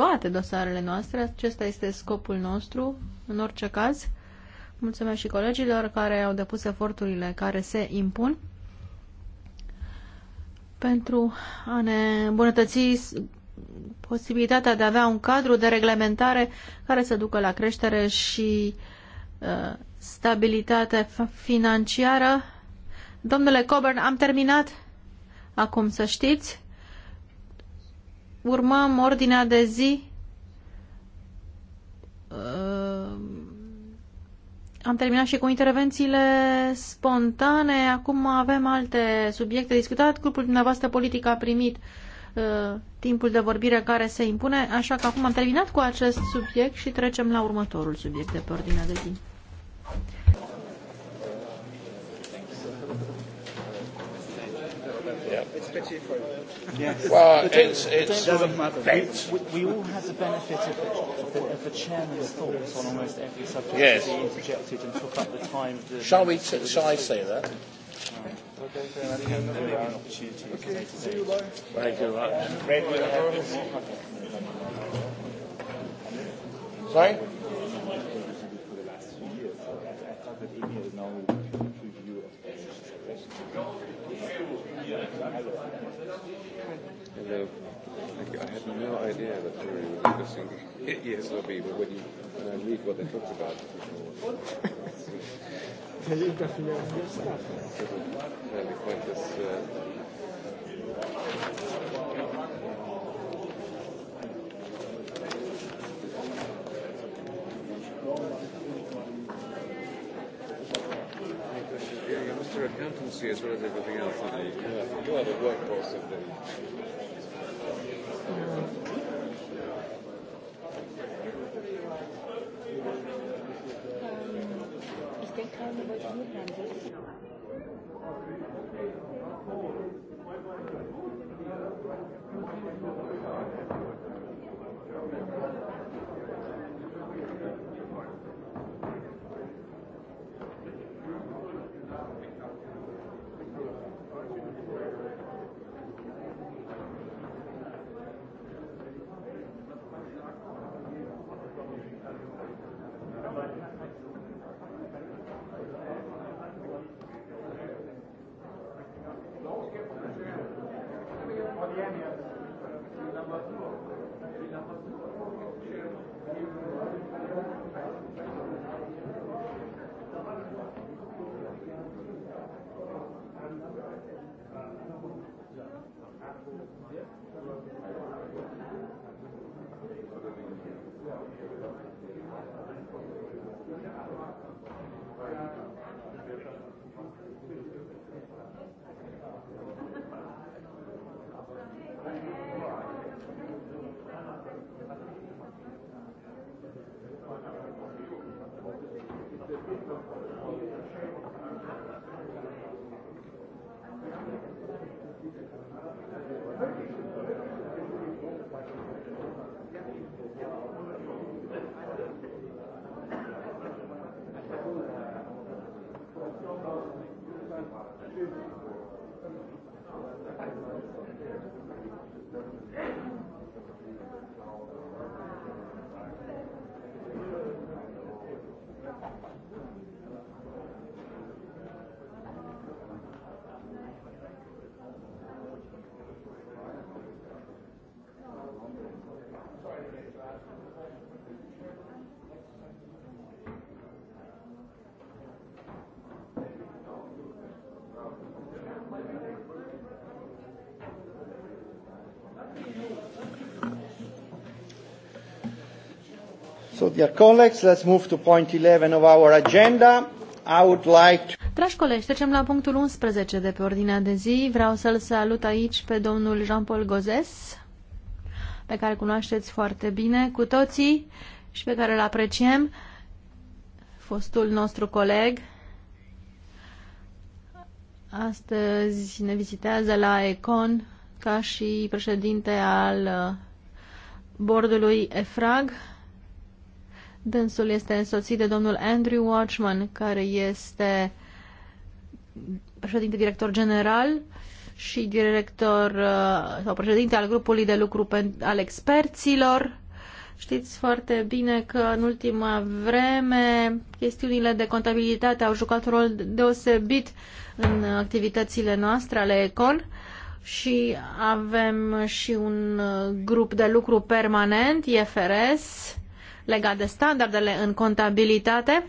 toate dosarele noastre. Acesta este scopul nostru, în orice caz. Mulțumesc și colegilor care au depus eforturile care se impun pentru a ne îmbunătăți posibilitatea de a avea un cadru de reglementare care să ducă la creștere și uh, stabilitate financiară. Domnule Coburn, am terminat acum, să știți urmăm ordinea de zi uh, am terminat și cu intervențiile spontane. Acum avem alte subiecte discutat. Grupul dumneavoastră politic a primit uh, timpul de vorbire care se impune, așa că acum am terminat cu acest subiect și trecem la următorul subiect de pe ordinea de zi. Yeah for Yes. Well, it's, doesn't matter. It's, we, we all have the benefit of the, of the, of the chairman's thoughts on almost every subject yes. that he interjected and took up the time. shall we? T- shall I say that? Okay, Thank you very much. Sorry? I had no idea that Terry was discussing ESRB, but when, you, when I read what they talked about, it's fairly uh, quite this. Uh, democracy as well as everything else. Aren't you? You, are, you the workforce of the. Thank you. Thank you. Dear colleagues, let's move to point 11 of our agenda. I would like to... Dragi colegi, trecem la punctul 11 de pe ordinea de zi. Vreau să-l salut aici pe domnul Jean-Paul Gozes, pe care cunoașteți foarte bine cu toții și pe care îl apreciem, fostul nostru coleg. Astăzi ne vizitează la Econ ca și președinte al uh, bordului EFRAG, Dânsul este însoțit de domnul Andrew Watchman, care este președinte director general și director uh, sau președinte al grupului de lucru al experților. Știți foarte bine că în ultima vreme chestiunile de contabilitate au jucat un rol deosebit în activitățile noastre ale Econ și avem și un uh, grup de lucru permanent, IFRS, legat de standardele în contabilitate,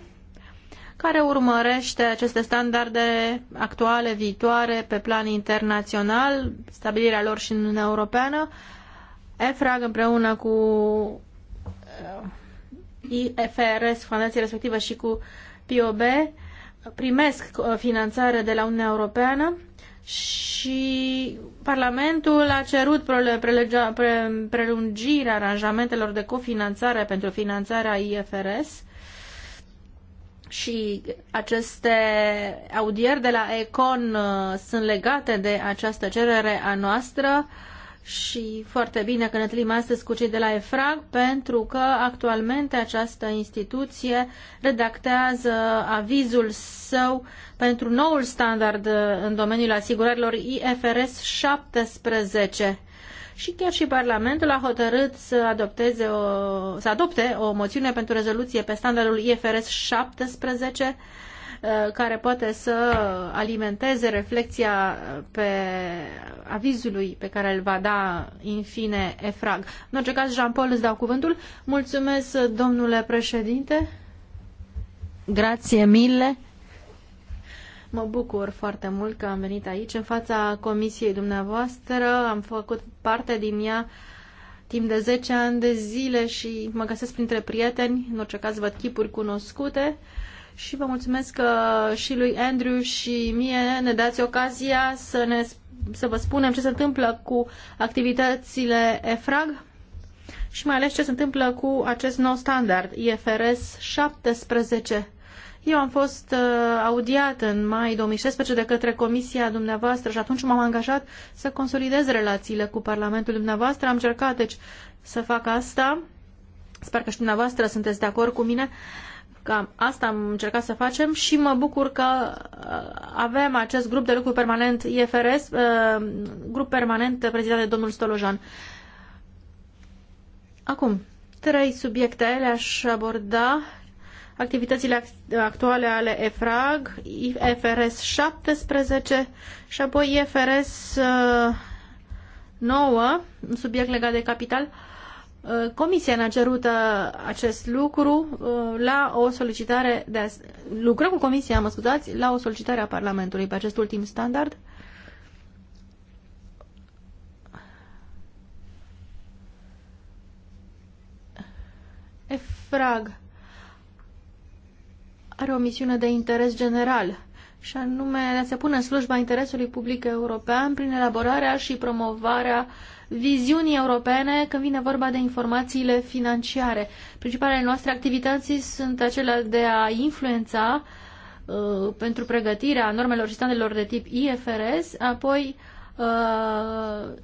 care urmărește aceste standarde actuale, viitoare, pe plan internațional, stabilirea lor și în Uniunea Europeană. EFRAG împreună cu uh, IFRS, fundații respectivă și cu POB, primesc uh, finanțare de la Uniunea Europeană și Parlamentul a cerut prelungirea aranjamentelor de cofinanțare pentru finanțarea IFRS și aceste audieri de la Econ uh, sunt legate de această cerere a noastră. Uh, și foarte bine că ne întâlnim astăzi cu cei de la EFRAG pentru că actualmente această instituție redactează avizul său pentru noul standard în domeniul asigurărilor IFRS 17. Și chiar și Parlamentul a hotărât să, adopteze o, să adopte o moțiune pentru rezoluție pe standardul IFRS 17 Uh, care poate să alimenteze reflexia uh, pe avizului pe care îl va da în fine EFRAG. În orice caz, Jean-Paul, îți dau cuvântul. Mulțumesc, domnule președinte. Grație mille. Mă bucur foarte mult că am venit aici, în fața comisiei dumneavoastră. Am făcut parte din ea timp de 10 ani de zile și mă găsesc printre prieteni, în orice caz văd chipuri cunoscute. Uh, și vă mulțumesc că și lui Andrew și mie ne dați ocazia să, ne, să vă spunem ce se întâmplă cu activitățile EFRAG și mai ales ce se întâmplă cu acest nou standard, IFRS 17. Eu am fost uh, audiat în mai 2016 de către comisia dumneavoastră și atunci m-am angajat să consolidez relațiile cu Parlamentul dumneavoastră. Am încercat deci, să fac asta. Sper că și dumneavoastră sunteți de acord cu mine. Uh, Cam asta am încercat să facem și mă bucur că uh, avem acest grup de lucru permanent IFRS, uh, grup permanent prezidat de domnul Stolojan. Acum, trei subiecte le-aș aborda. Activitățile actuale ale EFRAG, IFRS 17 și apoi IFRS 9, uh, un subiect legat de capital. Uh, comisia ne-a cerut uh, acest lucru uh, la o solicitare de lucrăm cu Comisia, mă scuzați, la o solicitare a Parlamentului pe acest ultim standard. EFRAG are o misiune de interes general și anume de a se pune în slujba interesului public european prin elaborarea și promovarea uh, viziunii europene când vine vorba de informațiile financiare. Principalele noastre activități sunt acelea de a influența uh, pentru pregătirea normelor și standardelor de tip IFRS, apoi uh,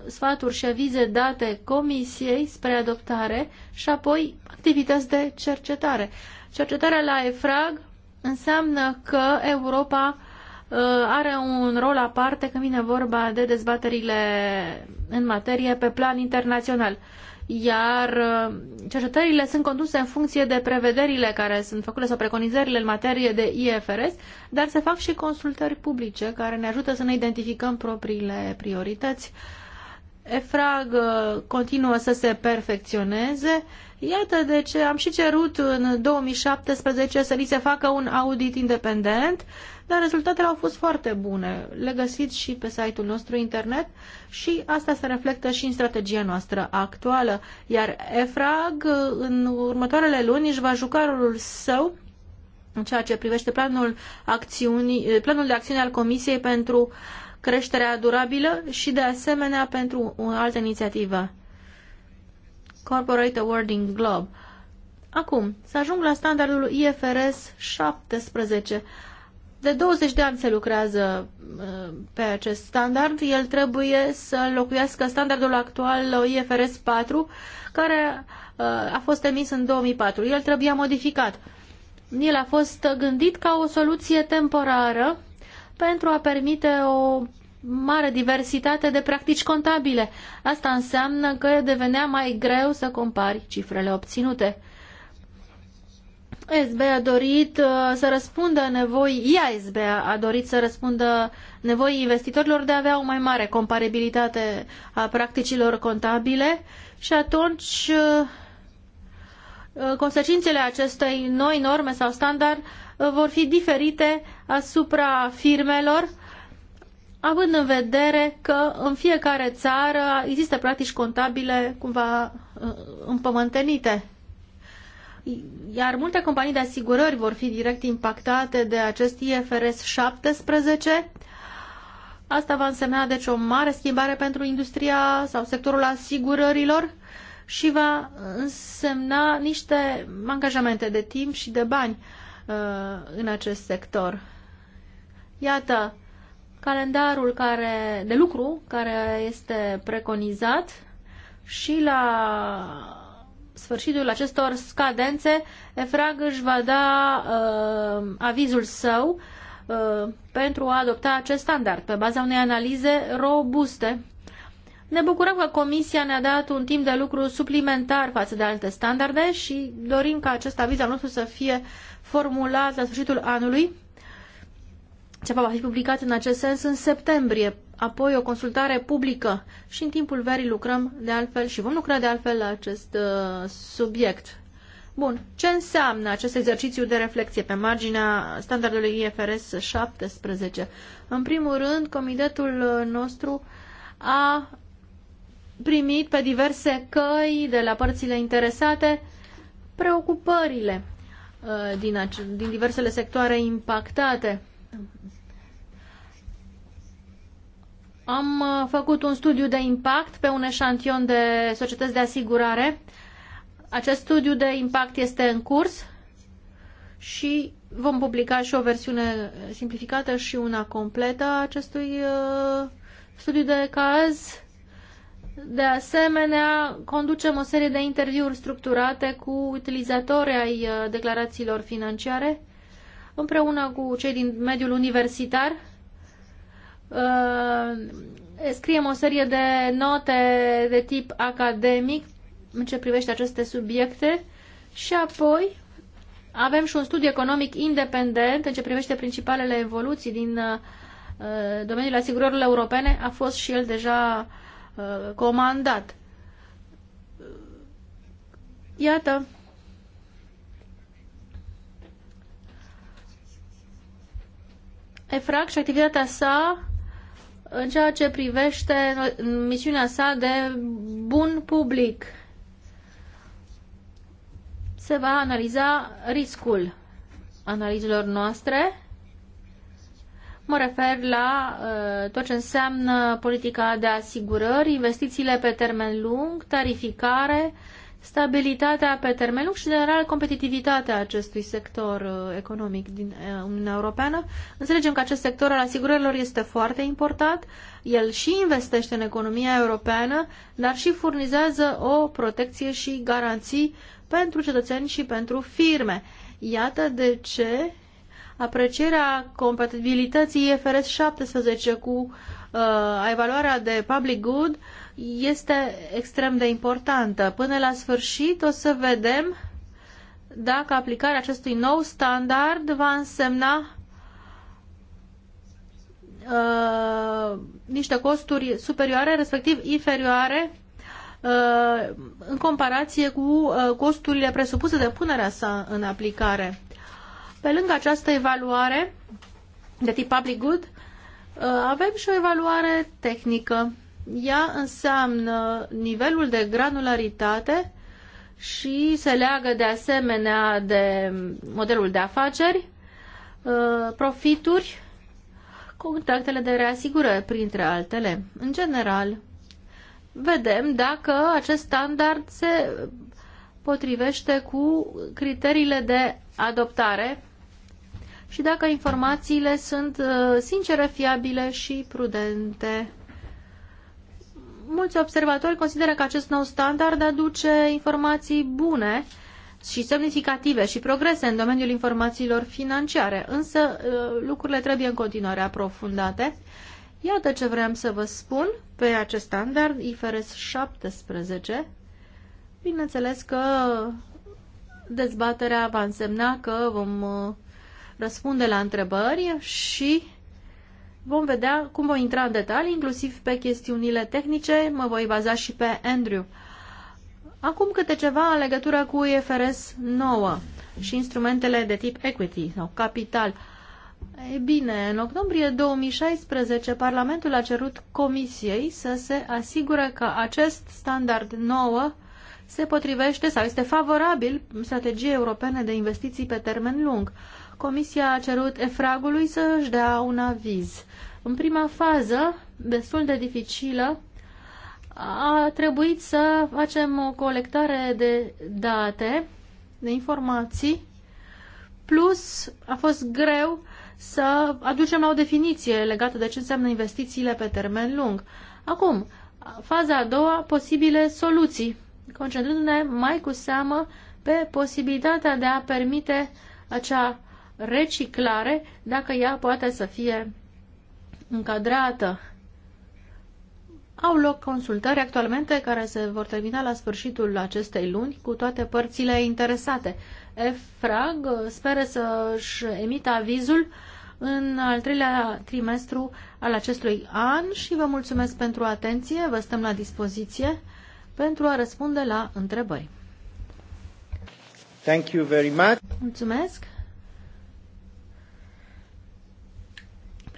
sfaturi și avize date comisiei spre adoptare și apoi activități de cercetare. Cercetarea la EFRAG înseamnă că Europa Uh, are un rol aparte când vine vorba de dezbaterile în materie pe plan internațional. Iar uh, cercetările sunt conduse în funcție de prevederile care sunt făcute sau preconizările în materie de IFRS, dar se fac și consultări publice care ne ajută să ne identificăm propriile priorități. EFRAG uh, continuă să se perfecționeze. Iată de ce am și cerut în 2017 să li se facă un audit independent dar rezultatele au fost foarte bune. Le găsiți și pe site-ul nostru internet și asta se reflectă și în strategia noastră actuală. Iar EFRAG în următoarele luni își va juca rolul său în ceea ce privește planul, acțiunii, planul de acțiune al Comisiei pentru creșterea durabilă și de asemenea pentru o altă inițiativă. Corporate Awarding Globe. Acum, să ajung la standardul IFRS 17. De 20 de ani se lucrează uh, pe acest standard. El trebuie să locuiască standardul actual uh, IFRS 4, care uh, a fost emis în 2004. El trebuia modificat. El a fost gândit ca o soluție temporară pentru a permite o mare diversitate de practici contabile. Asta înseamnă că devenea mai greu să compari cifrele obținute. SB uh, a dorit să răspundă nevoi, IASB a dorit să răspundă nevoii investitorilor de a avea o mai mare comparabilitate a practicilor contabile și atunci uh, consecințele acestei noi norme sau standard uh, vor fi diferite asupra firmelor, având în vedere că în fiecare țară există practici contabile cumva împământenite iar multe companii de asigurări vor fi direct impactate de acest IFRS 17. Asta va însemna deci o mare schimbare pentru industria sau sectorul asigurărilor și va însemna niște angajamente de timp și de bani uh, în acest sector. Iată calendarul care, de lucru care este preconizat și la sfârșitul acestor scadențe, EFRAG își va da uh, avizul său uh, pentru a adopta acest standard pe baza unei analize robuste. Ne bucurăm că Comisia ne-a dat un timp de lucru suplimentar față de alte standarde și dorim ca acest aviz al nostru să fie formulat la sfârșitul anului ceva va fi publicat în acest sens în septembrie, apoi o consultare publică și în timpul verii lucrăm de altfel și vom lucra de altfel la acest uh, subiect. Bun, ce înseamnă acest exercițiu de reflexie pe marginea standardului IFRS 17? În primul rând, comitetul nostru a primit pe diverse căi de la părțile interesate preocupările uh, din, din diversele sectoare impactate am uh, făcut un studiu de impact pe un eșantion de societăți de asigurare. Acest studiu de impact este în curs și vom publica și o versiune simplificată și una completă a acestui uh, studiu de caz. De asemenea, conducem o serie de interviuri structurate cu utilizatorii ai uh, declarațiilor financiare împreună cu cei din mediul universitar. Uh, scriem o serie de note de tip academic în ce privește aceste subiecte și apoi avem și un studiu economic independent în ce privește principalele evoluții din uh, domeniul asigurărilor europene. A fost și el deja uh, comandat. Iată EFRAC și activitatea sa în ceea ce privește misiunea sa de bun public. Se va analiza riscul analizelor noastre. Mă refer la uh, tot ce înseamnă politica de asigurări, investițiile pe termen lung, tarificare, uh, stabilitatea pe termen lung și, general, competitivitatea acestui sector uh, economic din uh, Uniunea Europeană. Înțelegem că acest sector al asigurărilor este foarte important. El și investește în economia europeană, dar și furnizează o protecție și garanții pentru cetățeni și pentru firme. Iată de ce aprecierea compatibilității IFRS 17 cu uh, evaluarea de public good uh, este extrem de importantă. Până la sfârșit o să vedem dacă aplicarea acestui nou standard va însemna uh, niște costuri superioare, respectiv inferioare, uh, în comparație cu uh, costurile presupuse de punerea sa în aplicare. Pe lângă această evaluare de tip public good, uh, avem și o evaluare tehnică ea înseamnă nivelul de granularitate și se leagă de asemenea de modelul de afaceri, uh, profituri, contractele de reasigurări, printre altele. În general, vedem dacă acest standard se potrivește cu criteriile de adoptare și dacă informațiile sunt uh, sincere, fiabile și prudente mulți observatori consideră că acest nou standard aduce informații bune și semnificative și progrese în domeniul informațiilor financiare, însă uh, lucrurile trebuie în continuare aprofundate. Iată ce vreau să vă spun pe acest standard IFRS 17. Bineînțeles că dezbaterea va însemna că vom uh, răspunde la întrebări și vom vedea cum voi intra în detalii, inclusiv pe chestiunile tehnice, mă voi baza și pe Andrew. Acum câte ceva în legătură cu IFRS 9 și instrumentele de tip equity sau capital. E bine, în octombrie 2016, Parlamentul a cerut Comisiei să se asigure că acest standard nouă se potrivește sau este favorabil strategiei europene de investiții pe termen lung. Comisia a cerut efragului să își dea un aviz. În prima fază, destul de dificilă, a trebuit să facem o colectare de date, de informații, plus a fost greu să aducem la o definiție legată de ce înseamnă investițiile pe termen lung. Acum, faza a doua, posibile soluții, concentrându-ne mai cu seamă pe posibilitatea de a permite acea reciclare dacă ea poate să fie încadrată. Au loc consultări actualmente care se vor termina la sfârșitul acestei luni cu toate părțile interesate. EFRAG speră să-și emită avizul în al treilea trimestru al acestui an și vă mulțumesc pentru atenție, vă stăm la dispoziție pentru a răspunde la întrebări. Thank you very much. Mulțumesc.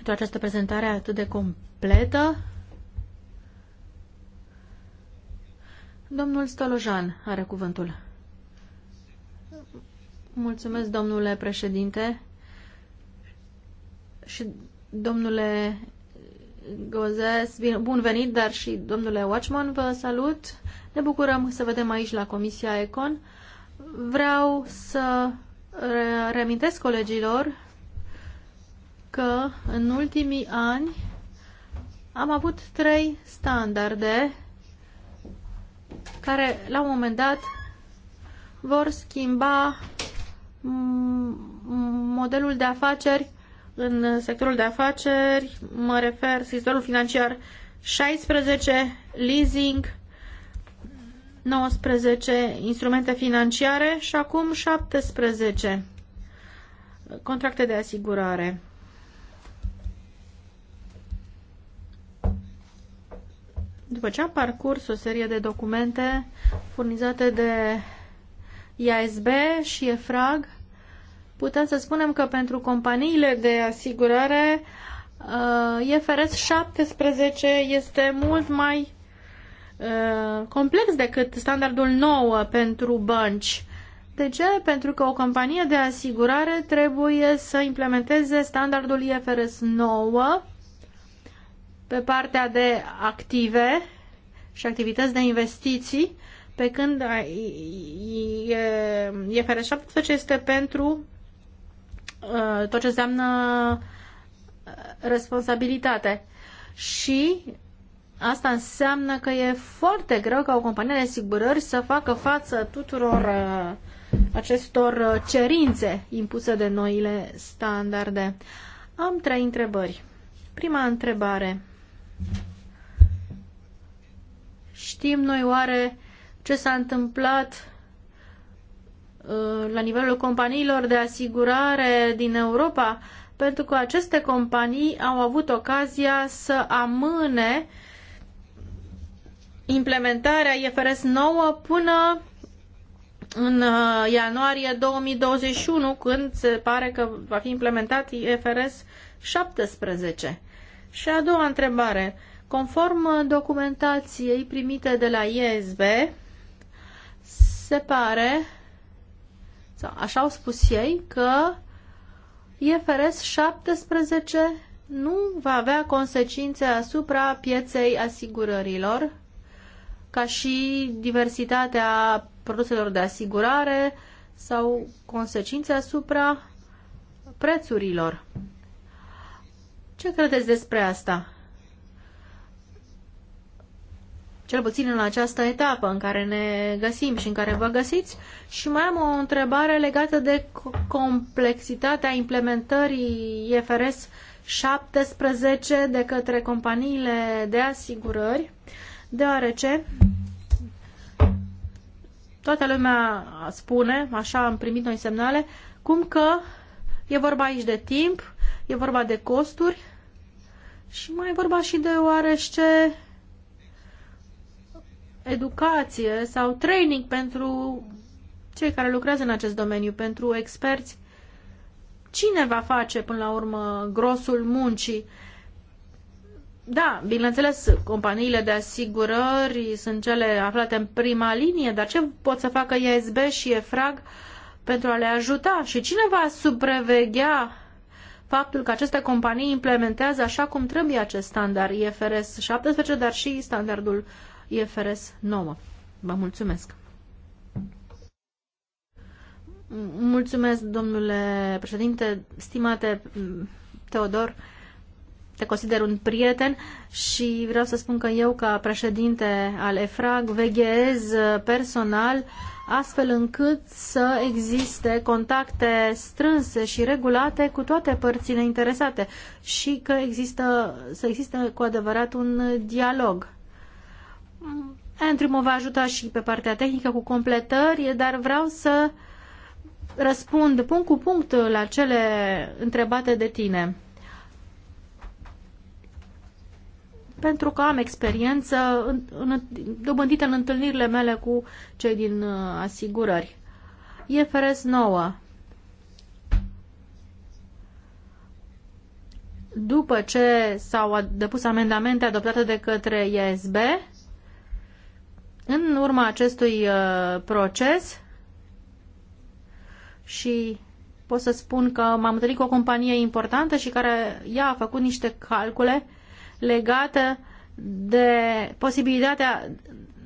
pentru această prezentare atât de completă. Domnul Stolojan are cuvântul. Mulțumesc, domnule președinte și domnule Gozes, bun venit, dar și domnule Watchman, vă salut. Ne bucurăm să vedem aici la Comisia Econ. Vreau să reamintesc colegilor că în ultimii ani am avut trei standarde care la un moment dat vor schimba modelul de afaceri în sectorul de afaceri, mă refer sectorul financiar 16, leasing 19, instrumente financiare și acum 17, contracte de asigurare. După ce am parcurs o serie de documente furnizate de IASB și EFRAG, putem să spunem că pentru companiile de asigurare IFRS uh, 17 este mult mai uh, complex decât standardul 9 pentru bănci. De ce? Pentru că o companie de asigurare trebuie să implementeze standardul IFRS 9 pe partea de active și activități de investiții, pe când IFRS 17 este pentru ă, tot ce înseamnă ă, responsabilitate. Și asta înseamnă că e foarte greu ca o companie de asigurări să facă față tuturor ă, acestor cerințe impuse de noile standarde. Am trei întrebări. Prima întrebare. Știm noi oare ce s-a întâmplat uh, la nivelul companiilor de asigurare din Europa, pentru că aceste companii au avut ocazia să amâne implementarea IFRS 9 până în uh, ianuarie 2021, când se pare că va fi implementat IFRS 17. Și a doua întrebare. Conform documentației primite de la ISB, se pare, sau așa au spus ei, că IFRS 17 nu va avea consecințe asupra pieței asigurărilor, ca și diversitatea produselor de asigurare sau consecințe asupra prețurilor. Ce credeți despre asta? Cel puțin în această etapă în care ne găsim și în care vă găsiți. Și mai am o întrebare legată de complexitatea implementării IFRS 17 de către companiile de asigurări, deoarece toată lumea spune, așa am primit noi semnale, cum că E vorba aici de timp, e vorba de costuri și mai e vorba și de oarește educație sau training pentru cei care lucrează în acest domeniu, pentru experți. Cine va face până la urmă grosul muncii? Da, bineînțeles, companiile de asigurări sunt cele aflate în prima linie, dar ce pot să facă ISB și EFRAG uh, pentru a le ajuta și cine va supraveghea faptul că aceste companii implementează așa cum trebuie acest standard IFRS 17, dar și standardul IFRS 9. Vă mulțumesc! Mulțumesc, domnule președinte, stimate mm, Teodor, te consider un prieten și vreau să spun că eu, ca președinte al EFRAG, veghez uh, personal uh, astfel încât să existe contacte strânse și regulate cu toate părțile interesate și că există, să existe cu adevărat un dialog. Andrew mă va ajuta și pe partea tehnică cu completări, dar vreau să răspund punct cu punct la cele întrebate de tine. pentru că am experiență în, în, dobândită în întâlnirile mele cu cei din uh, asigurări. IFRS 9. După ce s-au depus amendamente adoptate de către ISB, în urma acestui uh, proces și pot să spun că m-am întâlnit cu o companie importantă și care ea a făcut niște calcule legată de posibilitatea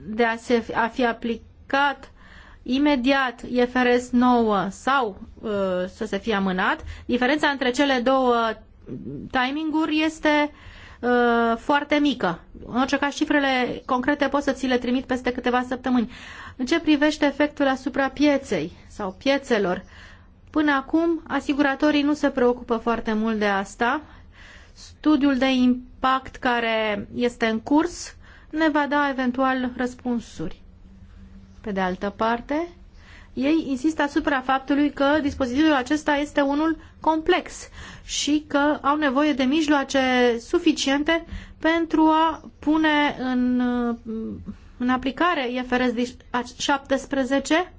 de a, se, a fi aplicat imediat IFRS 9 sau uh, să se fie amânat. Diferența între cele două timinguri este uh, foarte mică. În orice caz, cifrele concrete pot să ți le trimit peste câteva săptămâni. În ce privește efectul asupra pieței sau piețelor, până acum asiguratorii nu se preocupă foarte mult de asta Studiul de impact care este în curs ne va da eventual răspunsuri. Pe de altă parte, ei insistă asupra faptului că dispozitivul acesta este unul complex și că au nevoie de mijloace suficiente pentru a pune în, în aplicare IFRS 17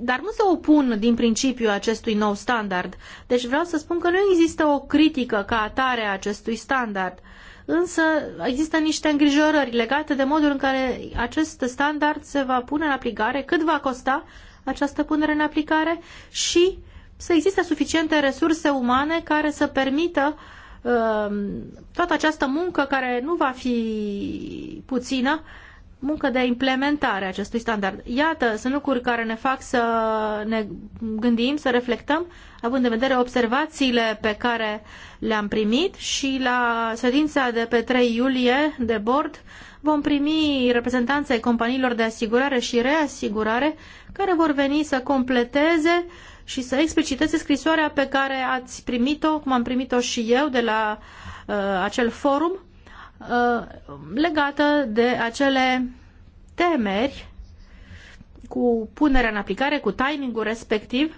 dar nu se opun din principiu acestui nou standard. Deci vreau să spun că nu există o critică ca atare a acestui standard. Însă există niște îngrijorări legate de modul în care acest standard se va pune în aplicare, cât va costa această punere în aplicare și să existe suficiente resurse umane care să permită uh, toată această muncă care nu va fi puțină muncă de implementare a acestui standard. Iată, sunt lucruri care ne fac să ne gândim, să reflectăm, având în vedere observațiile pe care le-am primit și la ședința de pe 3 iulie de bord vom primi reprezentanții companiilor de asigurare și reasigurare care vor veni să completeze și să expliciteze scrisoarea pe care ați primit-o, cum am primit-o și eu de la uh, acel forum Uh, legată de acele temeri cu punerea în aplicare, cu timingul respectiv,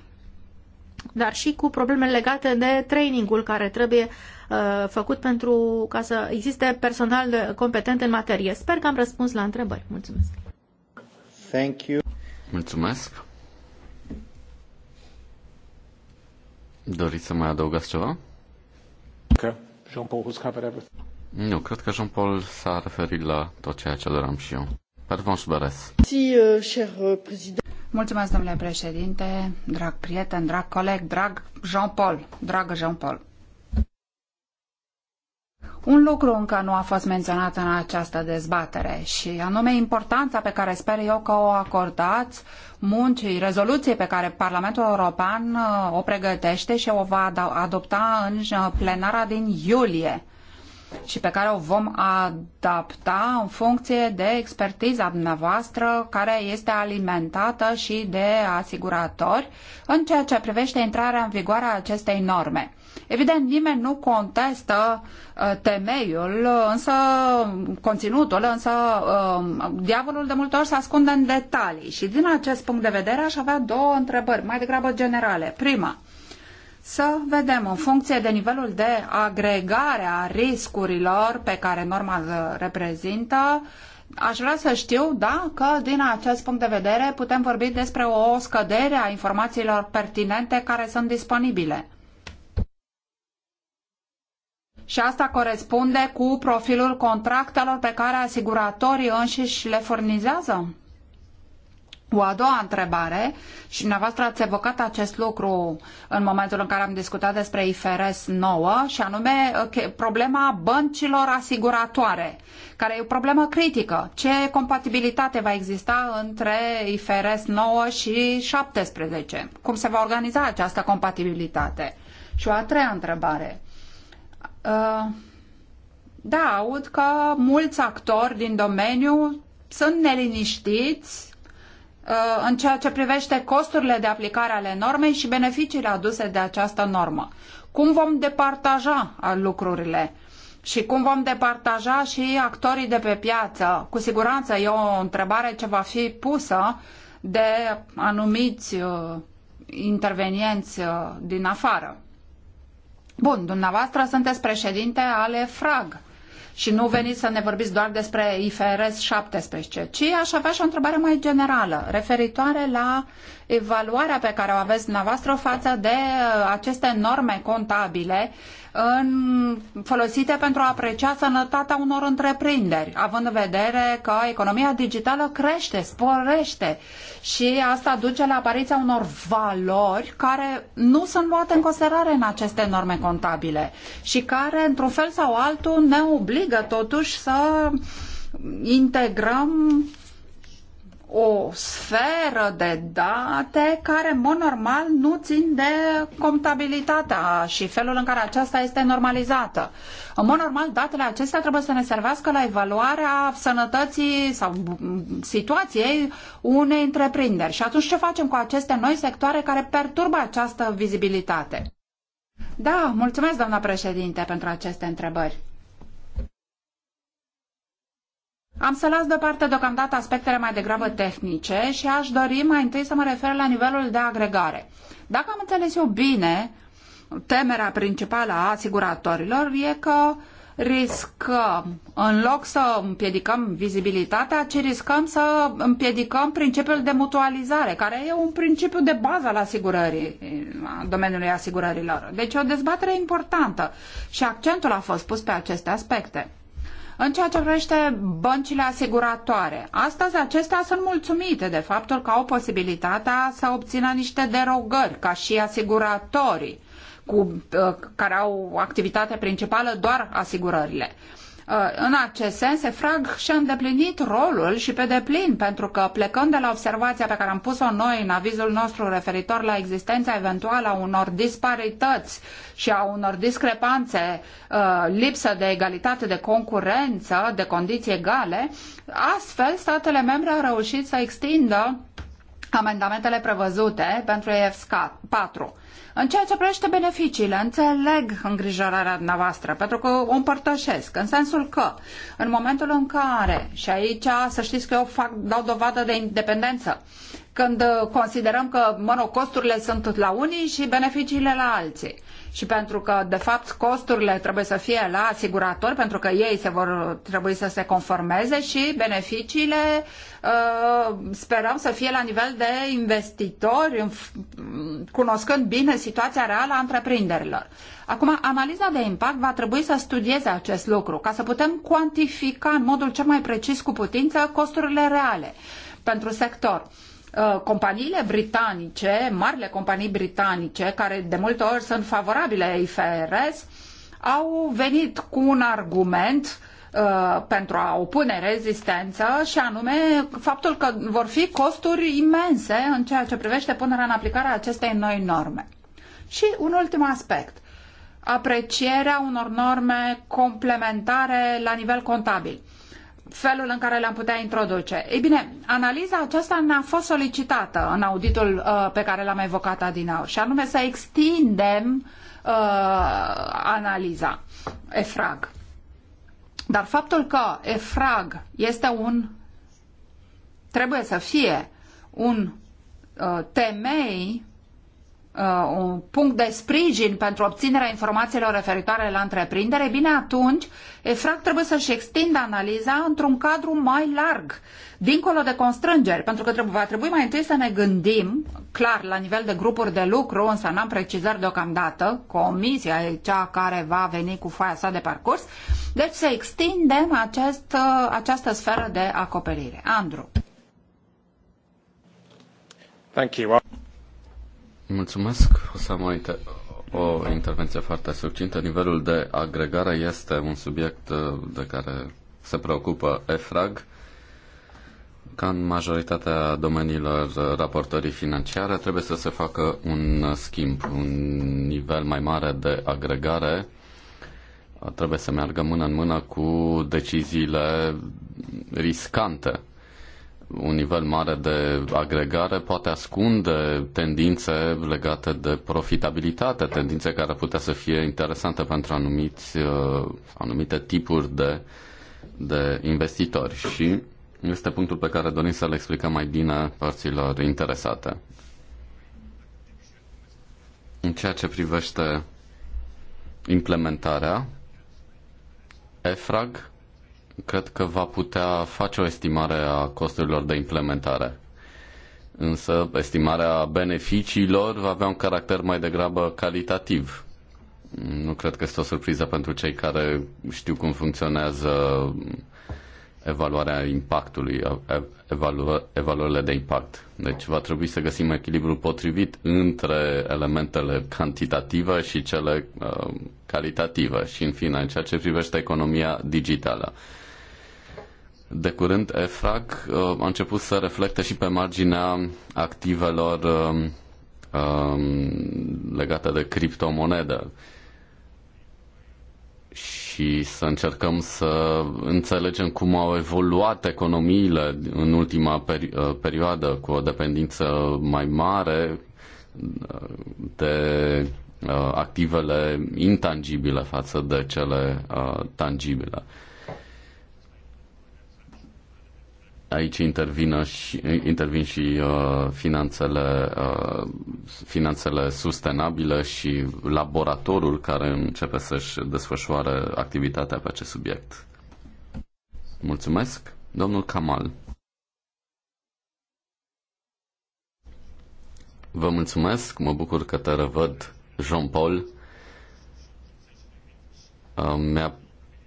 dar și cu probleme legate de trainingul care trebuie uh, făcut pentru ca să existe personal competent în materie. Sper că am răspuns la întrebări. Mulțumesc. Thank you. Mulțumesc. Doriți să mai adăugați ceva? Că Jean-Paul Husca nu, cred că Jean-Paul s-a referit la tot ceea ce doream și eu. Pervonș Beres. Euh, euh, Mulțumesc, domnule președinte, drag prieten, drag coleg, drag Jean-Paul, dragă Jean-Paul. Un lucru încă nu a fost menționat în această dezbatere și anume importanța pe care sper eu că o acordați muncii, rezoluției pe care Parlamentul European uh, o pregătește și o va adopta în uh, plenara din iulie și pe care o vom adapta în funcție de expertiza dumneavoastră care este alimentată și de asiguratori în ceea ce privește intrarea în vigoare a acestei norme. Evident, nimeni nu contestă uh, temeiul, însă conținutul, însă um, diavolul de multe ori se ascunde în detalii. Și din acest punct de vedere aș avea două întrebări, mai degrabă generale. Prima, să vedem în funcție de nivelul de agregare a riscurilor pe care norma reprezintă, aș vrea să știu dacă, din acest punct de vedere, putem vorbi despre o scădere a informațiilor pertinente care sunt disponibile. Și asta corespunde cu profilul contractelor pe care asiguratorii înșiși le furnizează? O a doua întrebare, și dumneavoastră ați evocat acest lucru în momentul în care am discutat despre IFRS 9, și anume uh, problema băncilor asiguratoare, care e o problemă critică. Ce compatibilitate va exista între IFRS 9 și 17? Cum se va organiza această compatibilitate? Și o a treia întrebare. Uh, da, aud că mulți actori din domeniu sunt neliniștiți Uh, în ceea ce privește costurile de aplicare ale normei și beneficiile aduse de această normă. Cum vom departaja lucrurile și cum vom departaja și actorii de pe piață? Cu siguranță e o întrebare ce va fi pusă de anumiți uh, intervenienți uh, din afară. Bun, dumneavoastră sunteți președinte ale FRAG și nu veniți să ne vorbiți doar despre IFRS 17, ci aș avea și o întrebare mai generală, referitoare la evaluarea pe care o aveți dumneavoastră față de uh, aceste norme contabile în, folosite pentru a aprecia sănătatea unor întreprinderi, având în vedere că economia digitală crește, sporește și asta duce la apariția unor valori care nu sunt luate în considerare în aceste norme contabile și care, într-un fel sau altul, ne obligă totuși să integrăm o sferă de date care, în mod normal, nu țin de contabilitatea și felul în care aceasta este normalizată. În mod normal, datele acestea trebuie să ne servească la evaluarea sănătății sau situației unei întreprinderi. Și atunci ce facem cu aceste noi sectoare care perturbă această vizibilitate? Da, mulțumesc, doamna președinte, pentru aceste întrebări. Am să las deoparte deocamdată aspectele mai degrabă tehnice și aș dori mai întâi să mă refer la nivelul de agregare. Dacă am înțeles eu bine, temerea principală a asiguratorilor e că riscăm, în loc să împiedicăm vizibilitatea, ci riscăm să împiedicăm principiul de mutualizare, care e un principiu de bază al asigurării, a domeniului asigurărilor. Deci e o dezbatere importantă și accentul a fost pus pe aceste aspecte. În ceea ce privește băncile asiguratoare, astăzi acestea sunt mulțumite de faptul că au posibilitatea să obțină niște derogări, ca și asiguratorii, cu, uh, care au activitatea principală doar asigurările. Uh, în acest sens, EFRAG și-a îndeplinit rolul și pe deplin, pentru că plecând de la observația pe care am pus-o noi în avizul nostru referitor la existența eventuală a unor disparități și a unor discrepanțe, uh, lipsă de egalitate de concurență, de condiții egale, astfel statele membre au reușit să extindă amendamentele prevăzute pentru EFSC 4. În ceea ce privește beneficiile, înțeleg îngrijorarea noastră, pentru că o împărtășesc, în sensul că în momentul în care, și aici să știți că eu fac, dau dovadă de independență, când considerăm că, mă rog, costurile sunt la unii și beneficiile la alții și pentru că, de fapt, costurile trebuie să fie la asigurator, pentru că ei se vor trebui să se conformeze și beneficiile uh, sperăm să fie la nivel de investitori, cunoscând bine situația reală a întreprinderilor. Acum, analiza de impact va trebui să studieze acest lucru ca să putem cuantifica în modul cel mai precis cu putință costurile reale pentru sector. Uh, companiile britanice, marile companii britanice, care de multe ori sunt favorabile IFRS, au venit cu un argument uh, pentru a opune rezistență și anume faptul că vor fi costuri imense în ceea ce privește punerea în aplicare a acestei noi norme. Și un ultim aspect, aprecierea unor norme complementare la nivel contabil felul în care le-am putea introduce. Ei bine, analiza aceasta ne-a fost solicitată în auditul uh, pe care l-am evocat adinaur și anume să extindem uh, analiza EFRAG. Dar faptul că EFRAG este un trebuie să fie un uh, temei uh, un punct de sprijin pentru obținerea informațiilor referitoare la întreprindere, bine atunci EFRAC trebuie să-și extindă analiza într-un cadru mai larg, dincolo de constrângeri, pentru că trebuie, va trebui mai întâi să ne gândim, clar, la nivel de grupuri de lucru, însă n-am precizări deocamdată, comisia e cea care va veni cu foaia sa de parcurs, deci să extindem acest, uh, această sferă de acoperire. Andrew. Thank you. Mulțumesc. O să am o, inter- o intervenție foarte succintă. Nivelul de agregare este un subiect uh, de care se preocupă EFRAG. Ca în majoritatea domeniilor uh, raportării financiare, trebuie să se facă un uh, schimb, un nivel mai mare de agregare trebuie să meargă mână în mână cu deciziile riscante un nivel mare de agregare poate ascunde tendințe legate de profitabilitate, tendințe care ar putea să fie interesante pentru anumiți, uh, anumite tipuri de, de investitori și este punctul pe care dorim să-l explicăm mai bine părților interesate. În ceea ce privește implementarea, EFRAG cred că va putea face o estimare a costurilor de implementare. Însă estimarea beneficiilor va avea un caracter mai degrabă calitativ. Nu cred că este o surpriză pentru cei care știu cum funcționează evaluarea impactului, evaluările de impact. Deci va trebui să găsim echilibrul potrivit între elementele cantitative și cele uh, calitative și, în fine, în ceea ce privește economia digitală. Uh, de curând, EFRAG uh, a început să reflecte și pe marginea activelor um, um, legate de criptomonedă și să încercăm să înțelegem cum au evoluat economiile în ultima uh, perioadă cu o dependență mai mare uh, de activele intangibile față de cele tangibile. Aici intervină și, intervin și uh, finanțele, uh, finanțele sustenabile și laboratorul care începe să-și desfășoare activitatea pe acest subiect. Mulțumesc, domnul Kamal. Vă mulțumesc, mă bucur că te revăd, Jean-Paul. Uh, mi-a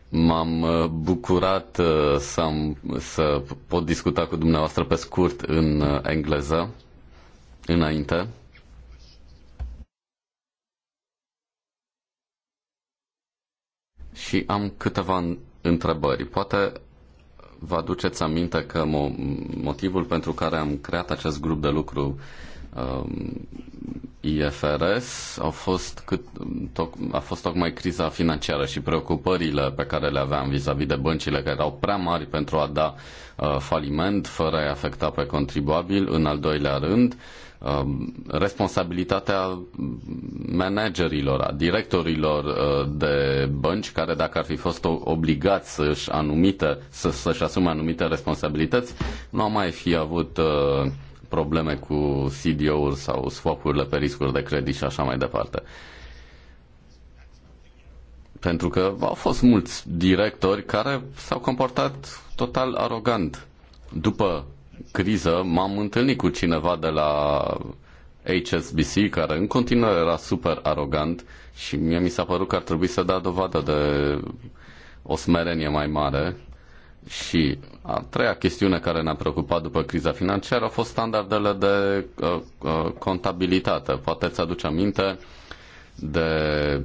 M-am uh, bucurat uh, să, am, să pot discuta cu dumneavoastră pe scurt în uh, engleză înainte. Și am câteva întrebări. Poate vă aduceți aminte că motivul pentru care am creat acest grup de lucru Um, IFRS au fost cât, toc, a fost tocmai criza financiară și preocupările pe care le aveam vis-a-vis de băncile care erau prea mari pentru a da uh, faliment fără a afecta pe contribuabil. În al doilea rând, uh, responsabilitatea managerilor, a directorilor uh, de bănci care dacă ar fi fost obligați să-și, anumite, să, să-și asume anumite responsabilități, nu au mai fi avut uh, probleme cu CDO-uri sau swap-urile pe riscuri de credit și așa mai departe. Pentru că au fost mulți directori care s-au comportat total arogant. După criză m-am întâlnit cu cineva de la HSBC, care în continuare era super arogant și mie mi s-a părut că ar trebui să dea dovadă de o smerenie mai mare și a treia chestiune care ne-a preocupat după criza financiară au fost standardele de uh, uh, contabilitate. Poate ți aduce aminte de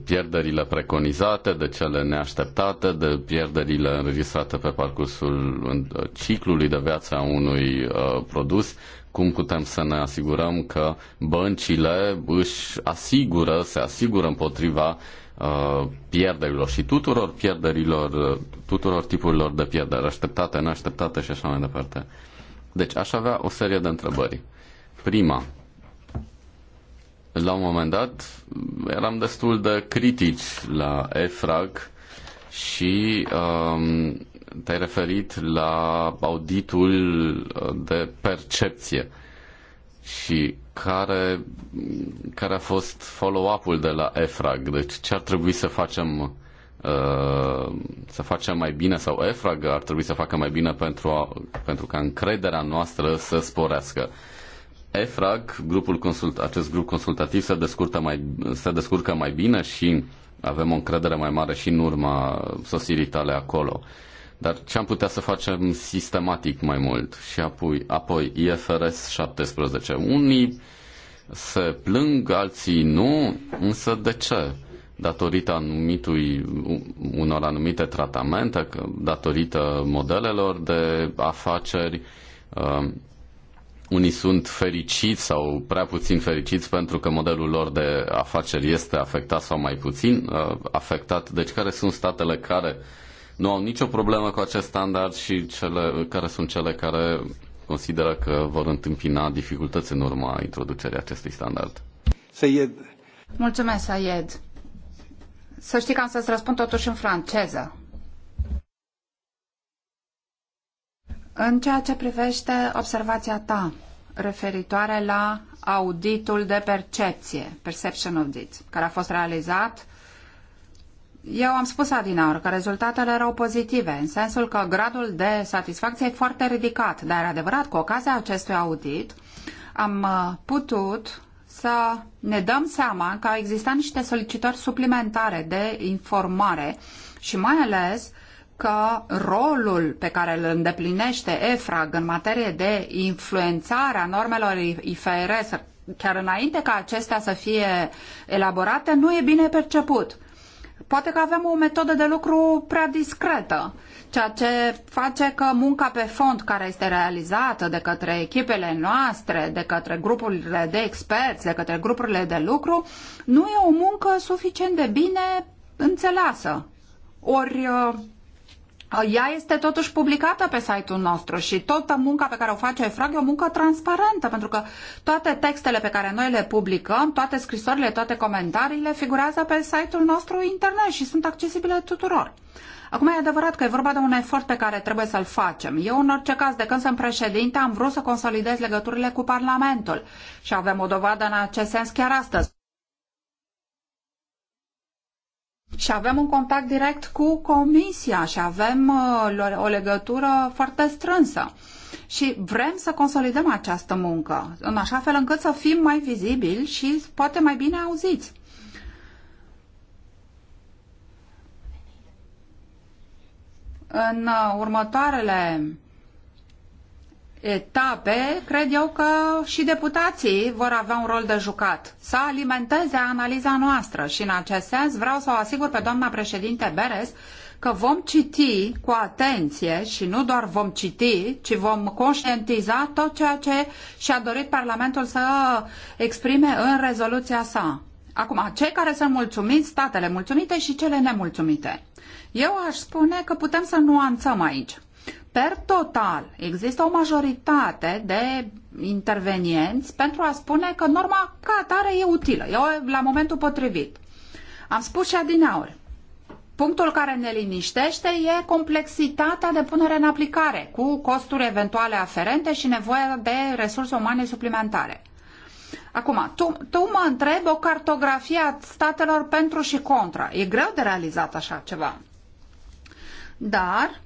pierderile preconizate, de cele neașteptate, de pierderile înregistrate pe parcursul uh, ciclului de viață a unui uh, produs, cum putem să ne asigurăm că băncile își asigură, se asigură împotriva Uh, pierderilor și tuturor pierderilor, uh, tuturor tipurilor de pierderi, așteptate, neașteptate și așa mai departe. Deci aș avea o serie de întrebări. Prima, la un moment dat eram destul de critici la EFRAG și um, te-ai referit la auditul uh, de percepție. Și care, care a fost follow-up-ul de la EFRAG? Deci ce ar trebui să facem uh, să facem mai bine sau EFRAG ar trebui să facă mai bine pentru, a, pentru ca încrederea noastră să sporească. EFRAG, grupul consult, acest grup consultativ se, mai, se descurcă mai bine și avem o încredere mai mare și în urma sosirii tale acolo. Uh, dar ce am putea să facem sistematic mai mult? Și apoi, apoi IFRS 17. Unii se plâng, alții nu, însă de ce? Datorită anumitui, unor anumite tratamente, datorită modelelor de afaceri, uh, unii sunt fericiți sau prea puțin fericiți pentru că modelul lor de afaceri este afectat sau mai puțin uh, afectat. Deci care sunt statele care nu au nicio problemă cu acest standard și cele, care sunt cele care consideră că vor întâmpina dificultăți în urma introducerii acestui standard. Sayed. Mulțumesc, Sayed. Să știi că am să-ți răspund totuși în franceză. În ceea ce privește observația ta referitoare la auditul de percepție, Perception Audit, care a fost realizat eu am spus adinaur că rezultatele erau pozitive, în sensul că gradul de satisfacție e foarte ridicat, dar e adevărat cu ocazia acestui audit am uh, putut să ne dăm seama că au existat niște solicitări suplimentare de informare și mai ales că rolul pe care îl îndeplinește EFRAG în materie de influențare a normelor IFRS, chiar înainte ca acestea să fie elaborate, nu e bine perceput. Poate că avem o metodă de lucru prea discretă, ceea ce face că munca pe fond care este realizată de către echipele noastre, de către grupurile de experți, de către grupurile de lucru, nu e o muncă suficient de bine înțeleasă. Ori uh, ea este totuși publicată pe site-ul nostru și toată munca pe care o face EFRAG e o muncă transparentă, pentru că toate textele pe care noi le publicăm, toate scrisorile, toate comentariile figurează pe site-ul nostru internet și sunt accesibile tuturor. Acum e adevărat că e vorba de un efort pe care trebuie să-l facem. Eu, în orice caz, de când sunt președinte, am vrut să consolidez legăturile cu Parlamentul și avem o dovadă în acest sens chiar astăzi. Și avem un contact direct cu Comisia și avem uh, o legătură foarte strânsă. Și vrem să consolidăm această muncă, în așa fel încât să fim mai vizibili și poate mai bine auziți. În uh, următoarele etape, cred eu că și deputații vor avea un rol de jucat, să alimenteze analiza noastră și în acest sens vreau să o asigur pe doamna președinte Beres că vom citi cu atenție și nu doar vom citi, ci vom conștientiza tot ceea ce și-a dorit Parlamentul să exprime în rezoluția sa. Acum, cei care sunt mulțumiți, statele mulțumite și cele nemulțumite. Eu aș spune că putem să nuanțăm aici per total, există o majoritate de intervenienți pentru a spune că norma ca atare e utilă, e la momentul potrivit. Am spus și adineauri. Punctul care ne liniștește e complexitatea de punere în aplicare, cu costuri eventuale aferente și nevoia de resurse umane suplimentare. Acum, tu, tu mă întrebi o cartografie a statelor pentru și contra. E greu de realizat așa ceva. Dar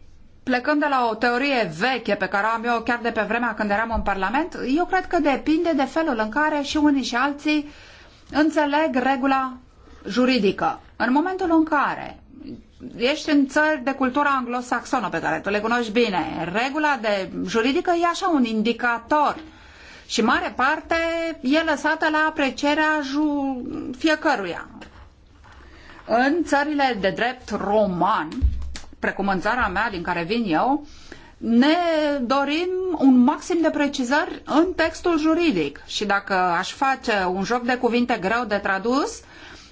plecând de la o teorie veche pe care am eu chiar de pe vremea când eram în Parlament, eu cred că depinde de felul în care și unii și alții înțeleg regula juridică. În momentul în care ești în țări de cultura anglosaxonă pe care tu le cunoști bine, regula de juridică e așa un indicator și mare parte e lăsată la aprecierea ju- fiecăruia. În țările de drept roman, precum în țara mea din care vin eu, ne dorim un maxim de precizări în textul juridic. Și dacă aș face un joc de cuvinte greu de tradus,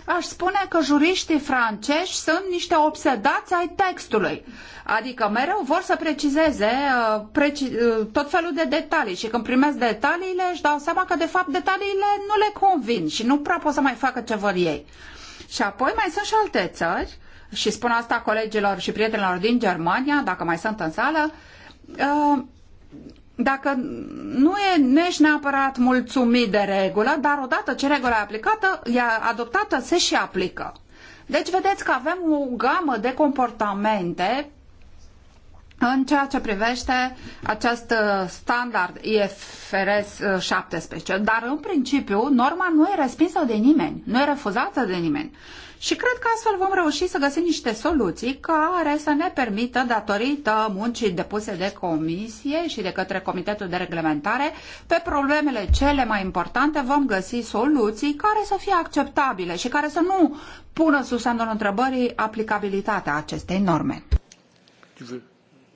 aș spune că juriștii franceși sunt niște obsedați ai textului. Adică mereu vor să precizeze uh, preci, uh, tot felul de detalii și când primesc detaliile își dau seama că de fapt detaliile nu le convin și nu prea pot să mai facă ce vor ei. Și apoi mai sunt și alte țări și spun asta colegilor și prietenilor din Germania, dacă mai sunt în sală, uh, dacă nu, e, nu ești neapărat mulțumit de regulă, dar odată ce regula e aplicată, e adoptată, se și aplică. Deci vedeți că avem o gamă de comportamente în ceea ce privește acest uh, standard IFRS 17. Uh, dar, în principiu, norma nu e respinsă de nimeni, nu e refuzată de nimeni. Și cred că astfel vom reuși să găsim niște soluții care să ne permită, datorită muncii depuse de comisie și de către Comitetul de Reglementare, pe problemele cele mai importante vom găsi soluții care să fie acceptabile și care să nu pună sub semnul întrebării aplicabilitatea acestei norme.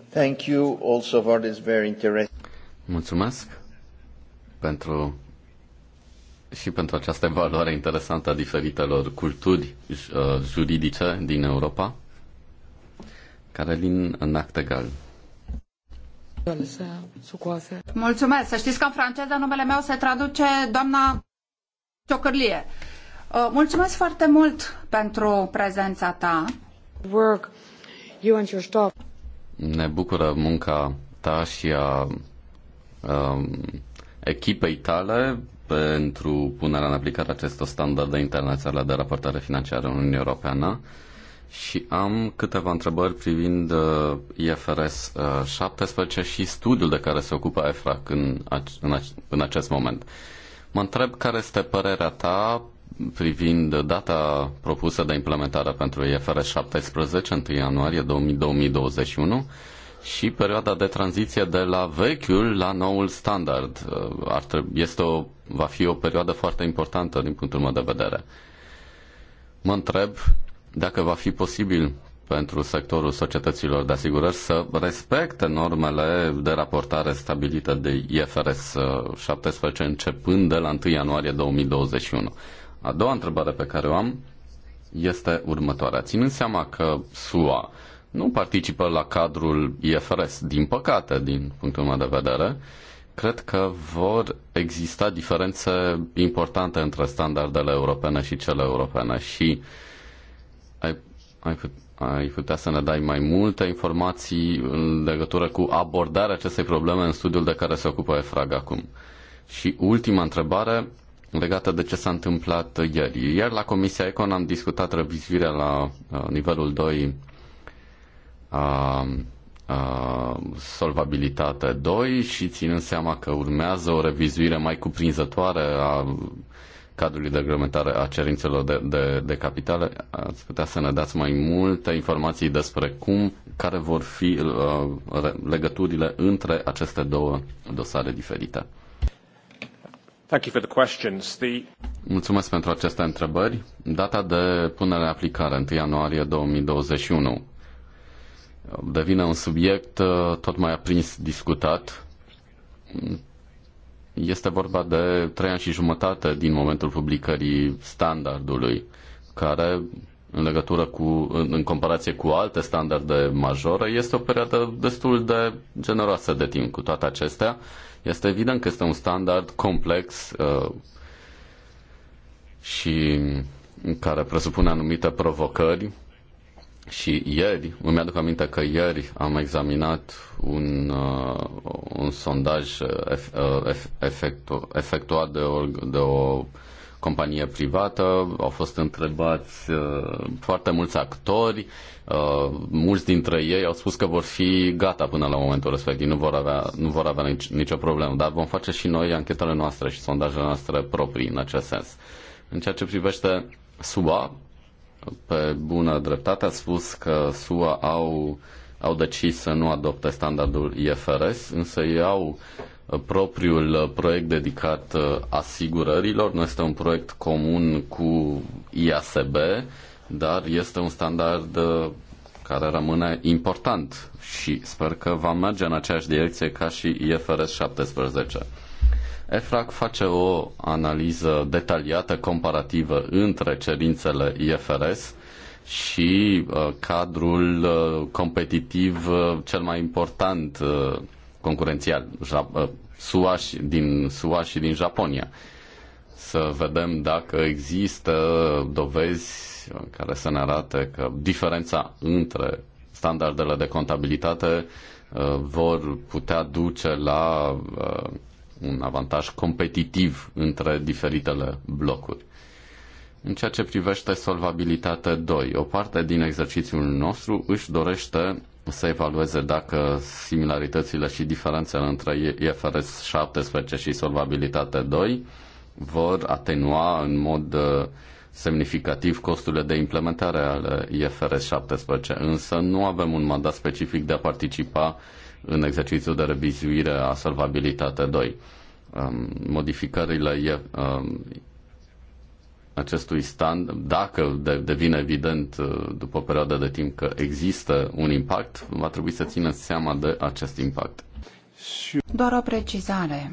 Thank you also for this very interesting... Mulțumesc pentru și pentru această evaluare interesantă a diferitelor culturi uh, juridice din Europa. Carolin Nactegal. Mulțumesc. Să știți că în franceză numele meu se traduce doamna Ciocârlie. Uh, mulțumesc foarte mult pentru prezența ta. Work. You and your staff. Ne bucură munca ta și a um, echipei tale pentru punerea în aplicare acestor standarde internaționale de raportare financiară în Uniunea Europeană și am câteva întrebări privind uh, IFRS 17 uh, și studiul de care se ocupă EFRAC în, în, în acest moment. Mă întreb care este părerea ta privind data propusă de implementare pentru IFRS 17, 1 ianuarie 2021, și perioada de tranziție de la vechiul la noul standard. Uh, ar trebui, este o va fi o perioadă foarte importantă din punctul meu de vedere. Mă întreb dacă va fi posibil pentru sectorul societăților de asigurări să respecte normele de raportare stabilite de IFRS 17 uh, începând de la 1 ianuarie 2021. A doua întrebare pe care o am este următoarea. Ținând seama că SUA nu participă la cadrul IFRS, din păcate, din punctul meu de vedere, uh, cred că vor exista diferențe importante între standardele europene și cele europene și ai, ai, put, ai putea să ne dai mai multe informații în legătură cu abordarea acestei probleme în studiul de care se ocupă EFRAG acum. Și ultima întrebare legată de ce s-a întâmplat ieri. Ieri la Comisia Econ am discutat revizuirea la uh, nivelul 2 a uh, Uh, solvabilitate 2 și ținând seama că urmează o revizuire mai cuprinzătoare a cadrului de reglementare a cerințelor de, de, de capitale, ați putea să ne dați mai multe informații despre cum, care vor fi uh, legăturile între aceste două dosare diferite. Thank you for the questions. The... Mulțumesc pentru aceste întrebări. Data de punere în aplicare, 1 ianuarie 2021 devine un subiect uh, tot mai aprins discutat. Este vorba de trei ani și jumătate din momentul publicării standardului, care în legătură cu, în, în comparație cu alte standarde majore, este o perioadă destul de generoasă de timp cu toate acestea. Este evident că este un standard complex uh, și care presupune anumite provocări și ieri, îmi aduc aminte că ieri am examinat un, uh, un sondaj uh, ef, uh, ef, efectu, efectuat de o, de o companie privată, au fost întrebați uh, foarte mulți actori, uh, mulți dintre ei au spus că vor fi gata până la momentul respectiv, nu vor avea, nu vor avea nici, nicio problemă, dar vom face și noi anchetele noastre și sondajele noastre proprii în acest sens. În ceea ce privește SUA, pe bună dreptate a spus că SUA au, au decis să nu adopte standardul IFRS, însă ei au uh, propriul uh, proiect dedicat uh, asigurărilor. Nu este un proiect comun cu IASB, dar este un standard care rămâne important și sper că va merge în aceeași direcție ca și IFRS 17. EFRAC face o analiză detaliată, comparativă între cerințele IFRS și uh, cadrul uh, competitiv uh, cel mai important concurențial, SUA și, din SUA și din Japonia. Să vedem dacă există dovezi care să ne arate că diferența între standardele de contabilitate vor putea duce la un avantaj competitiv între diferitele blocuri. În ceea ce privește solvabilitatea 2, o parte din exercițiul nostru își dorește să evalueze dacă similaritățile și diferențele între IFRS 17 și solvabilitate 2 vor atenua în mod uh, semnificativ costurile de implementare ale IFRS 17, însă nu avem un mandat specific de a participa în exercițiul de revizuire a salvabilitate 2. Um, modificările um, acestui stand, dacă devine evident uh, după o perioadă de timp că există un impact, va trebui să țină seama de acest impact. Doar o precizare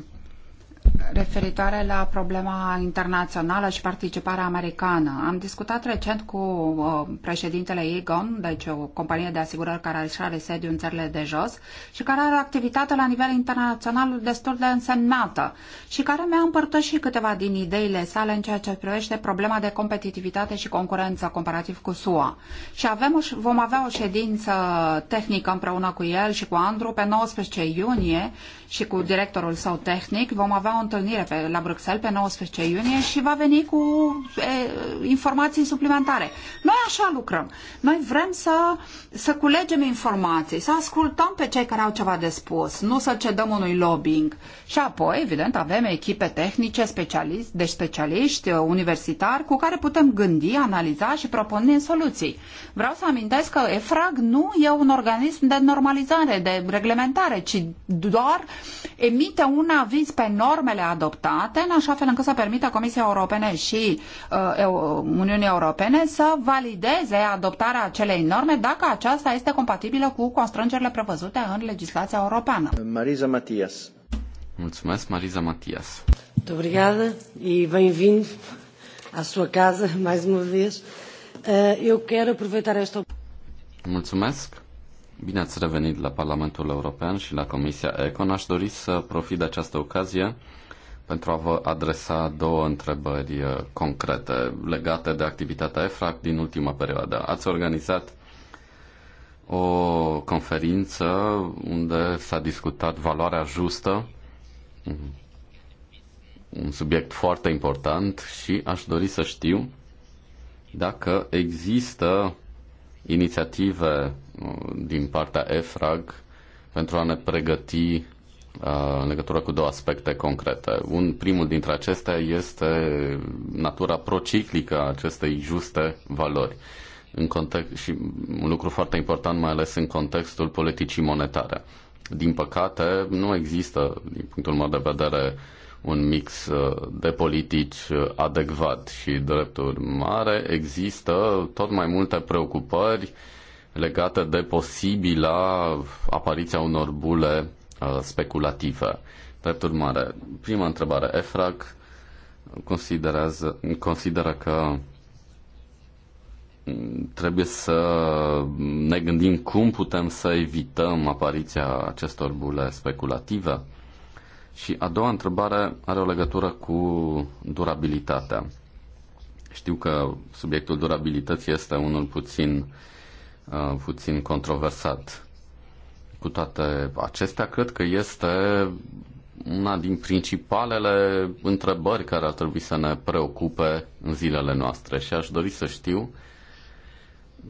referitoare la problema internațională și participarea americană. Am discutat recent cu uh, președintele Egon, deci o companie de asigurări care își are sediu în țările de jos și care are activitate la nivel internațional destul de însemnată și care mi-a împărtășit câteva din ideile sale în ceea ce privește problema de competitivitate și concurență comparativ cu SUA. Și avem, vom avea o ședință tehnică împreună cu el și cu Andru pe 19 iunie și cu directorul său tehnic. Vom avea o întâlnire pe, la Bruxelles pe 19 iunie și va veni cu e, informații suplimentare. Noi așa lucrăm. Noi vrem să, să culegem informații, să ascultăm pe cei care au ceva de spus, nu să cedăm unui lobbying. Și apoi, evident, avem echipe tehnice, specialiști, deci specialiști uh, universitari cu care putem gândi, analiza și propune soluții. Vreau să amintesc că EFRAG nu e un organism de normalizare, de reglementare, ci doar emite un aviz pe norme normele adoptate, în așa fel încât să permită Comisiei Europene și uh, Uniunii Europene să valideze adoptarea acelei norme dacă aceasta este compatibilă cu constrângerile prevăzute în legislația europeană. Mariza Matias. Mulțumesc, Mariza Matias. Obrigada e bem-vindo à sua casa mais uma vez. Eh, eu quero aproveitar esta oportunidade. Muito obrigado. Bine ați revenit la Parlamentul European și la Comisia Econ. Aș dori să profit de această ocazie pentru a vă adresa două întrebări uh, concrete legate de activitatea EFRAC din ultima perioadă. Ați organizat o conferință unde s-a discutat valoarea justă, un subiect foarte important și aș dori să știu dacă există inițiative uh, din partea EFRAG pentru a ne pregăti uh, în legătură cu două aspecte concrete. Un primul dintre acestea este natura prociclică a acestei juste valori. În context, și un lucru foarte important, mai ales în contextul politicii monetare. Din păcate, nu există, din punctul meu de vedere, un mix uh, de politici uh, adecvat și drepturi mare, există tot mai multe preocupări legate de posibila apariția unor bule uh, speculative. Drept urmare, prima întrebare, EFRAC consideră că trebuie să ne gândim cum putem să evităm apariția acestor bule speculative. Și a doua întrebare are o legătură cu durabilitatea. Știu că subiectul durabilității este unul puțin, uh, puțin controversat. Cu toate acestea, cred că este una din principalele întrebări care ar trebui să ne preocupe în zilele noastre și aș dori să știu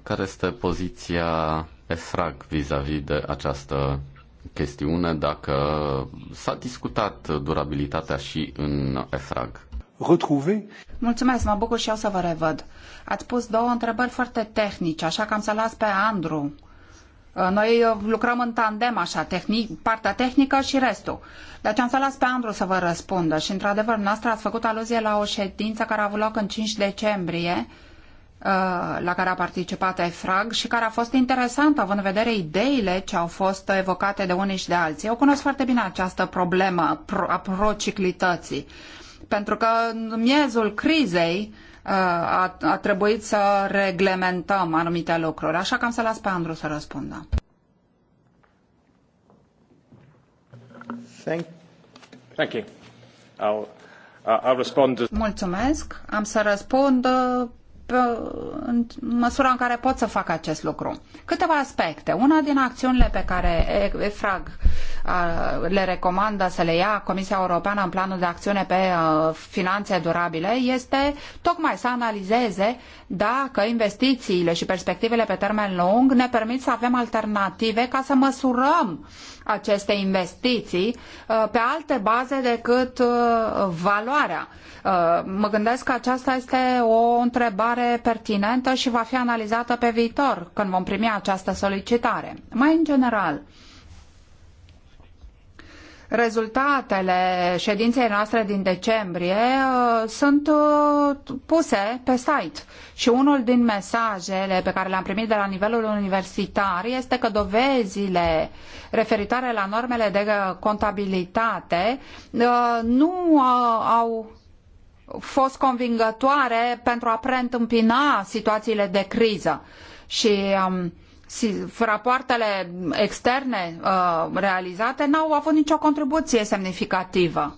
care este poziția ESRAG vis-a-vis -vis de această chestiune dacă s-a discutat durabilitatea și în EFRAG. Retrouvé. Mulțumesc, mă bucur și eu să vă revăd. Ați pus două întrebări foarte tehnice, așa că am să las pe Andru. Uh, noi uh, lucrăm în tandem, așa, tehnic, partea tehnică și restul. Deci am să las pe Andru să vă răspundă. Și, într-adevăr, noastră ați făcut aluzie la o ședință care a avut loc în 5 decembrie, Uh, la care a participat EFRAG și care a fost interesant, având în vedere ideile ce au fost evocate de unii și de alții. Eu cunosc foarte bine această problemă a prociclității, pentru că în miezul crizei uh, a, a trebuit să reglementăm anumite lucruri, așa că am să las pe Andru să răspundă. Thank, Thank you. I'll, I'll respond... Mulțumesc. Am să răspund uh, pe, în măsura în care pot să fac acest lucru. Câteva aspecte. Una din acțiunile pe care EFRAG le recomandă să le ia Comisia Europeană în planul de acțiune pe finanțe durabile este tocmai să analizeze dacă investițiile și perspectivele pe termen lung ne permit să avem alternative ca să măsurăm uh, aceste investiții uh, pe alte baze decât uh, valoarea. Uh, mă gândesc că aceasta este o întrebare pertinentă și va fi analizată pe viitor când vom primi această solicitare. Mai în general, rezultatele ședinței noastre din decembrie uh, sunt uh, puse pe site și unul din mesajele pe care le-am primit de la nivelul universitar este că dovezile referitoare la normele de contabilitate uh, nu au fost convingătoare pentru a preîntâmpina situațiile de criză. Și um, rapoartele externe uh, realizate n-au avut nicio contribuție semnificativă.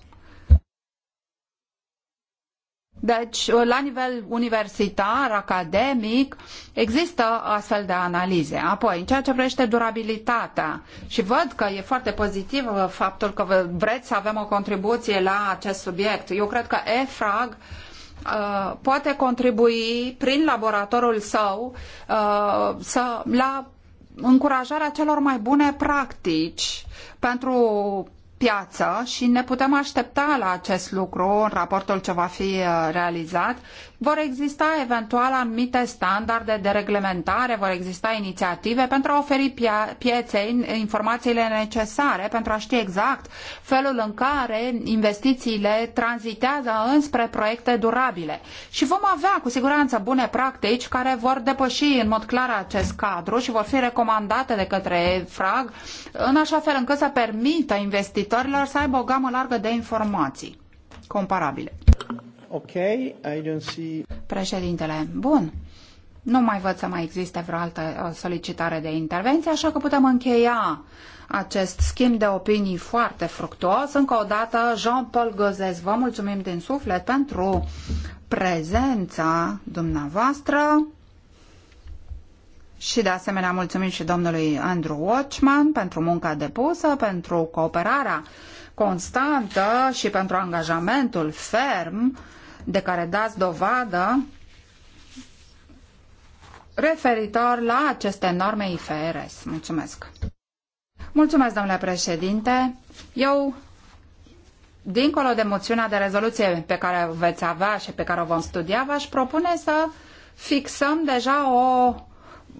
Deci, uh, la nivel universitar, academic, există astfel de analize. Apoi, în ceea ce privește durabilitatea, și văd că e foarte pozitiv uh, faptul că vreți să avem o contribuție la acest subiect. Eu cred că EFRAG uh, Uh, poate contribui prin laboratorul său uh, să, la încurajarea celor mai bune practici pentru piață și ne putem aștepta la acest lucru în raportul ce va fi uh, realizat. Vor exista eventual anumite standarde de reglementare, vor exista inițiative pentru a oferi pieței informațiile necesare pentru a ști exact felul în care investițiile tranzitează înspre proiecte durabile. Și vom avea cu siguranță bune practici care vor depăși în mod clar acest cadru și vor fi recomandate de către FRAG în așa fel încât să permită investiții cititorilor să aibă o gamă largă de informații comparabile. Ok, I don't see... Președintele, bun. Nu mai văd să mai existe vreo altă uh, solicitare de intervenție, așa că putem încheia acest schimb de opinii foarte fructuos. Încă o dată, Jean-Paul Gozes, vă mulțumim din suflet pentru prezența dumneavoastră. Și de asemenea mulțumim și domnului Andrew Watchman pentru munca depusă, pentru cooperarea constantă și pentru angajamentul ferm de care dați dovadă referitor la aceste norme IFRS. Mulțumesc! Mulțumesc, domnule președinte! Eu, dincolo de moțiunea de rezoluție pe care o veți avea și pe care o vom studia, v-aș propune să fixăm deja o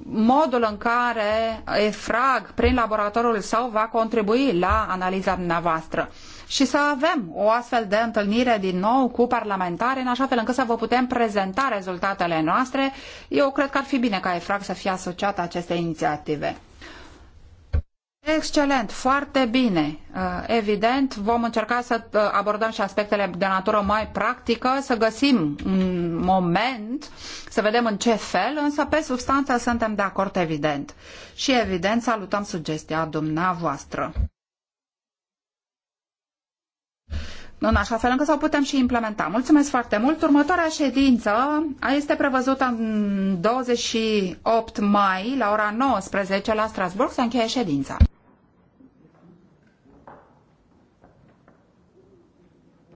modul în care EFRAG, prin laboratorul său, va contribui la analiza dumneavoastră și să avem o astfel de întâlnire din nou cu parlamentarii, în așa fel încât să vă putem prezenta rezultatele noastre. Eu cred că ar fi bine ca EFRAG să fie asociat aceste inițiative. Excelent, foarte bine. Uh, evident, vom încerca să uh, abordăm și aspectele de natură mai practică, să găsim un moment, să vedem în ce fel, însă pe substanță suntem de acord, evident. Și evident, salutăm sugestia dumneavoastră. în așa fel încât să o putem și implementa. Mulțumesc foarte mult! Următoarea ședință este prevăzută în 28 mai la ora 19 la Strasbourg. să încheie ședința.